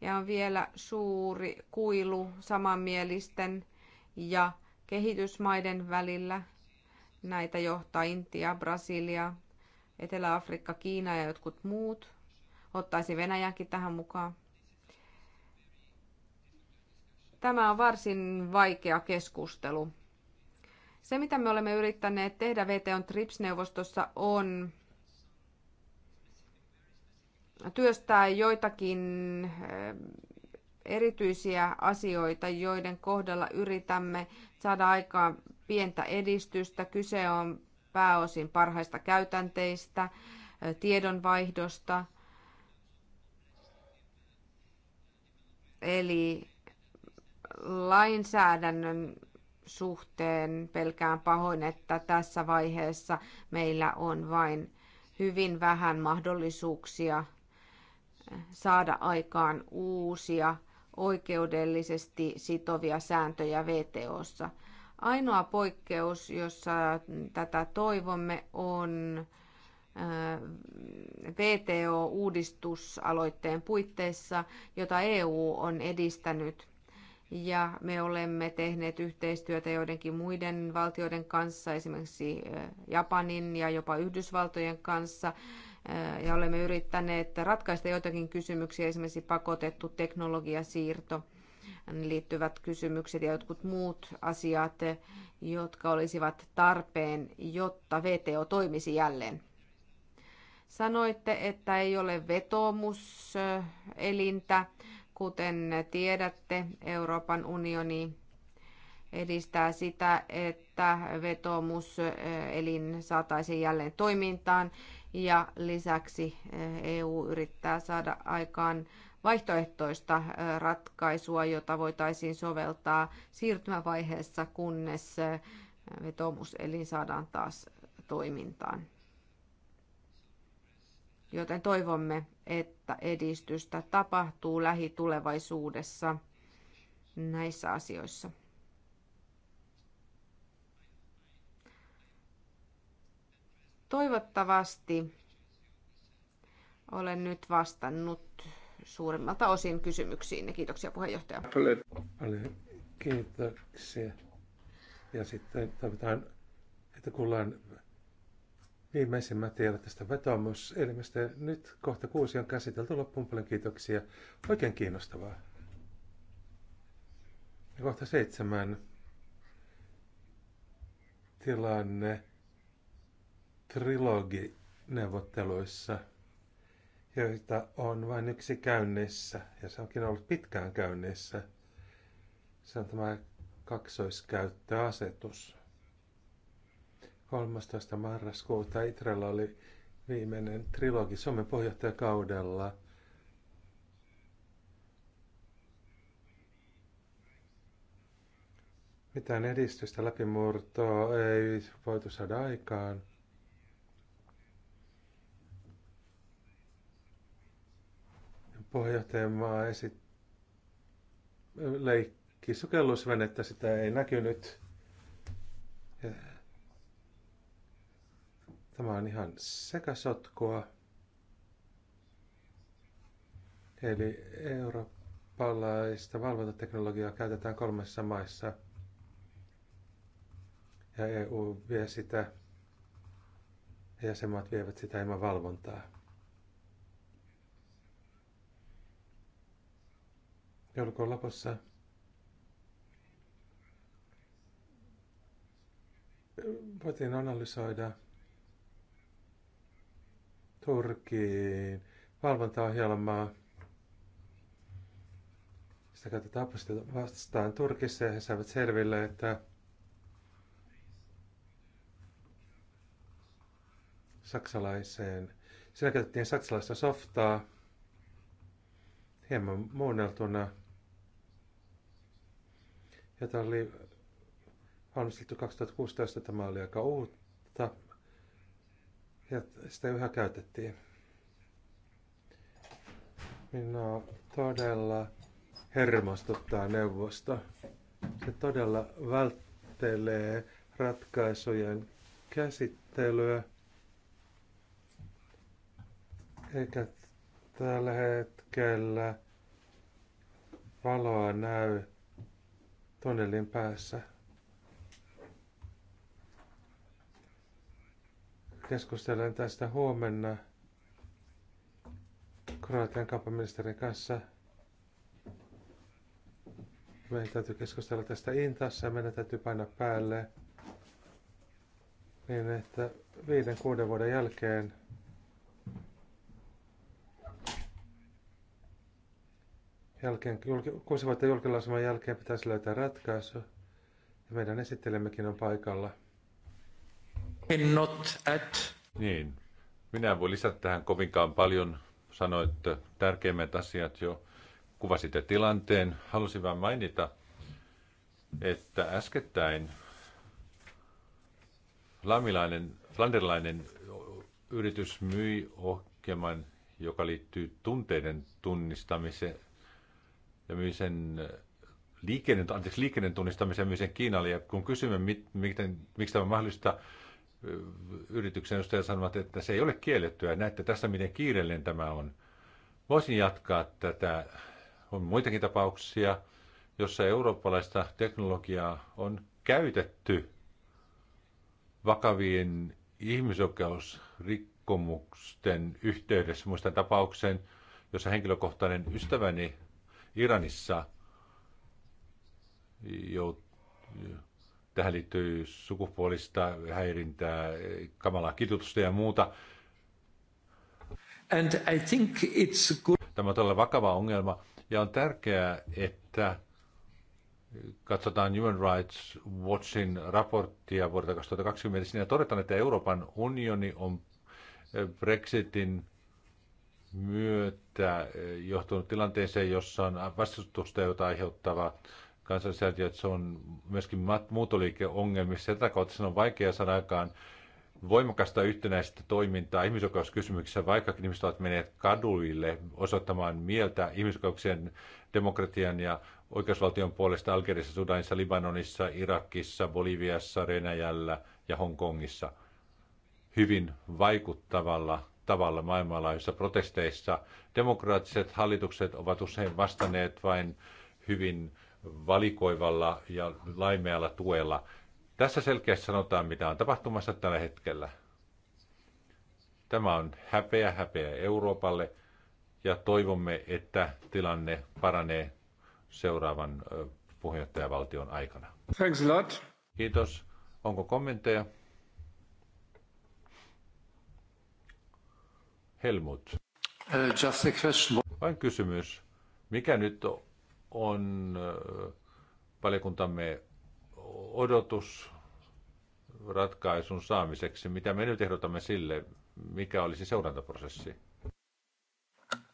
ja on vielä suuri kuilu samanmielisten ja kehitysmaiden välillä. Näitä johtaa Intia, Brasilia, Etelä-Afrikka, Kiina ja jotkut muut. Ottaisin Venäjänkin tähän mukaan. Tämä on varsin vaikea keskustelu. Se, mitä me olemme yrittäneet tehdä VTOn TRIPS-neuvostossa, on työstää joitakin eh, erityisiä asioita, joiden kohdalla yritämme saada aikaan pientä edistystä. Kyse on pääosin parhaista käytänteistä, eh, tiedonvaihdosta, eli lainsäädännön suhteen pelkään pahoin, että tässä vaiheessa meillä on vain hyvin vähän mahdollisuuksia saada aikaan uusia oikeudellisesti sitovia sääntöjä VTOssa. Ainoa poikkeus, jossa tätä toivomme, on äh, VTO-uudistusaloitteen puitteissa, jota EU on edistänyt ja me olemme tehneet yhteistyötä joidenkin muiden valtioiden kanssa, esimerkiksi Japanin ja jopa Yhdysvaltojen kanssa, ja olemme yrittäneet ratkaista joitakin kysymyksiä, esimerkiksi pakotettu teknologiasiirto liittyvät kysymykset ja jotkut muut asiat, jotka olisivat tarpeen, jotta VTO toimisi jälleen. Sanoitte, että ei ole vetomuselintä. Kuten tiedätte, Euroopan unioni edistää sitä, että elin saataisiin jälleen toimintaan ja lisäksi EU yrittää saada aikaan vaihtoehtoista ratkaisua, jota voitaisiin soveltaa siirtymävaiheessa, kunnes vetomuselin saadaan taas toimintaan joten toivomme, että edistystä tapahtuu lähitulevaisuudessa näissä asioissa. Toivottavasti olen nyt vastannut suurimmalta osin kysymyksiin. Kiitoksia puheenjohtaja. Paljon kiitoksia. Ja sitten tarvitaan, että kuullaan Viimeisimmät eivät tästä vetoomuselimestä. Nyt kohta kuusi on käsitelty loppuun paljon kiitoksia. Oikein kiinnostavaa. Ja kohta seitsemän tilanne trilogineuvotteluissa, joita on vain yksi käynnissä, ja se onkin ollut pitkään käynnissä. Se on tämä kaksoiskäyttöasetus. 13. marraskuuta Itrella oli viimeinen trilogi Suomen puheenjohtajakaudella. Mitään edistystä läpimurtoa ei voitu saada aikaan. Puheenjohtajamaa esit... leikki sukellusvenettä, sitä ei näkynyt. Tämä on ihan sekasotkua. Eli eurooppalaista valvontateknologiaa käytetään kolmessa maissa. Ja EU vie sitä, ja jäsenmaat vievät sitä ilman valvontaa. Joulukuun lopussa voitiin analysoida – Turkiin valvontaohjelmaa. Sitä katsotaan vastaan Turkissa ja he saavat selville, että saksalaiseen, siinä käytettiin saksalaista softaa hieman muunneltuna, jota oli valmisteltu 2016. Tämä oli aika uutta ja sitä yhä käytettiin. Minua todella hermostuttaa neuvosto. Se todella välttelee ratkaisujen käsittelyä. Eikä tällä hetkellä valoa näy tunnelin päässä. Keskustelen tästä huomenna Kroatian kauppaministerin kanssa. Meidän täytyy keskustella tästä Intassa ja meidän täytyy painaa päälle niin, että viiden kuuden vuoden jälkeen jälkeen, julki, kuusi vuotta julkilausuman jälkeen pitäisi löytää ratkaisu. Ja meidän esittelemmekin on paikalla. Not at. Niin. Minä en voi lisätä tähän kovinkaan paljon. Sanoit tärkeimmät asiat jo. Kuvasitte tilanteen. Halusin vain mainita, että äskettäin lamilainen, flanderlainen yritys myi ohjelman, joka liittyy tunteiden tunnistamiseen ja myi sen äh, liikenteen, anteeksi, tunnistamiseen myi sen Kiinalle. Ja kun kysymme, mit, miten, miksi tämä on mahdollista, yrityksen edustajat sanovat, että se ei ole kiellettyä. Näette tässä, miten kiireellinen tämä on. Voisin jatkaa tätä. On muitakin tapauksia, jossa eurooppalaista teknologiaa on käytetty vakavien ihmisoikeusrikkomusten yhteydessä. Muistan tapauksen, jossa henkilökohtainen ystäväni Iranissa joutui Tähän liittyy sukupuolista häirintää, kamalaa kitutusta ja muuta. And I think it's good. Tämä on todella vakava ongelma ja on tärkeää, että katsotaan Human Rights Watchin raporttia vuodelta 2020. Siinä todetaan, että Euroopan unioni on Brexitin myötä johtunut tilanteeseen, jossa on vastustusta, jota aiheuttava kansallisäätiö, että se on myöskin muuttoliikeongelmissa. Tätä kautta sen on vaikea saada aikaan voimakasta yhtenäistä toimintaa ihmisoikeuskysymyksissä, vaikkakin ihmiset ovat menneet kaduille osoittamaan mieltä ihmisoikeuksien, demokratian ja oikeusvaltion puolesta Algerissa, Sudanissa, Libanonissa, Irakissa, Boliviassa, Venäjällä ja Hongkongissa hyvin vaikuttavalla tavalla maailmanlaajuisissa protesteissa. Demokraattiset hallitukset ovat usein vastanneet vain hyvin valikoivalla ja laimealla tuella. Tässä selkeästi sanotaan, mitä on tapahtumassa tällä hetkellä. Tämä on häpeä, häpeä Euroopalle ja toivomme, että tilanne paranee seuraavan puheenjohtajavaltion aikana. Thanks a lot. Kiitos. Onko kommentteja? Helmut. Uh, just a question. Vain kysymys. Mikä nyt on? on valiokuntamme odotus ratkaisun saamiseksi? Mitä me nyt ehdotamme sille? Mikä olisi seurantaprosessi?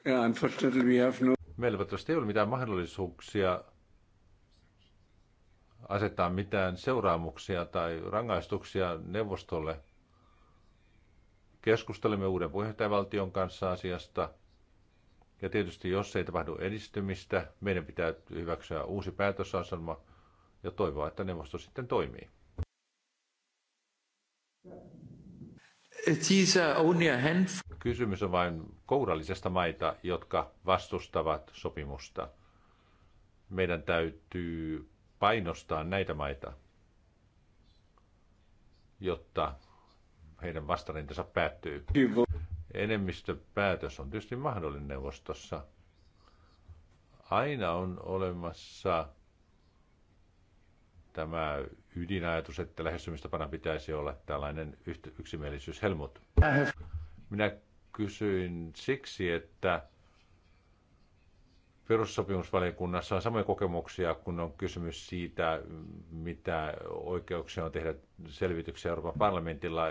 No- Meillä ei ole mitään mahdollisuuksia asettaa mitään seuraamuksia tai rangaistuksia neuvostolle. Keskustelemme uuden puheenjohtajavaltion kanssa asiasta. Ja tietysti jos ei tapahdu edistymistä, meidän pitää hyväksyä uusi päätösasema ja toivoa, että neuvosto sitten toimii. Uh, Kysymys on vain kourallisesta maita, jotka vastustavat sopimusta. Meidän täytyy painostaa näitä maita, jotta heidän vastarintansa päättyy. Kyllä enemmistöpäätös on tietysti mahdollinen neuvostossa. Aina on olemassa tämä ydinajatus, että lähestymistapana pitäisi olla tällainen yksimielisyys. Helmut, minä kysyin siksi, että perussopimusvaliokunnassa on samoja kokemuksia, kun on kysymys siitä, mitä oikeuksia on tehdä selvityksiä Euroopan parlamentilla,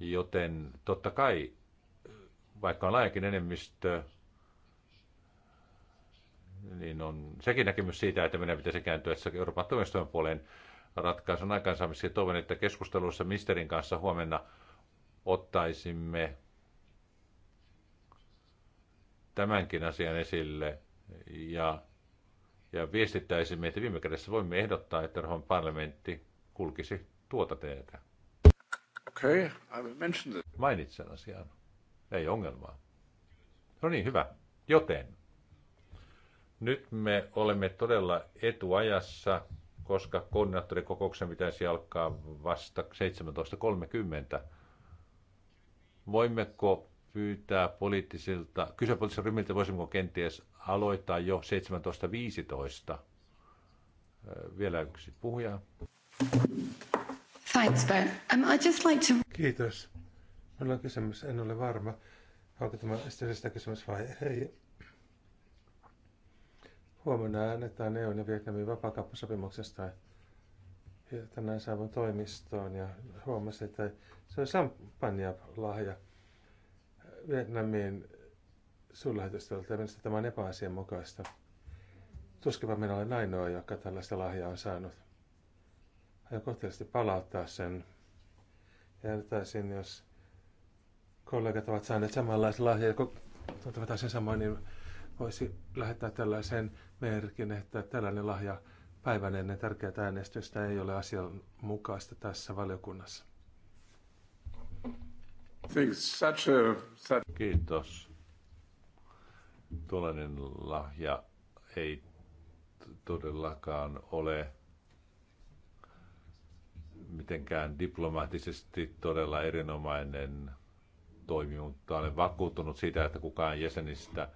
joten totta kai vaikka on laajakin enemmistö, niin on sekin näkemys siitä, että meidän pitäisi kääntyä Euroopan tuomioistuimen puoleen ratkaisun aikaansaamiseksi. Toivon, että keskustelussa ministerin kanssa huomenna ottaisimme tämänkin asian esille ja, ja viestittäisimme, että viime kädessä voimme ehdottaa, että Euroopan parlamentti kulkisi tuota teetä. Okay, I will mention that. Mainitsen asian. Ei ongelmaa. No niin, hyvä. Joten nyt me olemme todella etuajassa, koska kokouksen pitäisi alkaa vasta 17.30. Voimmeko pyytää poliittisilta, kysyä poliittisilta ryhmiltä, voisimmeko kenties aloittaa jo 17.15? Vielä yksi puhuja. Thanks, Um, just like to... Kiitos. Minulla on kysymys, en ole varma, onko tämä sitä kysymys vai ei. Huomenna äänetään EUn ja Vietnamin vapaakauppasopimuksesta. Ja tänään saavun toimistoon ja huomasin, että se on champagne lahja Vietnamin suurlähetystöltä ja minusta tämä on epäasianmukaista. Tuskinpa minä olen ainoa, joka tällaista lahjaa on saanut. Aion kohteliaasti palauttaa sen. Ja jos kollegat ovat saaneet samanlaisen lahjan kun tuntevat asian samoin, niin voisi lähettää tällaisen merkin, että tällainen lahja päivän ennen tärkeää äänestystä ei ole asianmukaista tässä valiokunnassa. Kiitos. Tuollainen lahja ei todellakaan ole mitenkään diplomaattisesti todella erinomainen toimii, mutta olen vakuuttunut siitä, että kukaan jäsenistä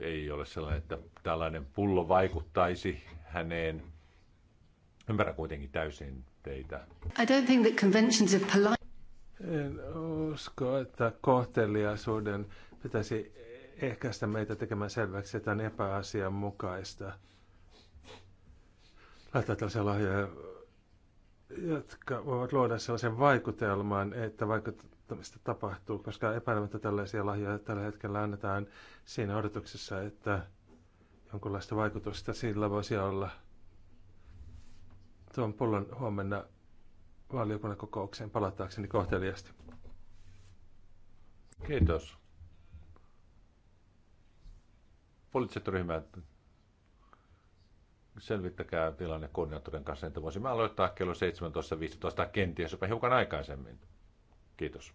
ei ole sellainen, että tällainen pullo vaikuttaisi häneen. Ymmärrän kuitenkin täysin teitä. I don't think that conventions of polite... En usko, että kohteliaisuuden pitäisi ehkäistä meitä tekemään selväksi, että on epäasianmukaista laittaa tällaisia lahjoja, jotka voivat luoda sellaisen vaikutelman, että vaikut, odottamista tapahtuu, koska epäilemättä tällaisia lahjoja tällä hetkellä annetaan siinä odotuksessa, että jonkinlaista vaikutusta sillä voisi olla. Tuon pullon huomenna valiokunnan kokoukseen palattaakseni kohteliasti. Kiitos. Poliittiset ryhmät, selvittäkää tilanne koordinaattorin kanssa, että voisimme aloittaa kello 17.15 kenties jopa hiukan aikaisemmin. Kiitos.